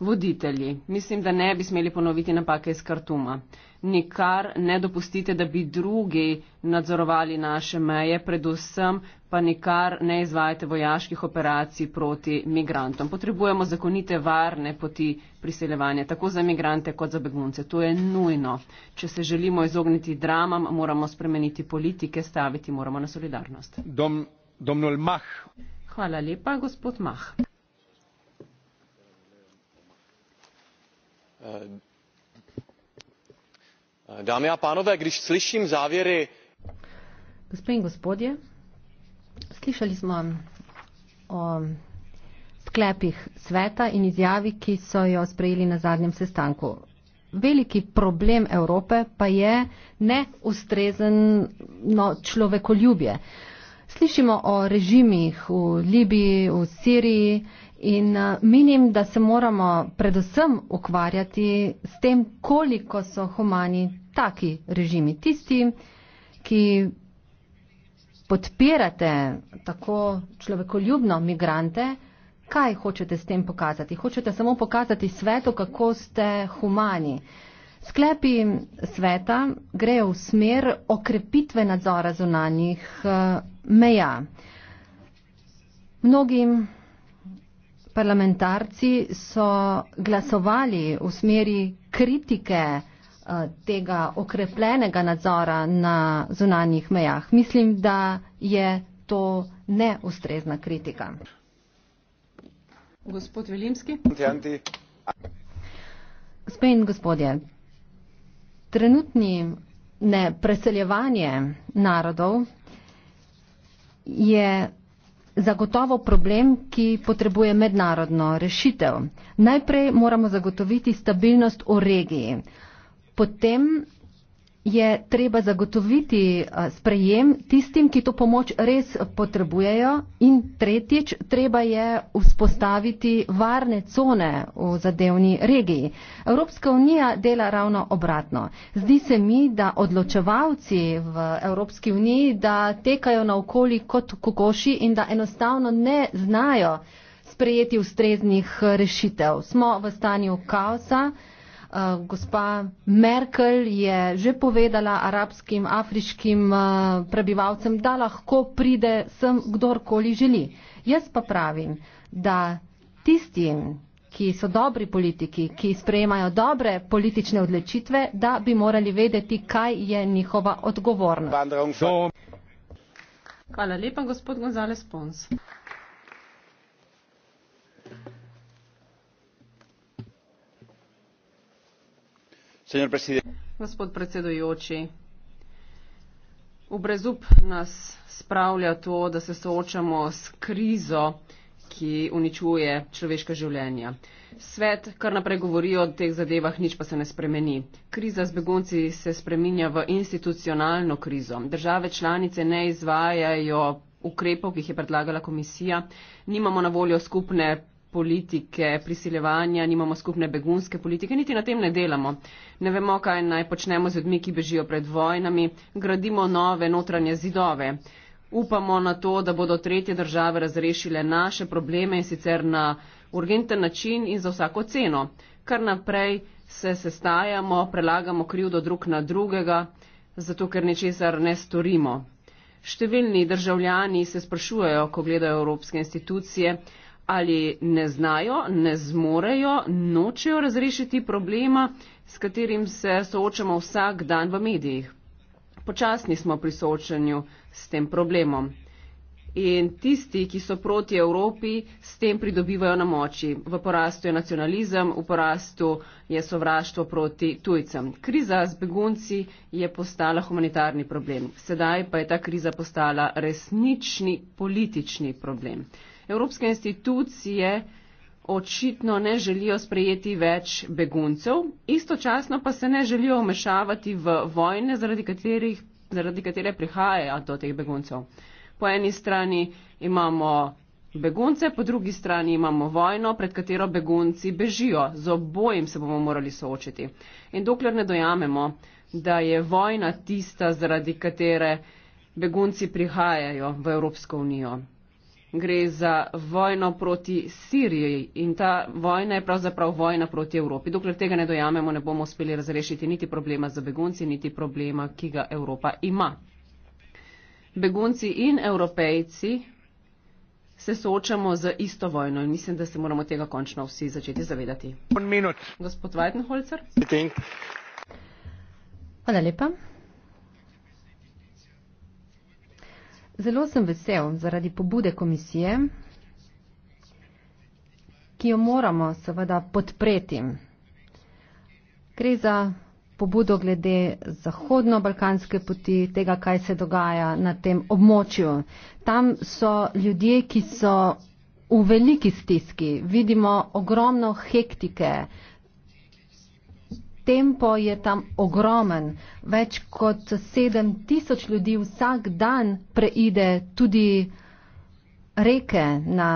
voditelji. Mislim, da ne bi smeli ponoviti napake iz Kartuma nikar ne dopustite, da bi drugi nadzorovali naše meje, predvsem pa nikar ne izvajate vojaških operacij proti migrantom. Potrebujemo zakonite varne poti priseljevanja, tako za migrante kot za begunce. To je nujno. Če se želimo izogniti dramam, moramo spremeniti politike, staviti moramo na solidarnost. Dom, domnul Mah. Hvala lepa, gospod Mah. Uh, Eh, dámy a pánové, když slyším závěry... Gospodin gospodje, slišali smo um, o sklepih sveta in izjavi, ki so jo sprejeli na zadnjem sestanku. Veliki problem Evrope pa je neustrezen človekoljubje. Slišimo o režimih v Libiji, v Siriji, In eh, menim, da se moramo predvsem ukvarjati s tem, koliko so humani taki režimi. Tisti, ki podpirate tako človekoljubno migrante, kaj hočete s tem pokazati? Hočete samo pokazati svetu, kako ste humani. Sklepi sveta grejo v smer okrepitve nadzora zunanjih eh, meja. Mnogim parlamentarci so glasovali v smeri kritike eh, tega okrepljenega nadzora na zunanjih mejah. Mislim, da je to neustrezna kritika. Gospod Velimski. Gospe in gospodje, trenutni ne preseljevanje narodov je zagotovo problem, ki potrebuje mednarodno rešitev. Najprej moramo zagotoviti stabilnost v regiji, potem je treba zagotoviti eh, sprejem tistim, ki to pomoč res potrebujejo. In tretjič, treba je vzpostaviti varne cone v zadevni regiji. Evropska unija dela ravno obratno. Zdi se mi, da odločevalci v Evropski uniji, da tekajo naokoli kot kokoši in da enostavno ne znajo sprejeti ustreznih rešitev. Smo v stanju kaosa. Eh, gospa Merkel je že povedala arabskim, afriškim eh, prebivalcem, da lahko pride sem kdorkoli želi. Jaz pa pravim, da tistim, ki so dobri politiki, ki sprejemajo dobre politične odločitve, da bi morali vedeti, kaj je njihova odgovornost. Hvala lepa, gospod Gonzales Pons. gospod predsedujoči v brezup nas spravlja to da se soočamo s krizo ki uničuje človeška življenja svet kar naprej govori o teh zadevah nič pa se ne spremeni kriza z begunci se spreminja v institucionalno krizo države članice ne izvajajo ukrepov ki jih je predlagala komisija nimamo na voljo skupne politike prisilevanja, nimamo skupne begunske politike, niti na tem ne delamo. Ne vemo, kaj naj počnemo z ljudmi, ki bežijo pred vojnami, gradimo nove notranje zidove. Upamo na to, da bodo tretje države razrešile naše probleme in sicer na urgenten način in za vsako ceno. Kar naprej se sestajamo, prelagamo krivdo drug na drugega, zato ker nečesar ne storimo. Številni državljani se sprašujejo, ko gledajo evropske institucije, ali ne znajo, ne zmorejo, nočejo razrešiti problema, s katerim se soočamo vsak dan v medijih. Počasni smo pri soočanju s tem problemom. In tisti, ki so proti Evropi, s tem pridobivajo na moči. V porastu je nacionalizem, v porastu je sovraštvo proti tujcem. Kriza z begunci je postala humanitarni problem. Sedaj pa je ta kriza postala resnični politični problem. Evropske institucije očitno ne želijo sprejeti več beguncev, istočasno pa se ne želijo vmešavati v vojne, zaradi, katerih, zaradi katere prihaja do teh beguncev. Po eni strani imamo begunce, po drugi strani imamo vojno, pred katero begunci bežijo. Z obojim se bomo morali soočiti. In dokler ne dojamemo, da je vojna tista, zaradi katere begunci prihajajo v Evropsko unijo gre za vojno proti Siriji in ta vojna je pravzaprav vojna proti Evropi. Dokler tega ne dojamemo, ne bomo uspeli razrešiti niti problema za begunci, niti problema, ki ga Evropa ima. Begunci in evropejci se soočamo z isto vojno in mislim, da se moramo tega končno vsi začeti zavedati. Gospod Weidenholzer. Hvala lepa. Zelo sem vesel zaradi pobude komisije, ki jo moramo seveda podpreti. Gre za pobudo glede zahodno-balkanske poti, tega, kaj se dogaja na tem območju. Tam so ljudje, ki so v veliki stiski. Vidimo ogromno hektike, uh, tempo je tam ogromen. Več kot 7 tisoč ljudi vsak dan preide tudi reke na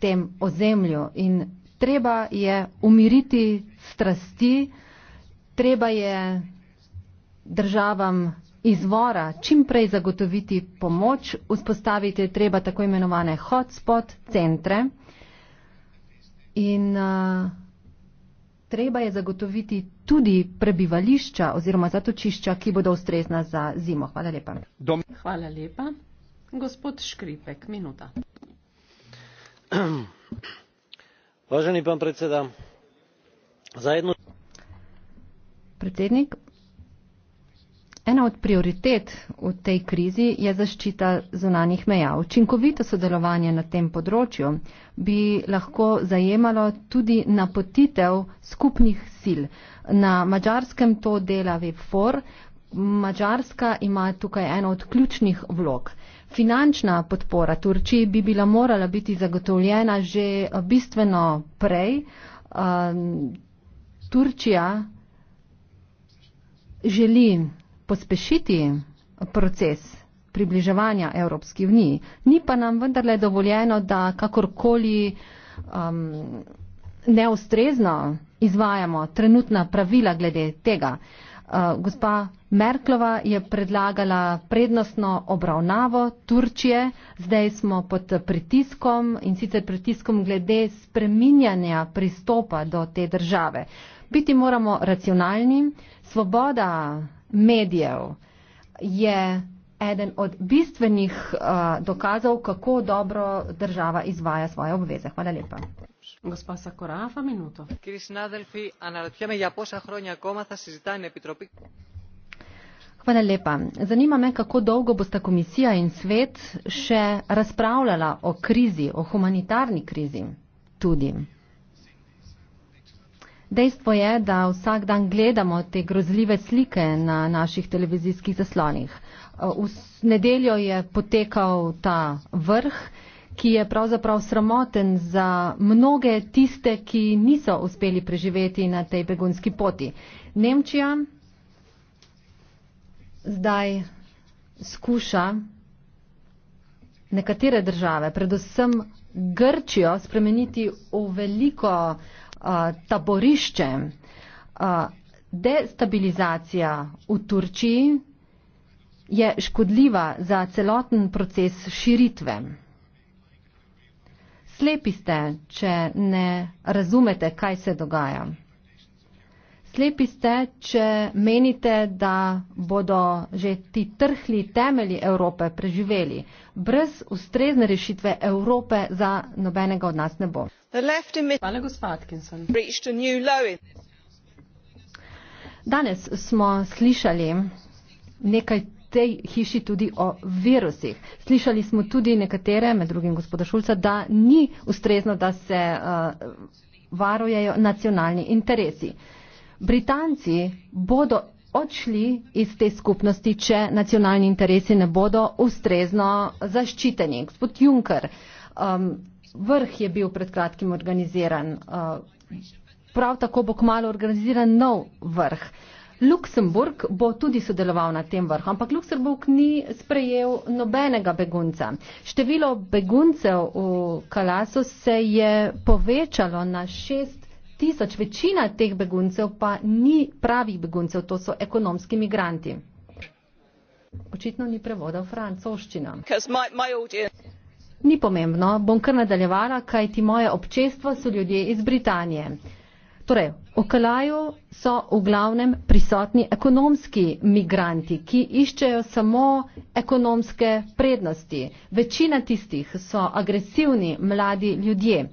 tem ozemlju in treba je umiriti strasti, treba je državam izvora čimprej zagotoviti pomoč, vzpostaviti treba tako imenovane hotspot centre in uh, treba je zagotoviti tudi prebivališča oziroma zatočišča, ki bodo ustrezna za zimo. Hvala lepa. Dom. Hvala lepa. Gospod Škripek, minuta. Važeni pan predseda, za eno. Predsednik, Ena od prioritet v tej krizi je zaščita zunanih meja. Učinkovito sodelovanje na tem področju bi lahko zajemalo tudi napotitev skupnih sil. Na mačarskem to dela WebFor. Mačarska ima tukaj eno od ključnih vlog. Finančna podpora Turčiji bi bila morala biti zagotovljena že eh, bistveno prej. Um, Turčija želi pospešiti proces približevanja Evropski uniji. Ni pa nam vendarle dovoljeno, da kakorkoli um, neustrezno izvajamo trenutna pravila glede tega. Uh, gospa Merklova je predlagala prednostno obravnavo Turčije, zdaj smo pod pritiskom in sicer pritiskom glede spreminjanja pristopa do te države. Biti moramo racionalni, svoboda medijev je eden od bistvenih uh, dokazov, kako dobro država izvaja svoje obveze. Hvala lepa. Gospa Sakorafa, minuto. Ja, Hvala lepa. Zanima me, kako dolgo bosta komisija in svet še razpravljala o krizi, o humanitarni krizi tudi. Dejstvo je, da vsak dan gledamo te grozljive slike na naših televizijskih zaslonih. V nedeljo je potekal ta vrh, ki je pravzaprav sramoten za mnoge tiste, ki niso uspeli preživeti na tej begunski poti. Nemčija zdaj skuša nekatere države, predvsem Grčijo, spremeniti v veliko uh, taborišče. Destabilizacija v Turčiji je škodljiva za celoten proces širitve. Slepi ste, če ne razumete, kaj se dogaja. Slepi ste, če menite, da bodo že ti trhli temelji Evrope preživeli. Brez ustrezne rešitve Evrope za nobenega od nas ne bo. Danes smo slišali nekaj tej hiši tudi o virusih. Slišali smo tudi nekatere, med drugim gospoda Šulca, da ni ustrezno, da se uh, varujejo nacionalni interesi. Britanci bodo odšli iz te skupnosti, če nacionalni interesi ne bodo ustrezno zaščiteni. Gospod Juncker. Um, Vrh je bil pred kratkim organiziran. Eh, prav tako bo kmalo organiziran nov vrh. Luksemburg bo tudi sodeloval na tem vrhu, ampak Luksemburg ni sprejel nobenega begunca. Število beguncev v Kalasu se je povečalo na šest tisoč, večina teh beguncev pa ni pravih beguncev, to so ekonomski migranti. Očitno ni prevoda v francoščino. Ni pomembno, bom kar nadaljevala, kaj ti moje občestvo so ljudje iz Britanije. Torej, v Kalaju so v glavnem prisotni ekonomski migranti, ki iščejo samo ekonomske prednosti. Večina tistih so agresivni mladi ljudje.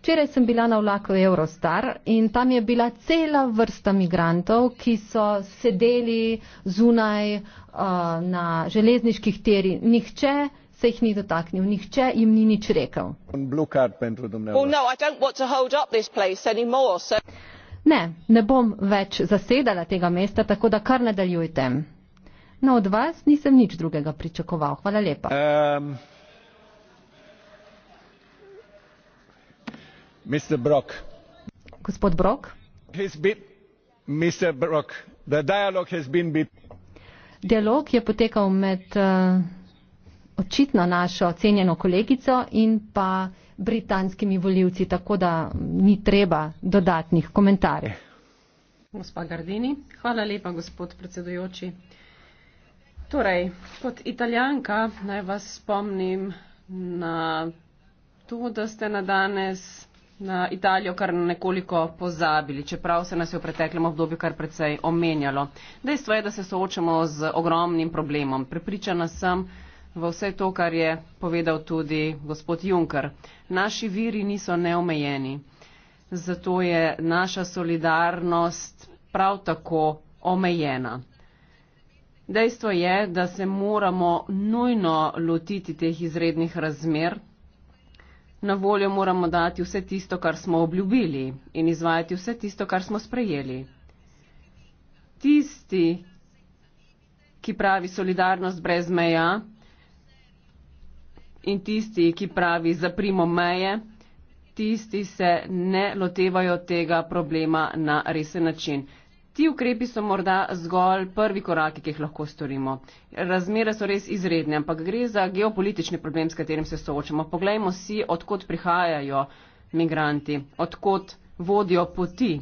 Včeraj sem bila na vlaku Eurostar in tam je bila cela vrsta migrantov, ki so sedeli zunaj uh, na železniških terih. Nihče se jih ni dotaknil, nihče jim ni nič rekel. No, ne, ne bom več zasedala tega mesta, tako da kar nadaljujte. No, od vas nisem nič drugega pričakoval. Hvala lepa. Um, ehm, Mr. Brock. Gospod Brock. Brock dialog je potekal med. Uh, očitno našo cenjeno kolegico in pa britanskimi voljivci, tako da ni treba dodatnih komentarjev. Gospa Gardini, hvala lepa, gospod predsedujoči. Torej, kot italijanka naj vas spomnim na to, da ste na danes na Italijo kar nekoliko pozabili, čeprav se nas je v preteklem obdobju kar precej omenjalo. Dejstvo je, da se soočamo z ogromnim problemom. Pripričana sem, v vse to, kar je povedal tudi gospod Juncker. Naši viri niso neomejeni, zato je naša solidarnost prav tako omejena. Dejstvo je, da se moramo nujno lotiti teh izrednih razmer. Na voljo moramo dati vse tisto, kar smo obljubili in izvajati vse tisto, kar smo sprejeli. Tisti, ki pravi solidarnost brez meja, In tisti, ki pravi zaprimo meje, tisti se ne lotevajo tega problema na resen način. Ti ukrepi so morda zgolj prvi koraki, ki jih lahko storimo. Razmere so res izredne, ampak gre za geopolitični problem, s katerim se soočamo. Poglejmo si, odkot prihajajo migranti, odkot vodijo poti.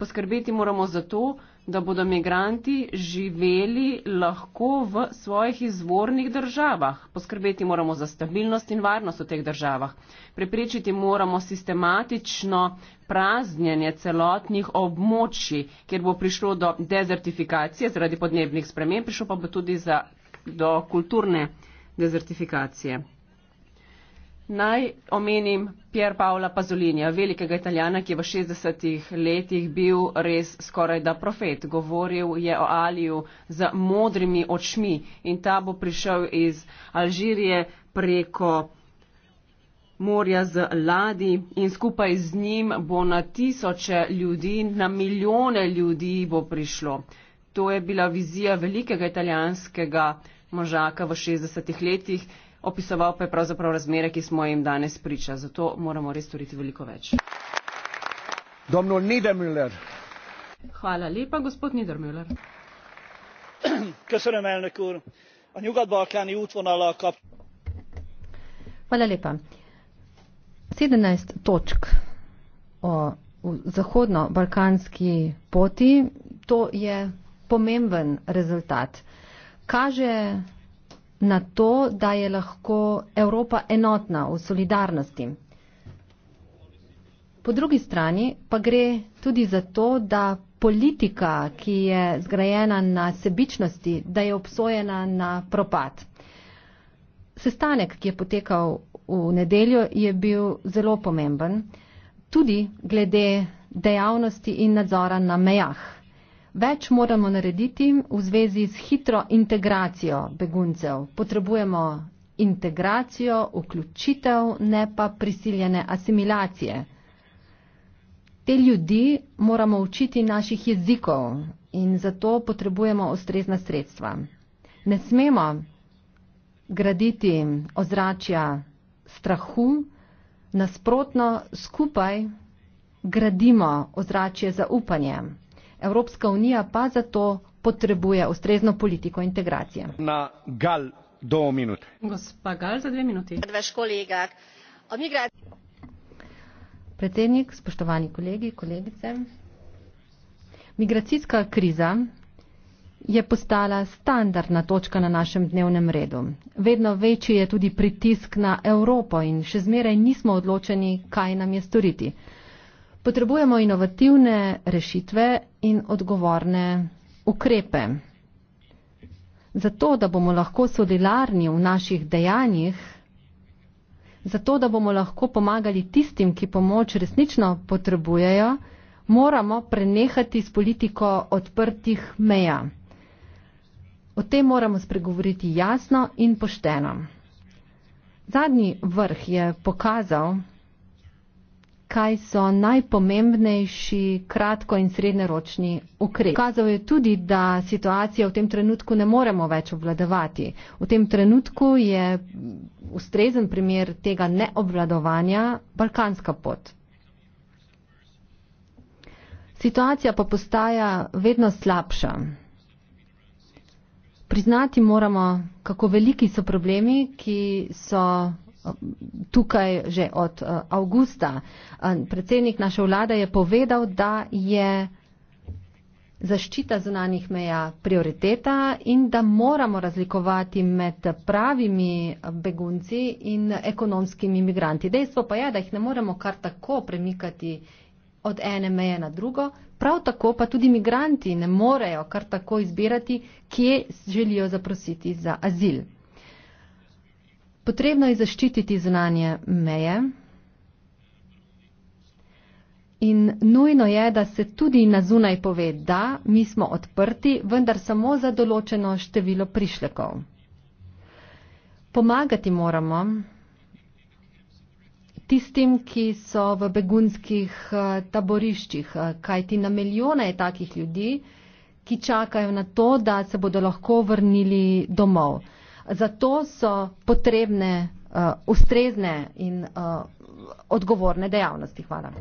Poskrbeti moramo za to, da bodo migranti živeli lahko v svojih izvornih državah. Poskrbeti moramo za stabilnost in varnost v teh državah. Preprečiti moramo sistematično praznjenje celotnih območij, kjer bo prišlo do dezertifikacije zaradi podnebnih sprememb, prišlo pa bo tudi za, do kulturne dezertifikacije. Naj omenim Pier Paola Pazolinija, velikega italijana, ki je v 60-ih letih bil res skoraj da profet. Govoril je o Aliju z modrimi očmi in ta bo prišel iz Alžirije preko morja z ladi in skupaj z njim bo na tisoče ljudi, na milijone ljudi bo prišlo. To je bila vizija velikega italijanskega možaka v 60-ih letih opisoval pa je pravzaprav razmere, ki smo jim danes priča. Zato moramo res storiti veliko več. Hvala lepa, gospod Niedermüller. Köszönöm, elnök úr. A nyugat-balkáni útvonallal kap... Hvala lepa. 17 točk o zahodno-balkanski poti, to je pomemben rezultat. Kaže na to, da je lahko Evropa enotna v solidarnosti. Po drugi strani pa gre tudi za to, da politika, ki je zgrajena na sebičnosti, da je obsojena na propad. Sestanek, ki je potekal v nedeljo, je bil zelo pomemben, tudi glede dejavnosti in nadzora na mejah. Več moramo narediti v zvezi s hitro integracijo beguncev. Potrebujemo integracijo, vključitev, ne pa prisiljene asimilacije. Te ljudi moramo učiti naših jezikov in zato potrebujemo ustrezna sredstva. Ne smemo graditi ozračja strahu, nasprotno skupaj gradimo ozračje zaupanje. Evropska unija pa zato potrebuje ustrezno politiko integracije. Na gal do minute. Gospa gal za dve minuti. Dveš kolega. Predsednik, spoštovani kolegi, kolegice. Migracijska kriza je postala standardna točka na našem dnevnem redu. Vedno večji je tudi pritisk na Evropo in še zmeraj nismo odločeni, kaj nam je storiti. Potrebujemo inovativne rešitve in odgovorne ukrepe. Zato, da bomo lahko solidarni v naših dejanjih, zato, da bomo lahko pomagali tistim, ki pomoč resnično potrebujejo, moramo prenehati s politiko odprtih meja. O tem moramo spregovoriti jasno in pošteno. Zadnji vrh je pokazal, kaj so najpomembnejši kratko in srednjeročni ukrepi. Pokazal je tudi, da situacije v tem trenutku ne moremo več obvladovati. V tem trenutku je ustrezen primer tega neobvladovanja balkanska pot. Situacija pa postaja vedno slabša. Priznati moramo, kako veliki so problemi, ki so tukaj že od eh, avgusta. Eh, predsednik naše vlade je povedal, da je zaščita zunanih meja prioriteta in da moramo razlikovati med pravimi begunci in ekonomskimi imigranti. Dejstvo pa je, da jih ne moremo kar tako premikati od ene meje na drugo. Prav tako pa tudi imigranti ne morejo kar tako izbirati, kje želijo zaprositi za azil. Potrebno je zaščititi zunanje meje. In nujno je, da se tudi na zunaj pove, da mi smo odprti, vendar samo za določeno število prišlekov. Pomagati moramo tistim, ki so v begunskih eh, taboriščih, eh, kajti na milijone je takih ljudi, ki čakajo na to, da se bodo lahko vrnili domov. Zato so potrebne uh, ustrezne in uh, odgovorne dejavnosti. Hvala.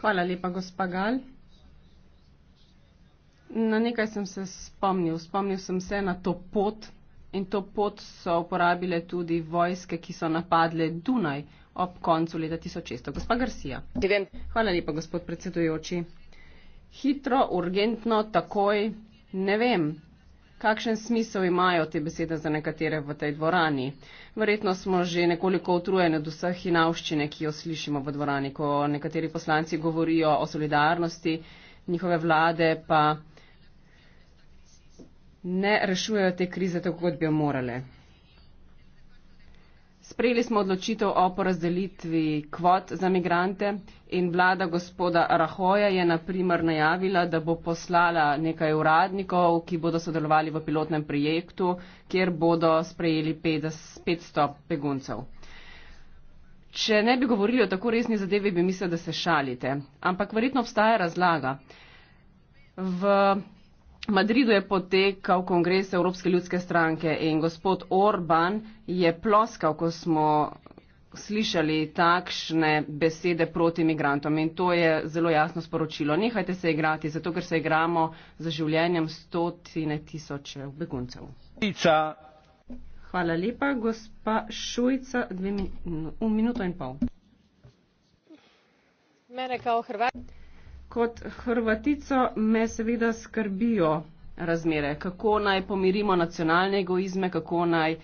Hvala lepa, gospa Gal. Na nekaj sem se spomnil. Spomnil sem se na to pot in to pot so uporabile tudi vojske, ki so napadle Dunaj ob koncu leta 1600. Gospa Garcia. Hvala lepa, gospod predsedujoči. Hitro, urgentno, takoj, ne vem, Kakšen smisel imajo te besede za nekatere v tej dvorani? Verjetno smo že nekoliko utrujeni od vseh inavščine, ki jo slišimo v dvorani, ko nekateri poslanci govorijo o solidarnosti, njihove vlade pa ne rešujejo te krize tako, kot bi jo morale. Sprejeli smo odločitev o porazdelitvi kvot za migrante in vlada gospoda Rahoja je naprimer najavila, da bo poslala nekaj uradnikov, ki bodo sodelovali v pilotnem projektu, kjer bodo sprejeli 500 beguncev. Če ne bi govorili o tako resni zadevi, bi mislili, da se šalite. Ampak verjetno obstaja razlaga. V V Madridu je potekal kongres Evropske ljudske stranke in gospod Orban je ploskal, ko smo slišali takšne besede proti imigrantom in to je zelo jasno sporočilo. Nehajte se igrati, zato ker se igramo za življenjem stotine tisoče beguncev. Hvala lepa, gospa Šujca, minu, minuto in pol. Mene kao Hrvatska kot Hrvatico me seveda skrbijo razmere, kako naj pomirimo nacionalne egoizme, kako naj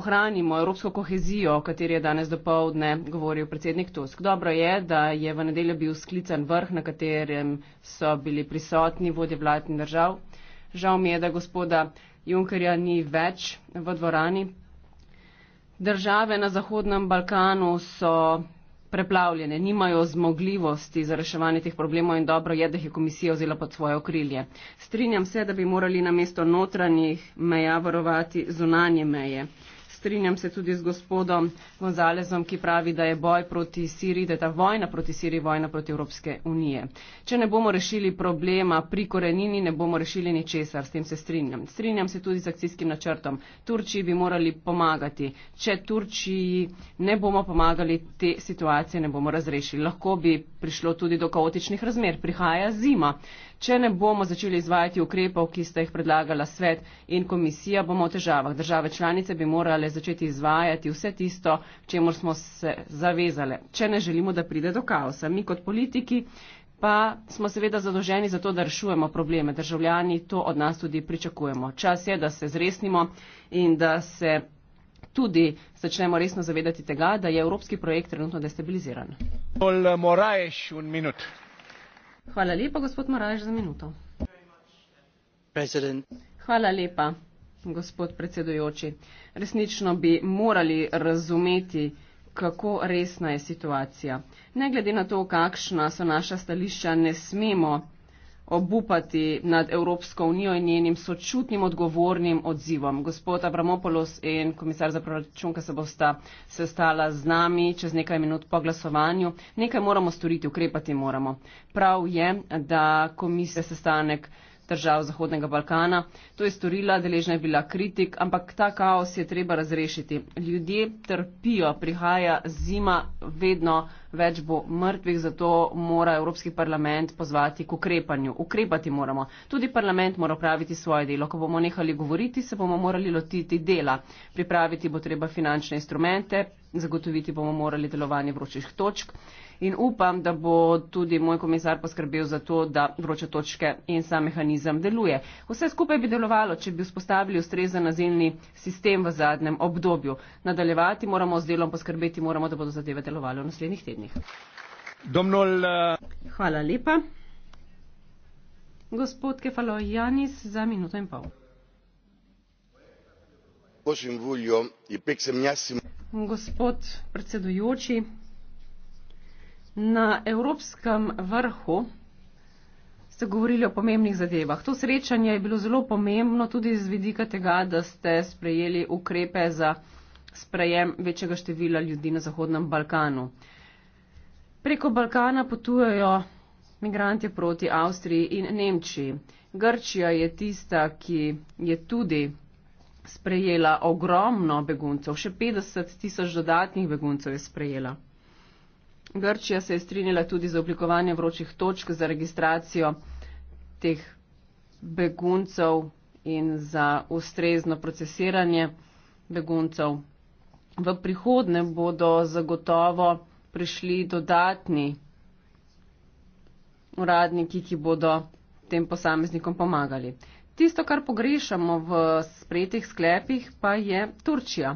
ohranimo evropsko kohezijo, o kateri je danes do povdne govoril predsednik Tusk. Dobro je, da je v nedeljo bil sklican vrh, na katerem so bili prisotni vodje vladnih držav. Žal mi je, da gospoda Junkerja ni več v dvorani. Države na Zahodnem Balkanu so preplavljene, nimajo zmogljivosti za reševanje teh problemov in dobro je, da jih je komisija vzela pod svoje okrilje. Strinjam se, da bi morali na mesto notranjih meja varovati zunanje meje strinjam se tudi z gospodom Gonzalezom, ki pravi, da je boj proti Siriji, da je ta vojna proti Siriji vojna proti Evropske unije. Če ne bomo rešili problema pri korenini, ne bomo rešili ničesar, s tem se strinjam. Strinjam se tudi z akcijskim načrtom. Turčiji bi morali pomagati. Če Turčiji ne bomo pomagali, te situacije ne bomo razrešili. Lahko bi prišlo tudi do kaotičnih razmer. Prihaja zima. Če ne bomo začeli izvajati ukrepov, ki sta jih predlagala svet in komisija, bomo v težavah. Države članice bi morale začeti izvajati vse tisto, čemu smo se zavezale, če ne želimo, da pride do kaosa. Mi kot politiki pa smo seveda zadoženi za to, da rešujemo probleme. Državljani to od nas tudi pričakujemo. Čas je, da se zresnimo in da se. Tudi začnemo resno zavedati tega, da je evropski projekt trenutno destabiliziran. Pol, uh, moraješ, Hvala lepa, gospod Moraš, za minuto. President. Hvala lepa, gospod predsedujoči. Resnično bi morali razumeti, kako resna je situacija. Ne glede na to, kakšna so naša stališča, ne smemo obupati nad Evropsko unijo in njenim sočutnim odgovornim odzivom. Gospod Abramopoulos in komisar za proračun, ki se bosta sestala z nami čez nekaj minut po glasovanju, nekaj moramo storiti, ukrepati moramo. Prav je, da komisija sestanek držav Zahodnega Balkana. To je storila, deležna je bila kritik, ampak ta kaos je treba razrešiti. Ljudje trpijo, prihaja zima, vedno več bo mrtvih, zato mora Evropski parlament pozvati k ukrepanju. Ukrepati moramo. Tudi parlament mora praviti svoje delo. Ko bomo nehali govoriti, se bomo morali lotiti dela. Pripraviti bo treba finančne instrumente, zagotoviti bomo morali delovanje vročih točk in upam, da bo tudi moj komisar poskrbel za to, da vroče točke in sam mehanizem deluje. Vse skupaj bi delovalo, če bi vzpostavili ustrezen nazivni sistem v zadnjem obdobju. Nadaljevati moramo z delom, poskrbeti moramo, da bodo zadeve delovali v naslednjih tednih. Domnul. Eh, Hvala lepa. Gospod Kefalo Janis za minuto in pol. Gospod predsedujoči, Na Evropskem vrhu ste govorili o pomembnih zadevah. To srečanje je bilo zelo pomembno tudi z vidika tega, da ste sprejeli ukrepe za sprejem večjega števila ljudi na Zahodnem Balkanu. Preko Balkana potujejo migranti proti Avstriji in Nemčiji. Grčija je tista, ki je tudi sprejela ogromno beguncev, še 50 tisoč dodatnih beguncev je sprejela. Grčija se je strinjala tudi za oblikovanje vročih točk za registracijo teh beguncev in za ustrezno procesiranje beguncev. V prihodne bodo zagotovo prišli dodatni uradniki, ki bodo tem posameznikom pomagali. Tisto, kar pogrešamo v spretih sklepih, pa je Turčija.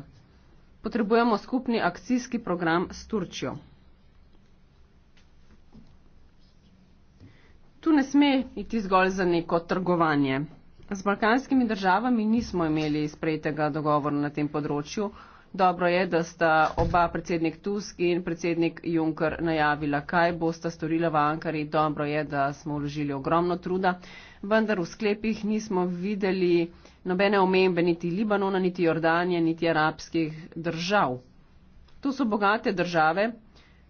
Potrebujemo skupni akcijski program s Turčijo. Tu ne sme iti zgolj za neko trgovanje. Z balkanskimi državami nismo imeli sprejetega dogovora na tem področju. Dobro je, da sta oba predsednik Tusk in predsednik Juncker najavila, kaj bosta storila v Ankari. Dobro je, da smo vložili ogromno truda, vendar v sklepih nismo videli nobene omembe niti Libanona, niti Jordanije, niti arabskih držav. Tu so bogate države,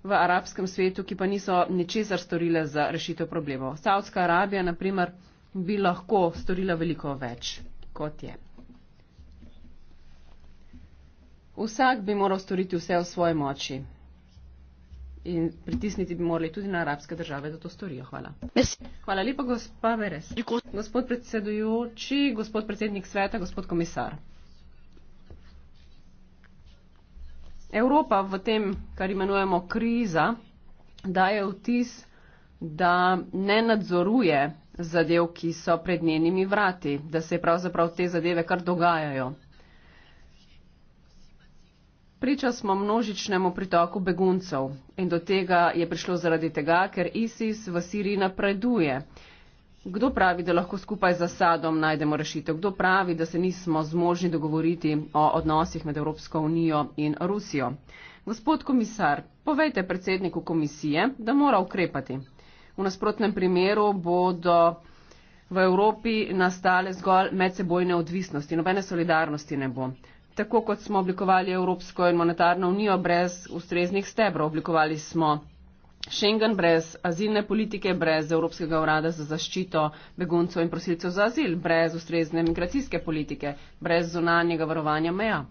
v arabskem svetu, ki pa niso ničesar storile za rešitev problemov. Saudska Arabija, naprimer, bi lahko storila veliko več kot je. Vsak bi moral storiti vse v svoji moči in pritisniti bi morali tudi na arabske države, da to storijo. Hvala. Hvala lepa, gospa Veres. Gospod predsedujoči, gospod predsednik sveta, gospod komisar. Evropa v tem, kar imenujemo kriza, daje vtis, da ne nadzoruje zadev, ki so pred njenimi vrati, da se pravzaprav te zadeve kar dogajajo. Priča smo množičnemu pritoku beguncev in do tega je prišlo zaradi tega, ker ISIS v Siriji napreduje. Kdo pravi, da lahko skupaj z Asadom najdemo rešitev? Kdo pravi, da se nismo zmožni dogovoriti o odnosih med Evropsko unijo in Rusijo? Gospod komisar, povejte predsedniku komisije, da mora ukrepati. V nasprotnem primeru bodo v Evropi nastale zgolj medsebojne odvisnosti, nobene solidarnosti ne bo. Tako kot smo oblikovali Evropsko in monetarno unijo brez ustreznih stebrov, oblikovali smo Schengen, brez azilne politike, brez Evropskega urada za zaščito beguncev in prosilcev za azil, brez ustrezne migracijske politike, brez zunanjega varovanja meja.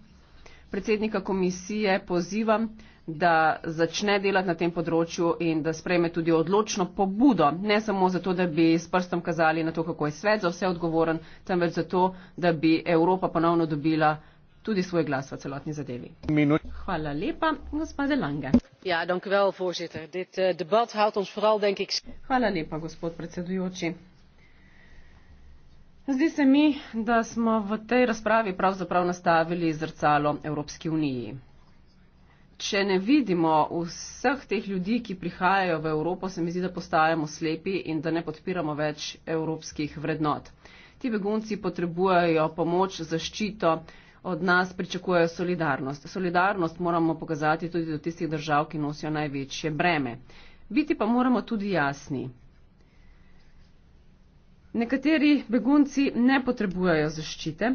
Predsednika komisije pozivam, da začne delati na tem področju in da sprejme tudi odločno pobudo, ne samo zato, da bi s prstom kazali na to, kako je svet za vse odgovoren, temveč zato, da bi Evropa ponovno dobila tudi svoj glas v celotni zadevi. Hvala lepa, gospa Zelange. Ja, dankjewel, voorzitter. Dit eh, debat houdt ons vooral, denk ik. Hvala lepa, gospod predsedujoči. Zdi se mi, da smo v tej razpravi pravzaprav nastavili zrcalo Evropski uniji. Če ne vidimo vseh teh ljudi, ki prihajajo v Evropo, se mi zdi, da postajamo slepi in da ne podpiramo več evropskih vrednot. Ti begunci potrebujejo pomoč, zaščito, od nas pričakujejo solidarnost. Solidarnost moramo pokazati tudi do tistih držav, ki nosijo največje breme. Biti pa moramo tudi jasni. Nekateri begunci ne potrebujejo zaščite,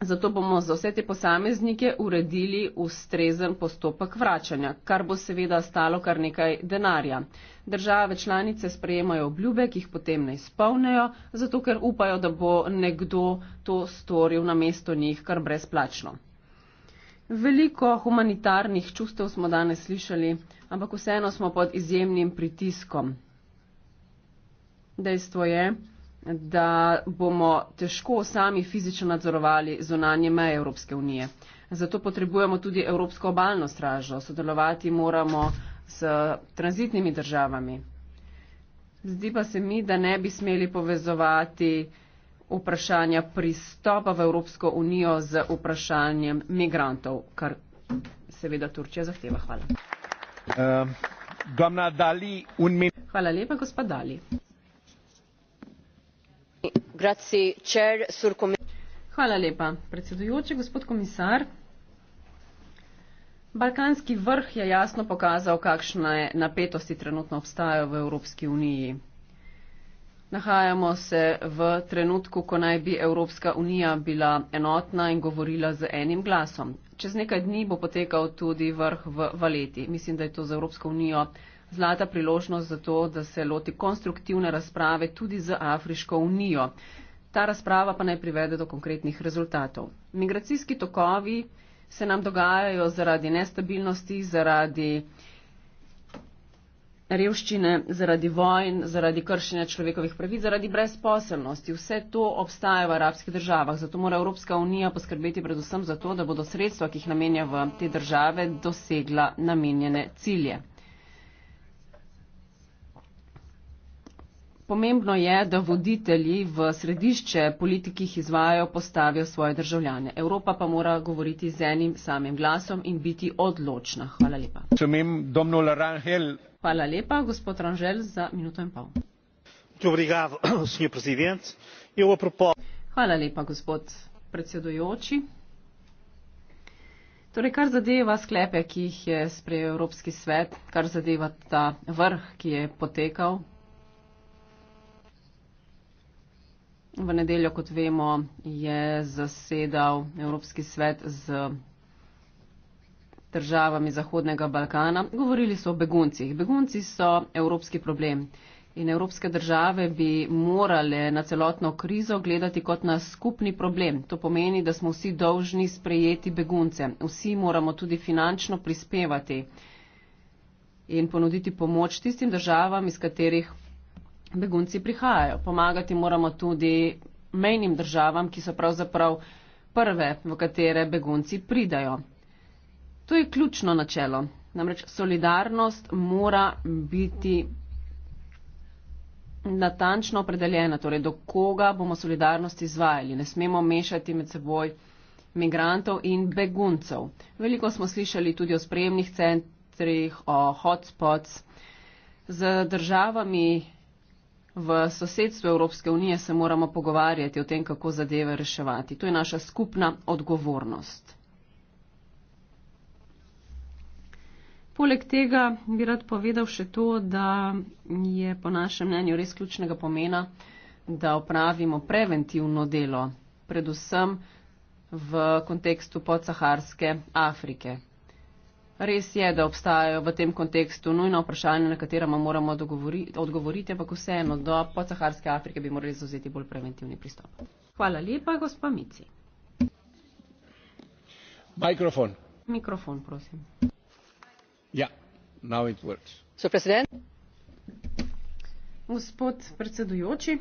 Zato bomo za vse te posameznike uredili ustrezen postopek vračanja, kar bo seveda stalo kar nekaj denarja. Države članice sprejemajo obljube, ki jih potem ne izpolnejo, zato ker upajo, da bo nekdo to storil na mesto njih kar brezplačno. Veliko humanitarnih čustev smo danes slišali, ampak vseeno smo pod izjemnim pritiskom. Dejstvo je, da bomo težko sami fizično nadzorovali zonanje meje Evropske unije. Zato potrebujemo tudi Evropsko obalno stražo, sodelovati moramo s tranzitnimi državami. Zdi pa se mi, da ne bi smeli povezovati vprašanja pristopa v Evropsko unijo z vprašanjem migrantov, kar seveda Turčija zahteva. Hvala. Uh, Hvala lepa, gospod Dali balkanski vrh je jasno pokazal, kakšne napetosti trenutno obstajajo v Evropski uniji. Nahajamo se v trenutku, ko naj bi Evropska unija bila enotna in govorila z enim glasom. Čez nekaj dni bo potekal tudi vrh v Valeti. Mislim, da je to za Evropsko unijo zlata priložnost za to, da se loti konstruktivne razprave tudi z Afriško unijo. Ta razprava pa naj privede do konkretnih rezultatov. Migracijski tokovi se nam dogajajo zaradi nestabilnosti, zaradi revščine, zaradi vojn, zaradi kršenja človekovih pravic, zaradi brezposelnosti. Vse to obstaja v arabskih državah, zato mora Evropska unija poskrbeti predvsem za to, da bodo sredstva, ki jih namenja v te države, dosegla namenjene cilje. Pomembno je, da voditelji v središče politik, ki jih izvajajo, postavijo svoje državljane. Evropa pa mora govoriti z enim samim glasom in biti odločna. Hvala lepa. Hvala lepa, gospod Ranžel, za minuto in pol. Hvala lepa, gospod predsedujoči. Torej, kar zadeva sklepe, ki jih je sprejel Evropski svet, kar zadeva ta vrh, ki je potekal V nedeljo, kot vemo, je zasedal Evropski svet z državami Zahodnega Balkana. Govorili so o beguncih. Begunci so evropski problem. In evropske države bi morale na celotno krizo gledati kot na skupni problem. To pomeni, da smo vsi dolžni sprejeti begunce. Vsi moramo tudi finančno prispevati in ponuditi pomoč tistim državam, iz katerih begunci prihajajo. Pomagati moramo tudi mejnim državam, ki so pravzaprav prve, v katere begunci pridajo. To je ključno načelo. Namreč solidarnost mora biti natančno opredeljena, torej do koga bomo solidarnost izvajali. Ne smemo mešati med seboj migrantov in beguncev. Veliko smo slišali tudi o spremnih centrih, o hotspots. Z državami V sosedstvu Evropske unije se moramo pogovarjati o tem, kako zadeve reševati. To je naša skupna odgovornost. Poleg tega bi rad povedal še to, da je po našem mnenju res ključnega pomena, da opravimo preventivno delo, predvsem v kontekstu podsaharske Afrike. Res je, da obstajajo v tem kontekstu nujna vprašanja, na katera moramo odgovoriti, ampak vseeno do podsaharske Afrike bi morali zauzeti bolj preventivni pristop. Hvala lepa, gospa Mici. Mikrofon. Mikrofon, prosim. Ja, now it works. So, president. Gospod predsedujoči,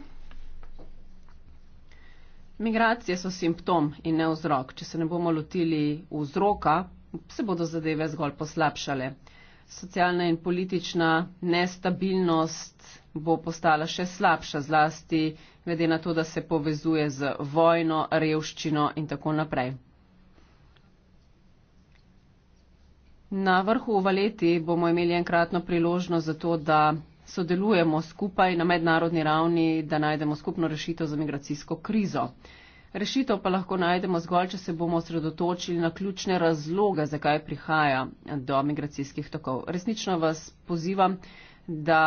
migracije so simptom in ne vzrok. Če se ne bomo lotili vzroka, se bodo zadeve zgolj poslabšale. Socialna in politična nestabilnost bo postala še slabša zlasti, glede na to, da se povezuje z vojno, revščino in tako naprej. Na vrhu v Valeti bomo imeli enkratno priložnost za to, da sodelujemo skupaj na mednarodni ravni, da najdemo skupno rešitev za migracijsko krizo. Rešitev pa lahko najdemo zgolj, če se bomo osredotočili na ključne razloge, zakaj prihaja do migracijskih tokov. Resnično vas pozivam, da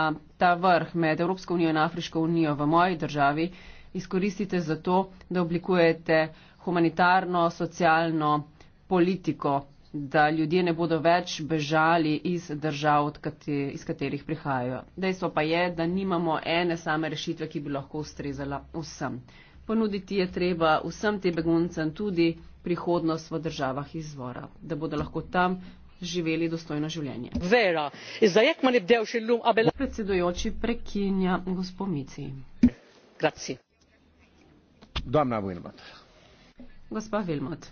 ta vrh med Evropsko unijo in Afriško unijo v moji državi izkoristite za to, da oblikujete humanitarno, socialno politiko, da ljudje ne bodo več bežali iz držav, iz katerih prihajajo. Dejstvo pa je, da nimamo ene same rešitve, ki bi lahko ustrezala vsem ponuditi je treba vsem tem beguncem tudi prihodnost v državah izvora, da bodo lahko tam živeli dostojno življenje. Predsedujoči prekinja gospod Mici. Grazie. Doamna Winmat. Gospa Vilmot.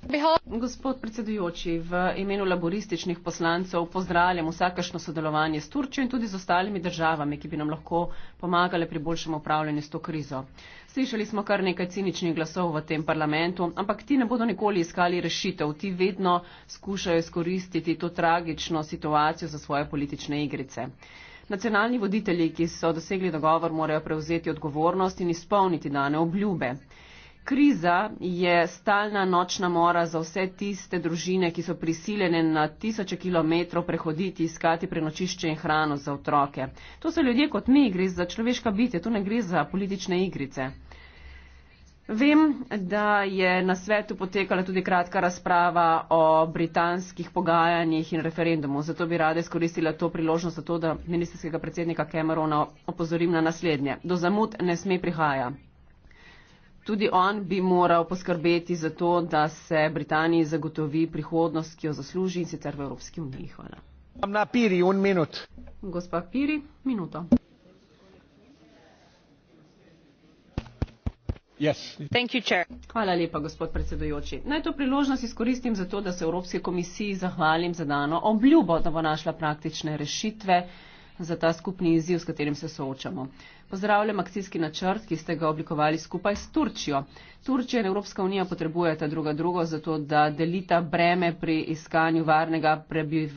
Gospod predsedujoči, v imenu laborističnih poslancev pozdravljam vsakašno sodelovanje s Turčjo in tudi z ostalimi državami, ki bi nam lahko pomagale pri boljšem upravljanju s to krizo. Slišali smo kar nekaj ciničnih glasov v tem parlamentu, ampak ti ne bodo nikoli iskali rešitev, ti vedno skušajo izkoristiti to tragično situacijo za svoje politične igrice. Nacionalni voditelji, ki so dosegli dogovor, morajo prevzeti odgovornost in izpolniti dane obljube. Kriza je stalna nočna mora za vse tiste družine, ki so prisiljene na tisoče kilometrov prehoditi, iskati prenočišče in hrano za otroke. To so ljudje kot mi, gre za človeška bitja, to ne gre za politične igrice. Vem, da je na svetu potekala tudi kratka razprava o britanskih pogajanjih in referendumu. Zato bi rada izkoristila to priložnost za to, da ministerskega predsednika Camerona opozorim na naslednje. Do zamud ne sme prihajati. Tudi on bi moral poskrbeti za to, da se Britaniji zagotovi prihodnost, ki jo zasluži in sicer v Evropski uniji. Hvala. Na Piri, un minut. Gospa Piri, minuto. Hvala lepa, gospod predsedujoči. Naj to priložnost izkoristim za to, da se Evropske komisiji zahvalim za dano obljubo, da bo našla praktične rešitve za ta skupni izziv, s katerim se soočamo. Pozdravljam akcijski načrt, ki ste ga oblikovali skupaj s Turčijo. Turčija in Evropska unija potrebujete druga drugo, zato da delita breme pri iskanju varnega prebiv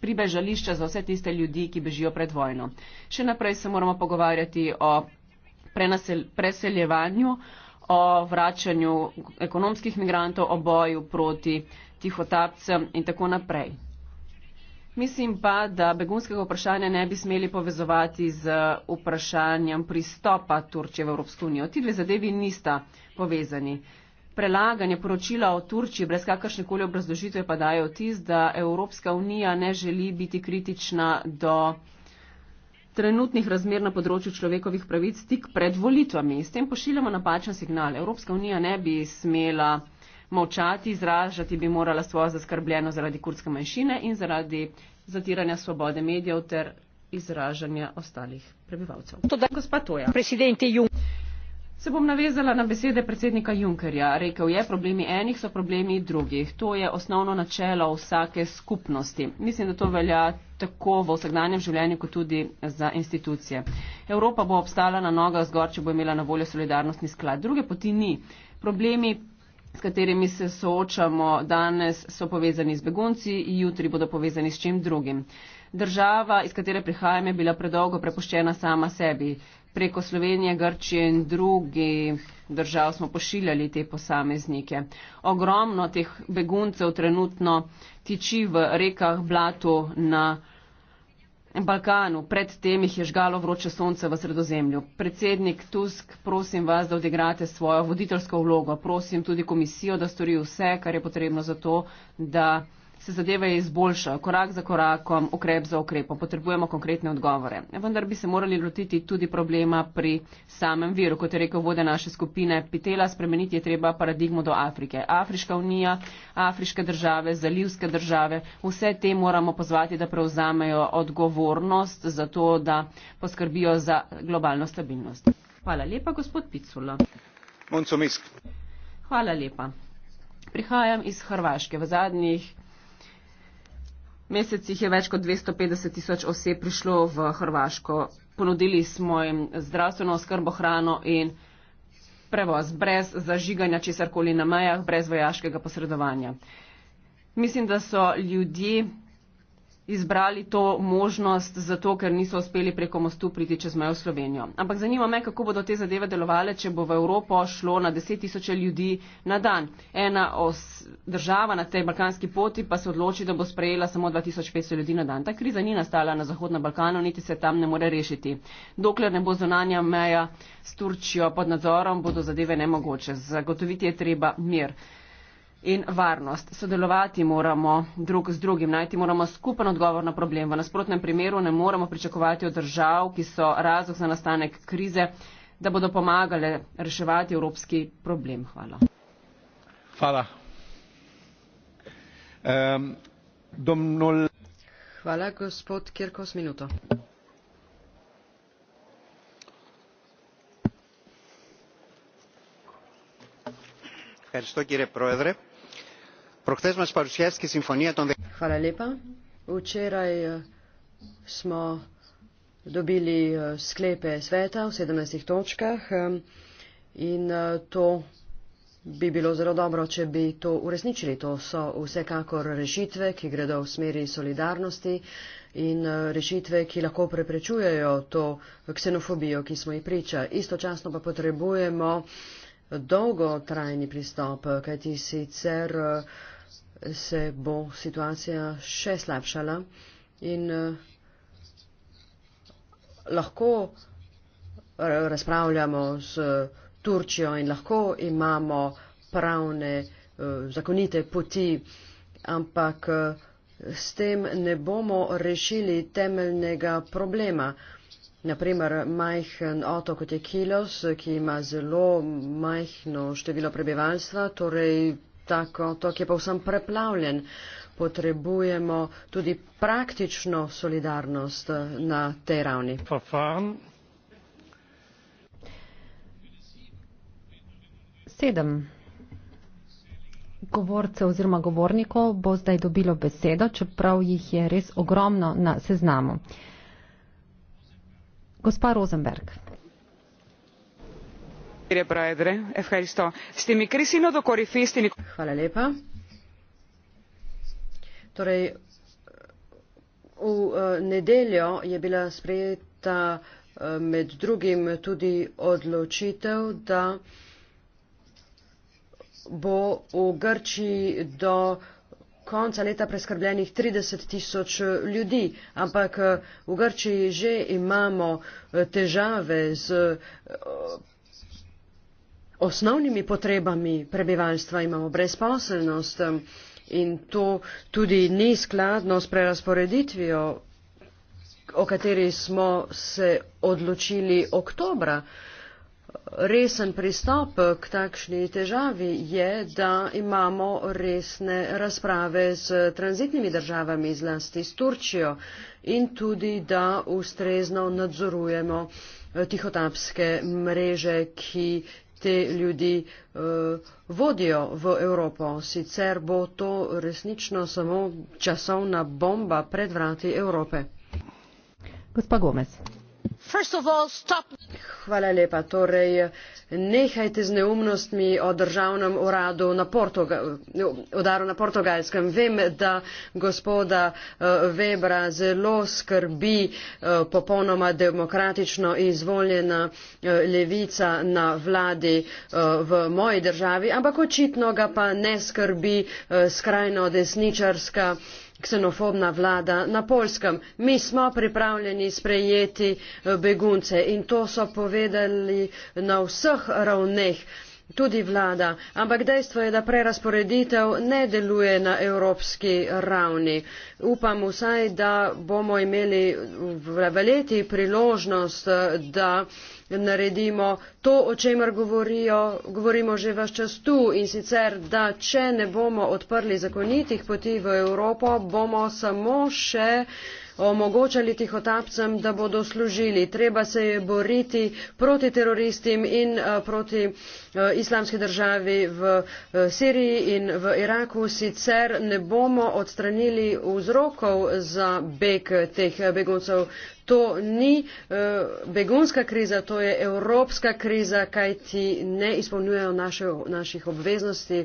pribežališča za vse tiste ljudi, ki bežijo pred vojno. Še naprej se moramo pogovarjati o prenasel, preseljevanju, o vračanju ekonomskih migrantov, o boju proti tihotapcem in tako naprej. Mislim pa, da begunskega vprašanja ne bi smeli povezovati z vprašanjem pristopa Turčije v Evropsko unijo. Ti dve zadevi nista povezani. Prelaganje poročila o Turčiji brez kakršne koli obrazložitve pa daje vtis, da Evropska unija ne želi biti kritična do trenutnih razmer na področju človekovih pravic tik pred volitvami. S tem pošiljamo napačen signal. Evropska unija ne bi smela molčati, izražati bi morala svojo zaskrbljeno zaradi kurdske manjšine in zaradi zatiranja svobode medijev ter izražanja ostalih prebivalcev. To da, gospod Toja. Se bom navezala na besede predsednika Junkerja. Rekel je, problemi enih so problemi drugih. To je osnovno načelo vsake skupnosti. Mislim, da to velja tako v vsakdanjem življenju, kot tudi za institucije. Evropa bo obstala na nogah zgor, če bo imela na voljo solidarnostni sklad. Druge poti ni. Problemi s katerimi se soočamo danes, so povezani z begunci, jutri bodo povezani s čim drugim. Država, iz katere prihajam, je bila predolgo prepuščena sama sebi. Preko Slovenije, Grčije in drugih držav smo pošiljali te posameznike. Ogromno teh beguncev trenutno tiči v rekah blatu na. Balkanu. Pred tem jih je žgalo vroče sonce v sredozemlju. Predsednik Tusk, prosim vas, da odigrate svojo voditeljsko vlogo. Prosim tudi komisijo, da stori vse, kar je potrebno za to, da se zadeve izboljšajo, korak za korakom, ukrep za ukrepom, potrebujemo konkretne odgovore. Vendar bi se morali lotiti tudi problema pri samem viru, kot je rekel vode naše skupine Pitela, spremeniti je treba paradigmo do Afrike. Afriška unija, afriške države, zalivske države, vse te moramo pozvati, da prevzamejo odgovornost za to, da poskrbijo za globalno stabilnost. Hvala lepa, gospod Picula. Hvala lepa. Prihajam iz Hrvaške. V zadnjih mesecih je več kot 250 tisoč oseb prišlo v Hrvaško. Ponudili smo jim zdravstveno oskrbo, hrano in prevoz brez zažiganja česarkoli na mejah, brez vojaškega posredovanja. Mislim, da so ljudje izbrali to možnost, zato ker niso uspeli preko mostu priti čez mejo Slovenijo. Ampak zanima me, kako bodo te zadeve delovale, če bo v Evropo šlo na deset tisoče ljudi na dan. Ena os, država na tej balkanski poti pa se odloči, da bo sprejela samo 2500 ljudi na dan. Ta kriza ni nastala na Zahodnem Balkanu, niti se tam ne more rešiti. Dokler ne bo zonanja meja s Turčijo pod nadzorom, bodo zadeve nemogoče. Zagotoviti je treba mir in varnost. Sodelovati moramo drug z drugim, najti moramo skupen odgovor na problem. V nasprotnem primeru ne moramo pričakovati od držav, ki so razlog za nastanek krize, da bodo pomagale reševati evropski problem. Hvala. Hvala. Um, domnul... Hvala, gospod Kirkos, minuto. Hvala, gospod predsednik včeraj eh, smo dobili eh, sklepe sveta v sedemnajstih točkah eh, in to bi bilo zelo dobro, če bi to uresničili. To so vsekakor rešitve, ki gredo v smeri solidarnosti in rešitve, ki lahko preprečujejo to ksenofobijo, ki smo ji priča. Istočasno pa potrebujemo dolgotrajni pristop, kajti sicer uh, se bo situacija še slabšala in eh, lahko eh, razpravljamo z Turčijo in lahko imamo pravne, eh, zakonite poti, ampak s tem ne bomo rešili temeljnega problema. Naprimer, majhen otok, kot je Kilos, ki ima zelo majhno število prebivalstva, torej tak otok je pa vsem preplavljen. Potrebujemo tudi praktično solidarnost na tej ravni. Sedem govorcev oziroma govornikov bo zdaj dobilo besedo, čeprav jih je res ogromno na seznamu. Gospa Rosenberg torej v nedeljo je bila sprejeta med drugim tudi odločitev da bo v grčiji do konca leta preskrbljenih trideset tisoč ljudi ampak v grčiji že imamo težave z osnovnimi potrebami prebivalstva imamo brezposelnost in to tudi ni skladno s prerasporeditvijo, o kateri smo se odločili oktobra. Resen pristop k takšni težavi je, da imamo resne razprave z tranzitnimi državami, zlasti s Turčijo, in tudi, da ustrezno nadzorujemo eh, tihotapske mreže, ki te ljudi uh, vodijo v Evropo. Sicer bo to resnično samo časovna bomba pred vrati Evrope. Gospa Gomez. Hvala lepa. Torej, nehajte z neumnostmi o državnem uradu na udaru na portugalskem. Vem, da gospoda eh, Webra zelo skrbi eh, popolnoma demokratično izvoljena eh, levica na vladi v moji državi, ampak očitno ga pa ne skrbi skrajno desničarska ksenofobna vlada na Polskem. Mi smo pripravljeni sprejeti eh, begunce in to so povedali na vseh ravneh tudi vlada ampak dejstvo je da prerazporeditev ne deluje na evropski ravni. upam vsaj da bomo imeli v valeti priložnost da naredimo to o čemer govorijo, govorimo že vse čas tu in sicer da če ne bomo odprli zakonitih poti v evropo bomo samo še uh, omogočali tihotapcem, da bodo služili. Treba se je boriti proti teroristim in eh, proti eh, islamski državi v eh, Siriji in v Iraku, sicer ne bomo odstranili vzrokov za beg teh beguncev. To ni begunska kriza, to je evropska kriza, kaj ti ne izpolnjujejo naše, naših obveznosti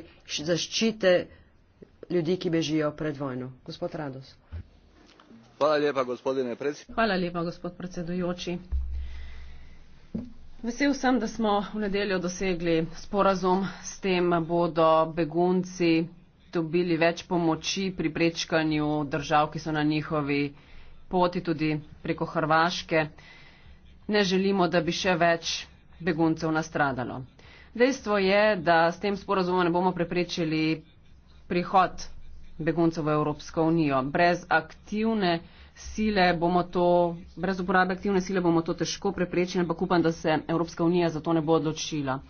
zaščite ljudi, ki bežijo pred vojno. Gospod Rados vesel sem da smo v nedeljo dosegli sporazum s tem bodo begunci dobili več pomoči pri prečkanju držav ki so na njihovi poti tudi preko hrvaške ne želimo da bi še več beguncev nastradalo dejstvo je da s tem sporazumom ne bomo preprečili prihod beguncev v Evropsko unijo. Brez aktivne sile bomo to, brez uporabe aktivne sile bomo to težko preprečili, ampak upam, da se Evropska unija za to ne bo odločila.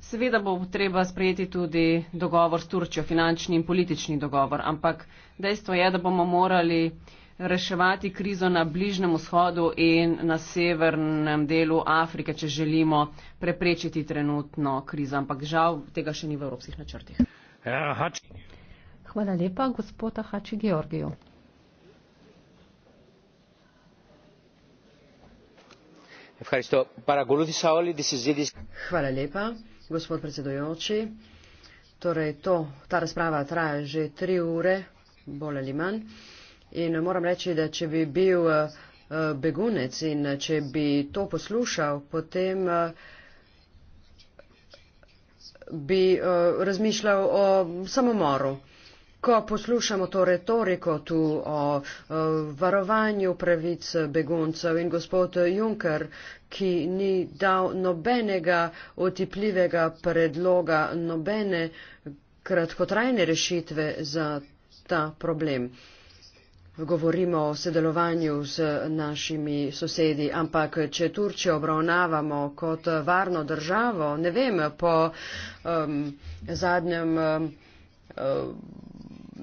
Seveda bo treba sprejeti tudi dogovor s Turčjo, finančni in politični dogovor, ampak dejstvo je, da bomo morali reševati krizo na Bližnem vzhodu in na severnem delu Afrike, če želimo preprečiti trenutno krizo. Ampak žal tega še ni v evropskih načrtih. Ja, Hvala lepa, gospoda Hači Georgiju. Hvala lepa, gospod predsedojoči. Torej, to, ta razprava traja že tri ure, bolj ali manj. In moram reči, da če bi bil eh, begunec in če bi to poslušal, potem eh, bi eh, razmišljal o samomoru. Ko poslušamo to retoriko tu o, o varovanju pravic beguncev in gospod Juncker, ki ni dal nobenega otipljivega predloga, nobene kratkotrajne rešitve za ta problem. Govorimo o sodelovanju z našimi sosedi, ampak če Turčijo obravnavamo kot varno državo, ne vem, po um, zadnjem. Um,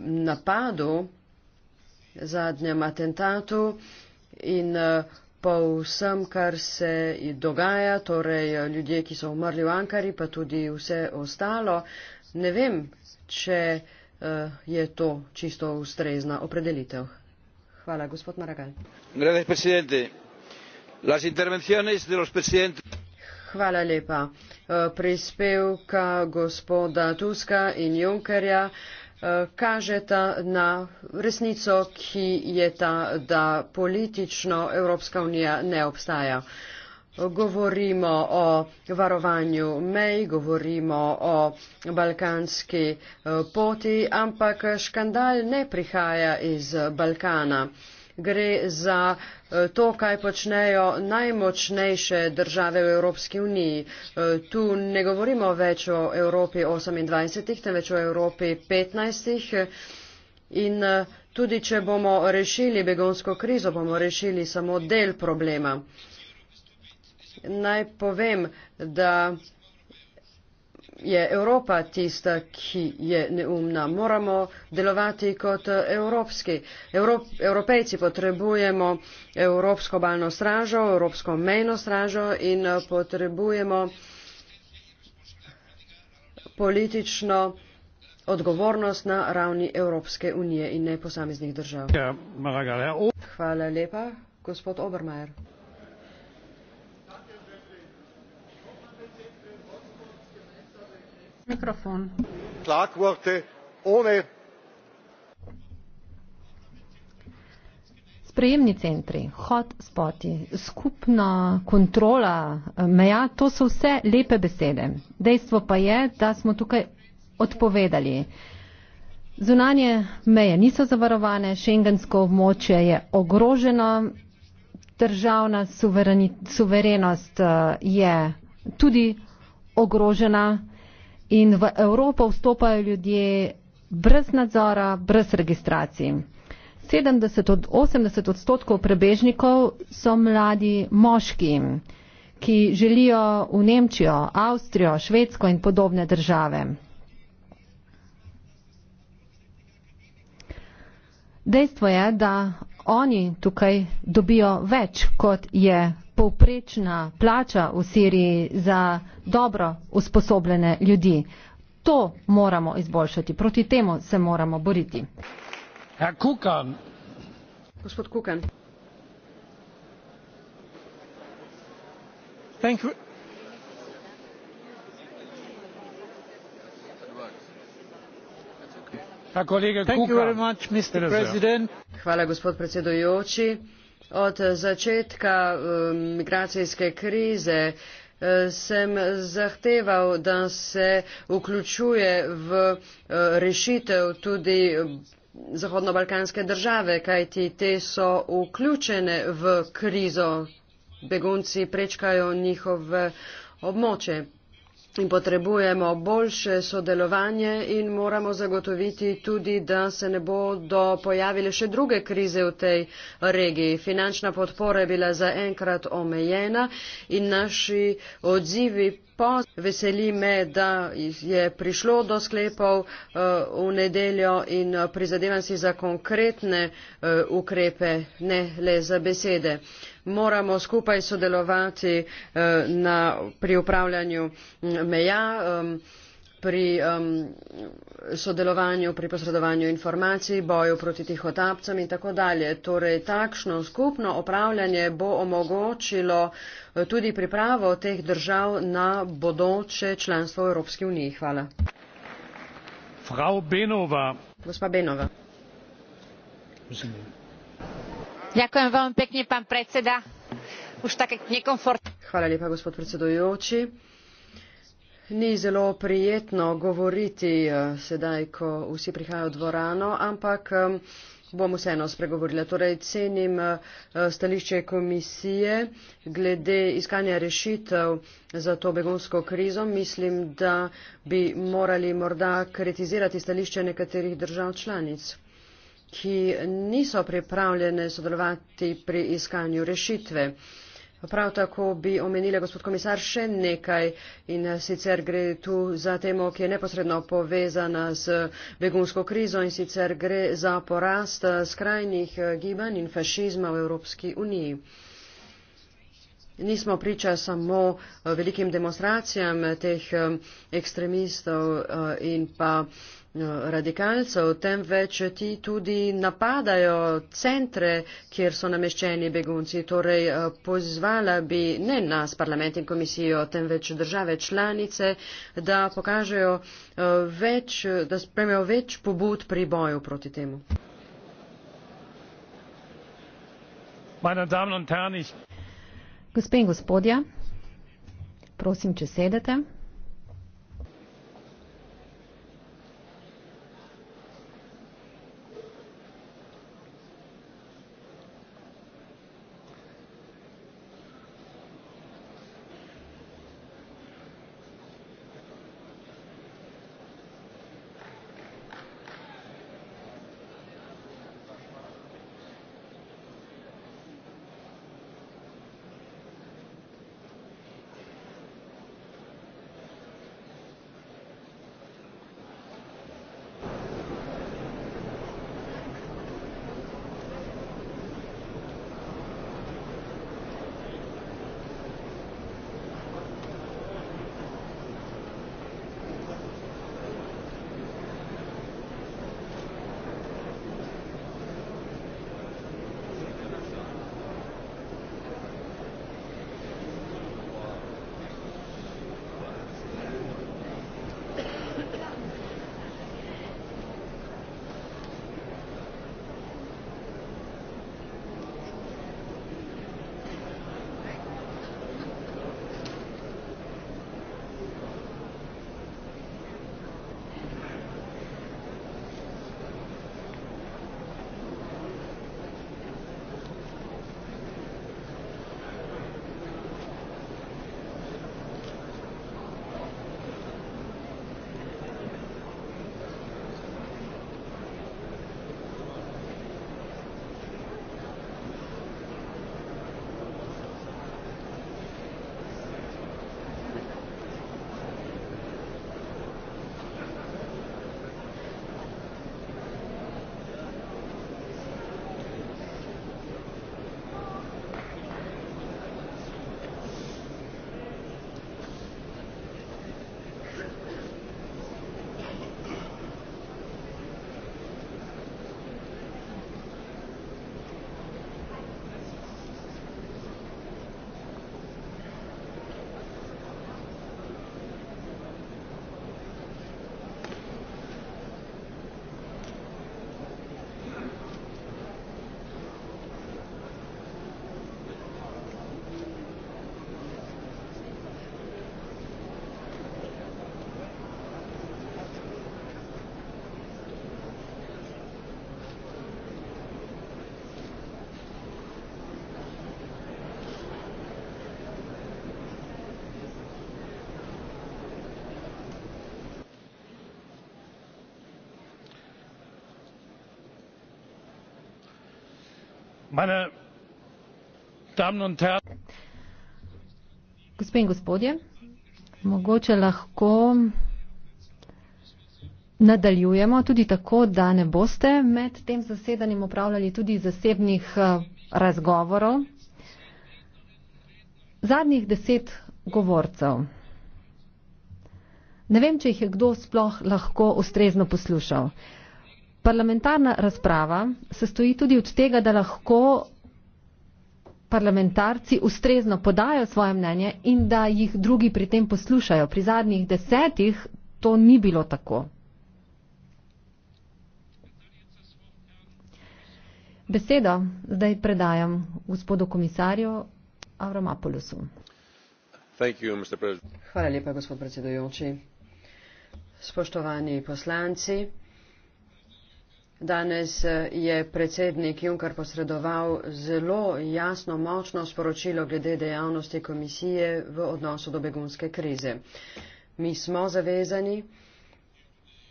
napadu, zadnjem atentatu in eh, po vsem, kar se dogaja, torej eh, ljudje, ki so umrli v Ankari, pa tudi vse ostalo, ne vem, če eh, je to čisto ustrezna opredelitev. Hvala, gospod Maragal. Hvala lepa. Prispevka gospoda Tuska in Junkerja. Eh, kažeta na resnico, ki je ta, da politično Evropska unija ne obstaja. Govorimo o varovanju mej, govorimo o balkanski eh, poti, ampak škandal ne prihaja iz Balkana gre za eh, to, kaj počnejo najmočnejše države v Evropski uniji. Eh, tu ne govorimo več o Evropi 28, temveč o Evropi 15. In eh, tudi, če bomo rešili begonsko krizo, bomo rešili samo del problema. Naj povem, da je Evropa tista, ki je neumna. Moramo delovati kot evropski. Evrop, evropejci potrebujemo Evropsko obalno stražo, Evropsko mejno stražo in potrebujemo politično odgovornost na ravni Evropske unije in ne posameznih držav. Ja, ja. Hvala lepa, gospod Obermajer. schlagworte ohne Sprejemni centri, hotspoti, skupna kontrola, eh, meja, to so vse lepe besede. Dejstvo pa je, da smo tukaj odpovedali. Zunanje meje niso zavarovane, šengensko območje je ogroženo, državna suverenost eh, je tudi ogrožena in v Evropo vstopajo ljudje brez nadzora, brez registracij. 70 od 80 odstotkov prebežnikov so mladi moški, ki želijo v Nemčijo, Avstrijo, Švedsko in podobne države. Dejstvo je, da oni tukaj dobijo več, kot je povprečna plača v Siriji za dobro usposobljene ljudi. To moramo izboljšati, proti temu se moramo boriti. Herr Kukan. Gospod Kukan. Thank you. Hvala, gospod predsedujoči. Od začetka um, migracijske krize uh, sem zahteval, da se vključuje v uh, rešitev tudi um, zahodnobalkanske države, kajti te so vključene v krizo. Begunci prečkajo njihove območje in potrebujemo boljše sodelovanje in moramo zagotoviti tudi, da se ne bodo pojavile še druge krize v tej regiji. Finančna podpora je bila zaenkrat omejena in naši odzivi po. Veseli me, da je prišlo do sklepov eh, v nedeljo in eh, prizadevam si za konkretne eh, ukrepe, ne le za besede. Moramo skupaj sodelovati na, pri upravljanju mm, meja. Um, pri um, sodelovanju, pri posredovanju informacij, boju proti tihotapcem in tako dalje. Torej, takšno skupno opravljanje bo omogočilo eh, tudi pripravo teh držav na bodoče članstvo v Evropski uniji. Hvala. Benova. Gospa Benova. Ďakujem veľmi pekne, pán predseda. Už také nekomfort. Hvala lepa, gospod predsedujúci. Ni zelo prijetno govoriti eh, sedaj, ko vsi prihajajo v dvorano, ampak eh, bom vseeno spregovorila. Torej, cenim eh, stališče komisije glede iskanja rešitev za to begunsko krizo. Mislim, da bi morali morda kritizirati stališče nekaterih držav članic ki niso pripravljene sodelovati pri iskanju rešitve. Prav tako bi omenila, gospod komisar, še nekaj in sicer gre tu za temo, ki je neposredno povezana z begunsko krizo in sicer gre za porast eh, skrajnih eh, gibanj in fašizma v Evropski uniji. Nismo priča samo eh, velikim demonstracijam teh ekstremistov in pa radikalcev, temveč ti tudi napadajo centre, kjer so nameščeni begunci. Torej, eh, pozvala bi ne nas, parlament in komisijo, temveč države članice, da pokažejo eh, več, da spremejo več pobud pri boju proti temu. Gospe in gospodje, prosim, če sedete. Gospe in gospodje, mogoče lahko nadaljujemo tudi tako, da ne boste med tem zasedanjem upravljali tudi zasebnih eh, razgovorov. Zadnjih deset govorcev. Ne vem, če jih je kdo sploh lahko ustrezno poslušal. Parlamentarna razprava sestoji tudi od tega, da lahko parlamentarci ustrezno podajo svoje mnenje in da jih drugi pri tem poslušajo. Pri zadnjih desetih to ni bilo tako. Besedo zdaj predajam gospodu komisarju Avramapolusu. Hvala lepa, gospod predsedujoči. Spoštovani poslanci. Danes eh, je predsednik Juncker posredoval zelo jasno, močno sporočilo glede dejavnosti komisije v odnosu do begunske krize. Mi smo zavezani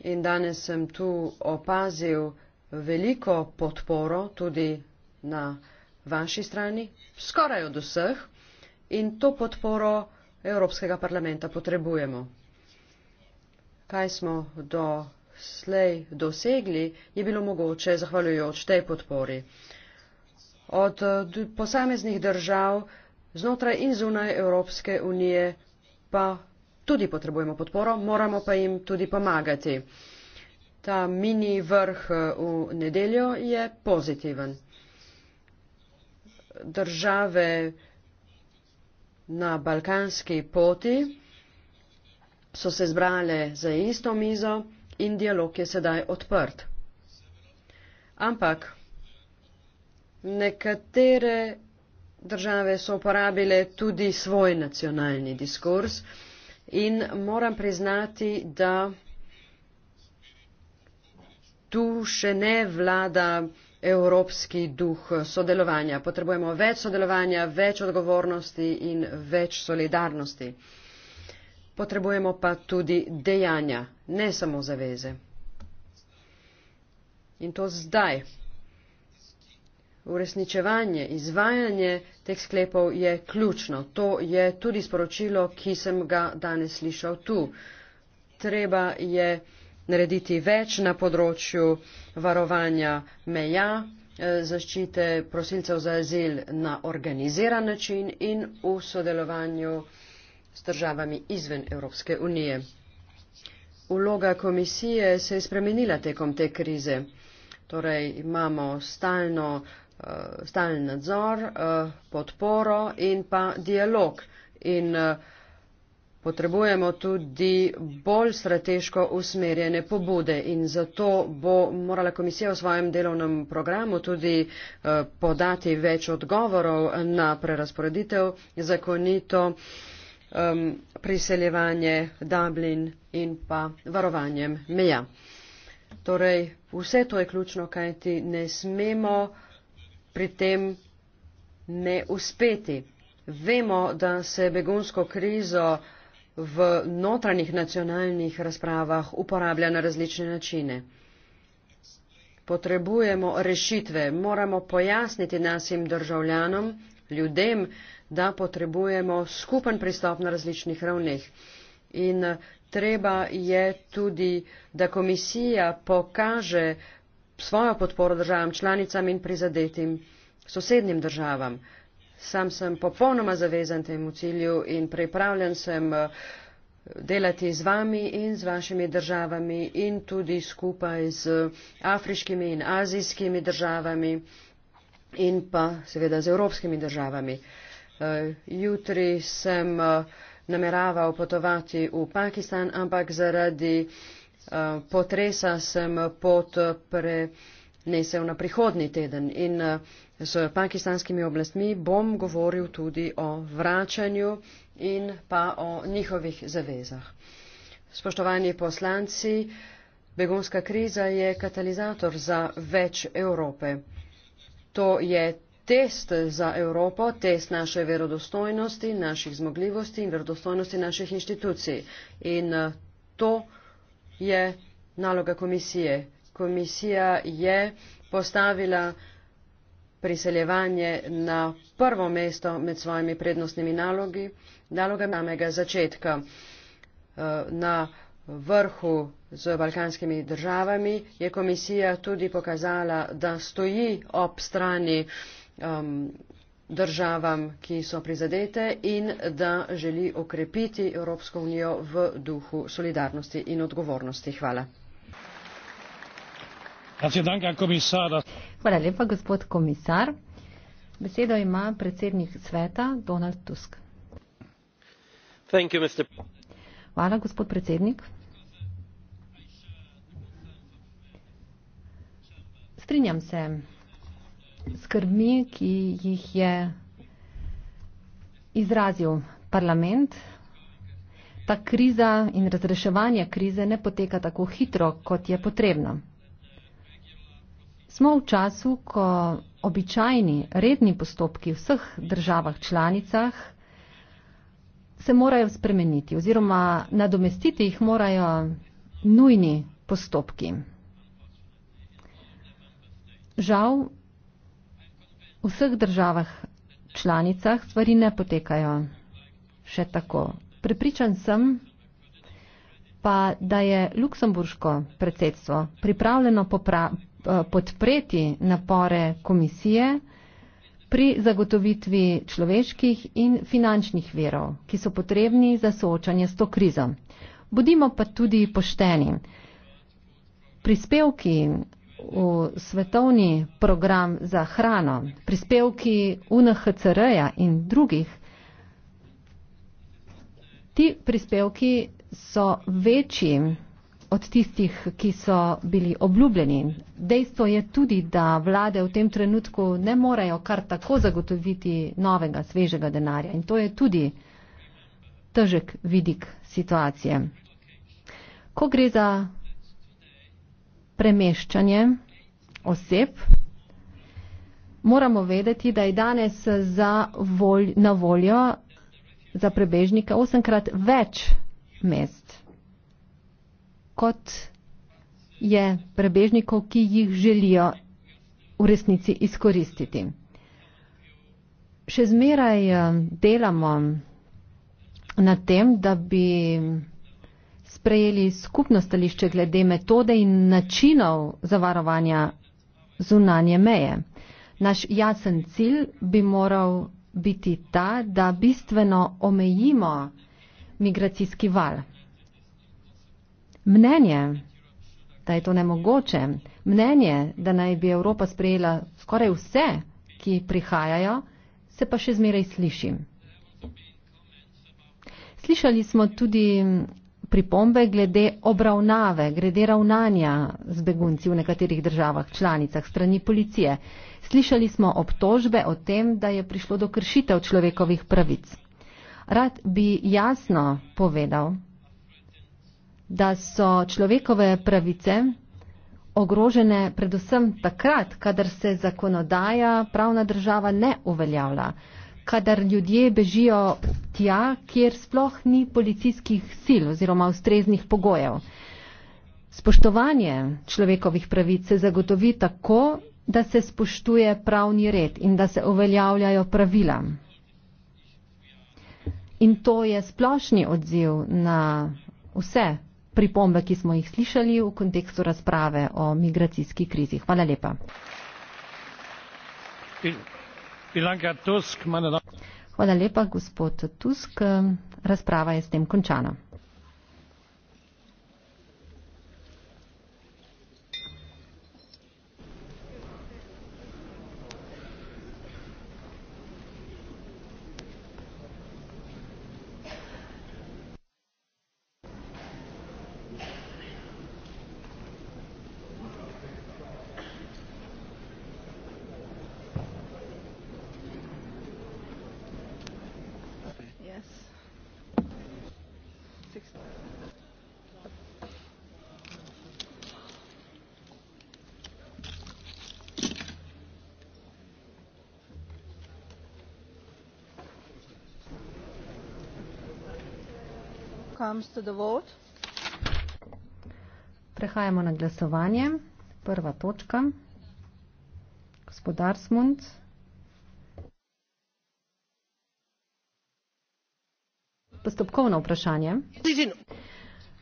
in danes sem tu opazil veliko podporo tudi na vaši strani, skoraj od vseh, in to podporo Evropskega parlamenta potrebujemo. Kaj smo do slej dosegli, je bilo mogoče zahvaljujoč tej podpori. Od posameznih držav znotraj in zunaj Evropske unije pa tudi potrebujemo podporo, moramo pa jim tudi pomagati. Ta mini vrh e, v nedeljo je pozitiven. Države na balkanski poti so se zbrale za isto mizo in dialog je sedaj odprt. Ampak nekatere države so uporabile tudi svoj nacionalni diskurs in moram priznati, da tu še ne vlada evropski duh sodelovanja. Potrebujemo več sodelovanja, več odgovornosti in več solidarnosti. Potrebujemo pa tudi dejanja, ne samo zaveze. In to zdaj. Uresničevanje, izvajanje teh sklepov je ključno. To je tudi sporočilo, ki sem ga danes slišal tu. Treba je narediti več na področju varovanja meja, eh, zaščite prosilcev za azil na organiziran način in v sodelovanju s državami izven Evropske unije. Uloga komisije se je spremenila tekom te krize. Torej imamo stalno, eh, stalen nadzor, eh, podporo in pa dialog. In eh, potrebujemo tudi bolj strateško usmerjene pobude in zato bo morala komisija v svojem delovnem programu tudi podati več odgovorov na prerasporeditev zakonito um, priseljevanje Dublin in pa varovanjem meja. Torej, vse to je ključno, kajti ne smemo pri tem ne uspeti. Vemo, da se begunsko krizo v notranjih nacionalnih razpravah uporablja na različne načine. Potrebujemo rešitve, moramo pojasniti našim državljanom, ljudem, da potrebujemo skupen pristop na različnih ravneh. In eh, treba je tudi, da komisija pokaže svojo podporo državam članicam in prizadetim sosednjim državam. Sam sem popolnoma zavezan temu cilju in pripravljen sem eh, delati z vami in z vašimi državami in tudi skupaj z afriškimi in azijskimi državami in pa seveda z evropskimi državami. Eh, jutri sem eh, nameraval potovati v Pakistan, ampak zaradi eh, potresa sem pot prenesel na prihodni teden. In s pakistanskimi oblastmi bom govoril tudi o vračanju in pa o njihovih zavezah. Spoštovani poslanci, begonska kriza je katalizator za več Evrope. To je test za Evropo, test naše verodostojnosti, naših zmogljivosti in verodostojnosti naših inštitucij. In eh, to je naloga komisije. Komisija je postavila priseljevanje na prvo mesto med svojimi prednostnimi nalogi, nalogami samega začetka eh, na vrhu z balkanskimi državami je komisija tudi pokazala, da stoji ob strani uh, um, državam, ki so prizadete in da želi okrepiti Evropsko unijo v duhu solidarnosti in odgovornosti. Hvala. Hvala lepa, gospod komisar. Besedo ima predsednik sveta Donald Tusk. You, Hvala, gospod predsednik. Strinjam se skrbmi, ki jih je izrazil parlament. Ta kriza in razreševanje krize ne poteka tako hitro, kot je potrebno. Smo v času, ko običajni redni postopki v vseh državah članicah se morajo spremeniti oziroma nadomestiti jih morajo nujni postopki. Žal vseh državah članicah stvari ne potekajo še tako. Prepričan sem pa, da je luksemburško predsedstvo pripravljeno popra eh, podpreti napore komisije pri zagotovitvi človeških in finančnih verov, ki so potrebni za soočanje s to krizo. Bodimo pa tudi pošteni. Prispevki v svetovni program za hrano, prispevki UNHCR-ja in drugih, ti prispevki so večji od tistih, ki so bili obljubljeni. Dejstvo je tudi, da vlade v tem trenutku ne morejo kar tako zagotoviti novega, svežega denarja. In to je tudi težek vidik situacije. Ko gre za premeščanje oseb, moramo vedeti, da je danes za vol, na voljo za prebežnika osemkrat več mest, kot je prebežnikov, ki jih želijo v resnici izkoristiti. Še zmeraj eh, delamo na tem, da bi sprejeli skupno stališče glede metode in načinov zavarovanja zunanje meje. Naš jasen cilj bi moral biti ta, da bistveno omejimo migracijski val. Mnenje, da je to nemogoče, mnenje, da naj bi Evropa sprejela skoraj vse, ki prihajajo, se pa še zmeraj slišim. Slišali smo tudi pripombe glede obravnave, glede ravnanja z begunci v nekaterih državah članicah strani policije. Slišali smo obtožbe o tem, da je prišlo do kršitev človekovih pravic. Rad bi jasno povedal, da so človekove pravice ogrožene predvsem takrat, kadar se zakonodaja, pravna država ne uveljavlja kadar ljudje bežijo tja, kjer sploh ni policijskih sil oziroma ustreznih pogojev. Spoštovanje človekovih pravic se zagotovi tako, da se spoštuje pravni red in da se uveljavljajo pravila. In to je splošni odziv na vse pripombe, ki smo jih slišali v kontekstu razprave o migracijski krizi. Hvala lepa. In Hvala lepa, gospod Tusk. Razprava je s tem končana. comes to the vote. Prehajamo na glasovanje. Prva točka. Gospodar Smund. Postopkovno vprašanje.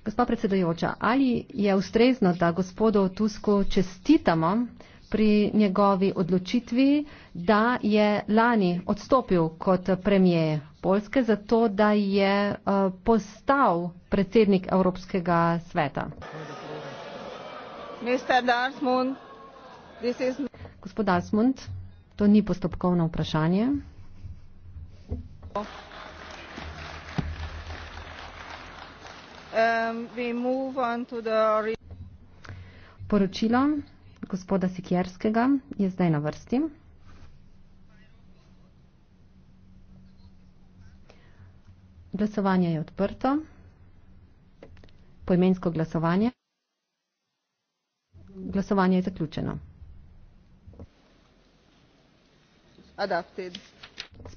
Gospa predsedojoča, ali je ustrezno, da gospodu Tusku čestitamo, pri njegovi odločitvi, da je lani odstopil kot premije Polske, zato da je eh, postal predsednik Evropskega sveta. Gospod Asmund, to ni postopkovno vprašanje. Um, poročilo gospoda Sikjerskega je zdaj na vrsti. Glasovanje je odprto. Poimensko glasovanje. Glasovanje je zaključeno. Adapted.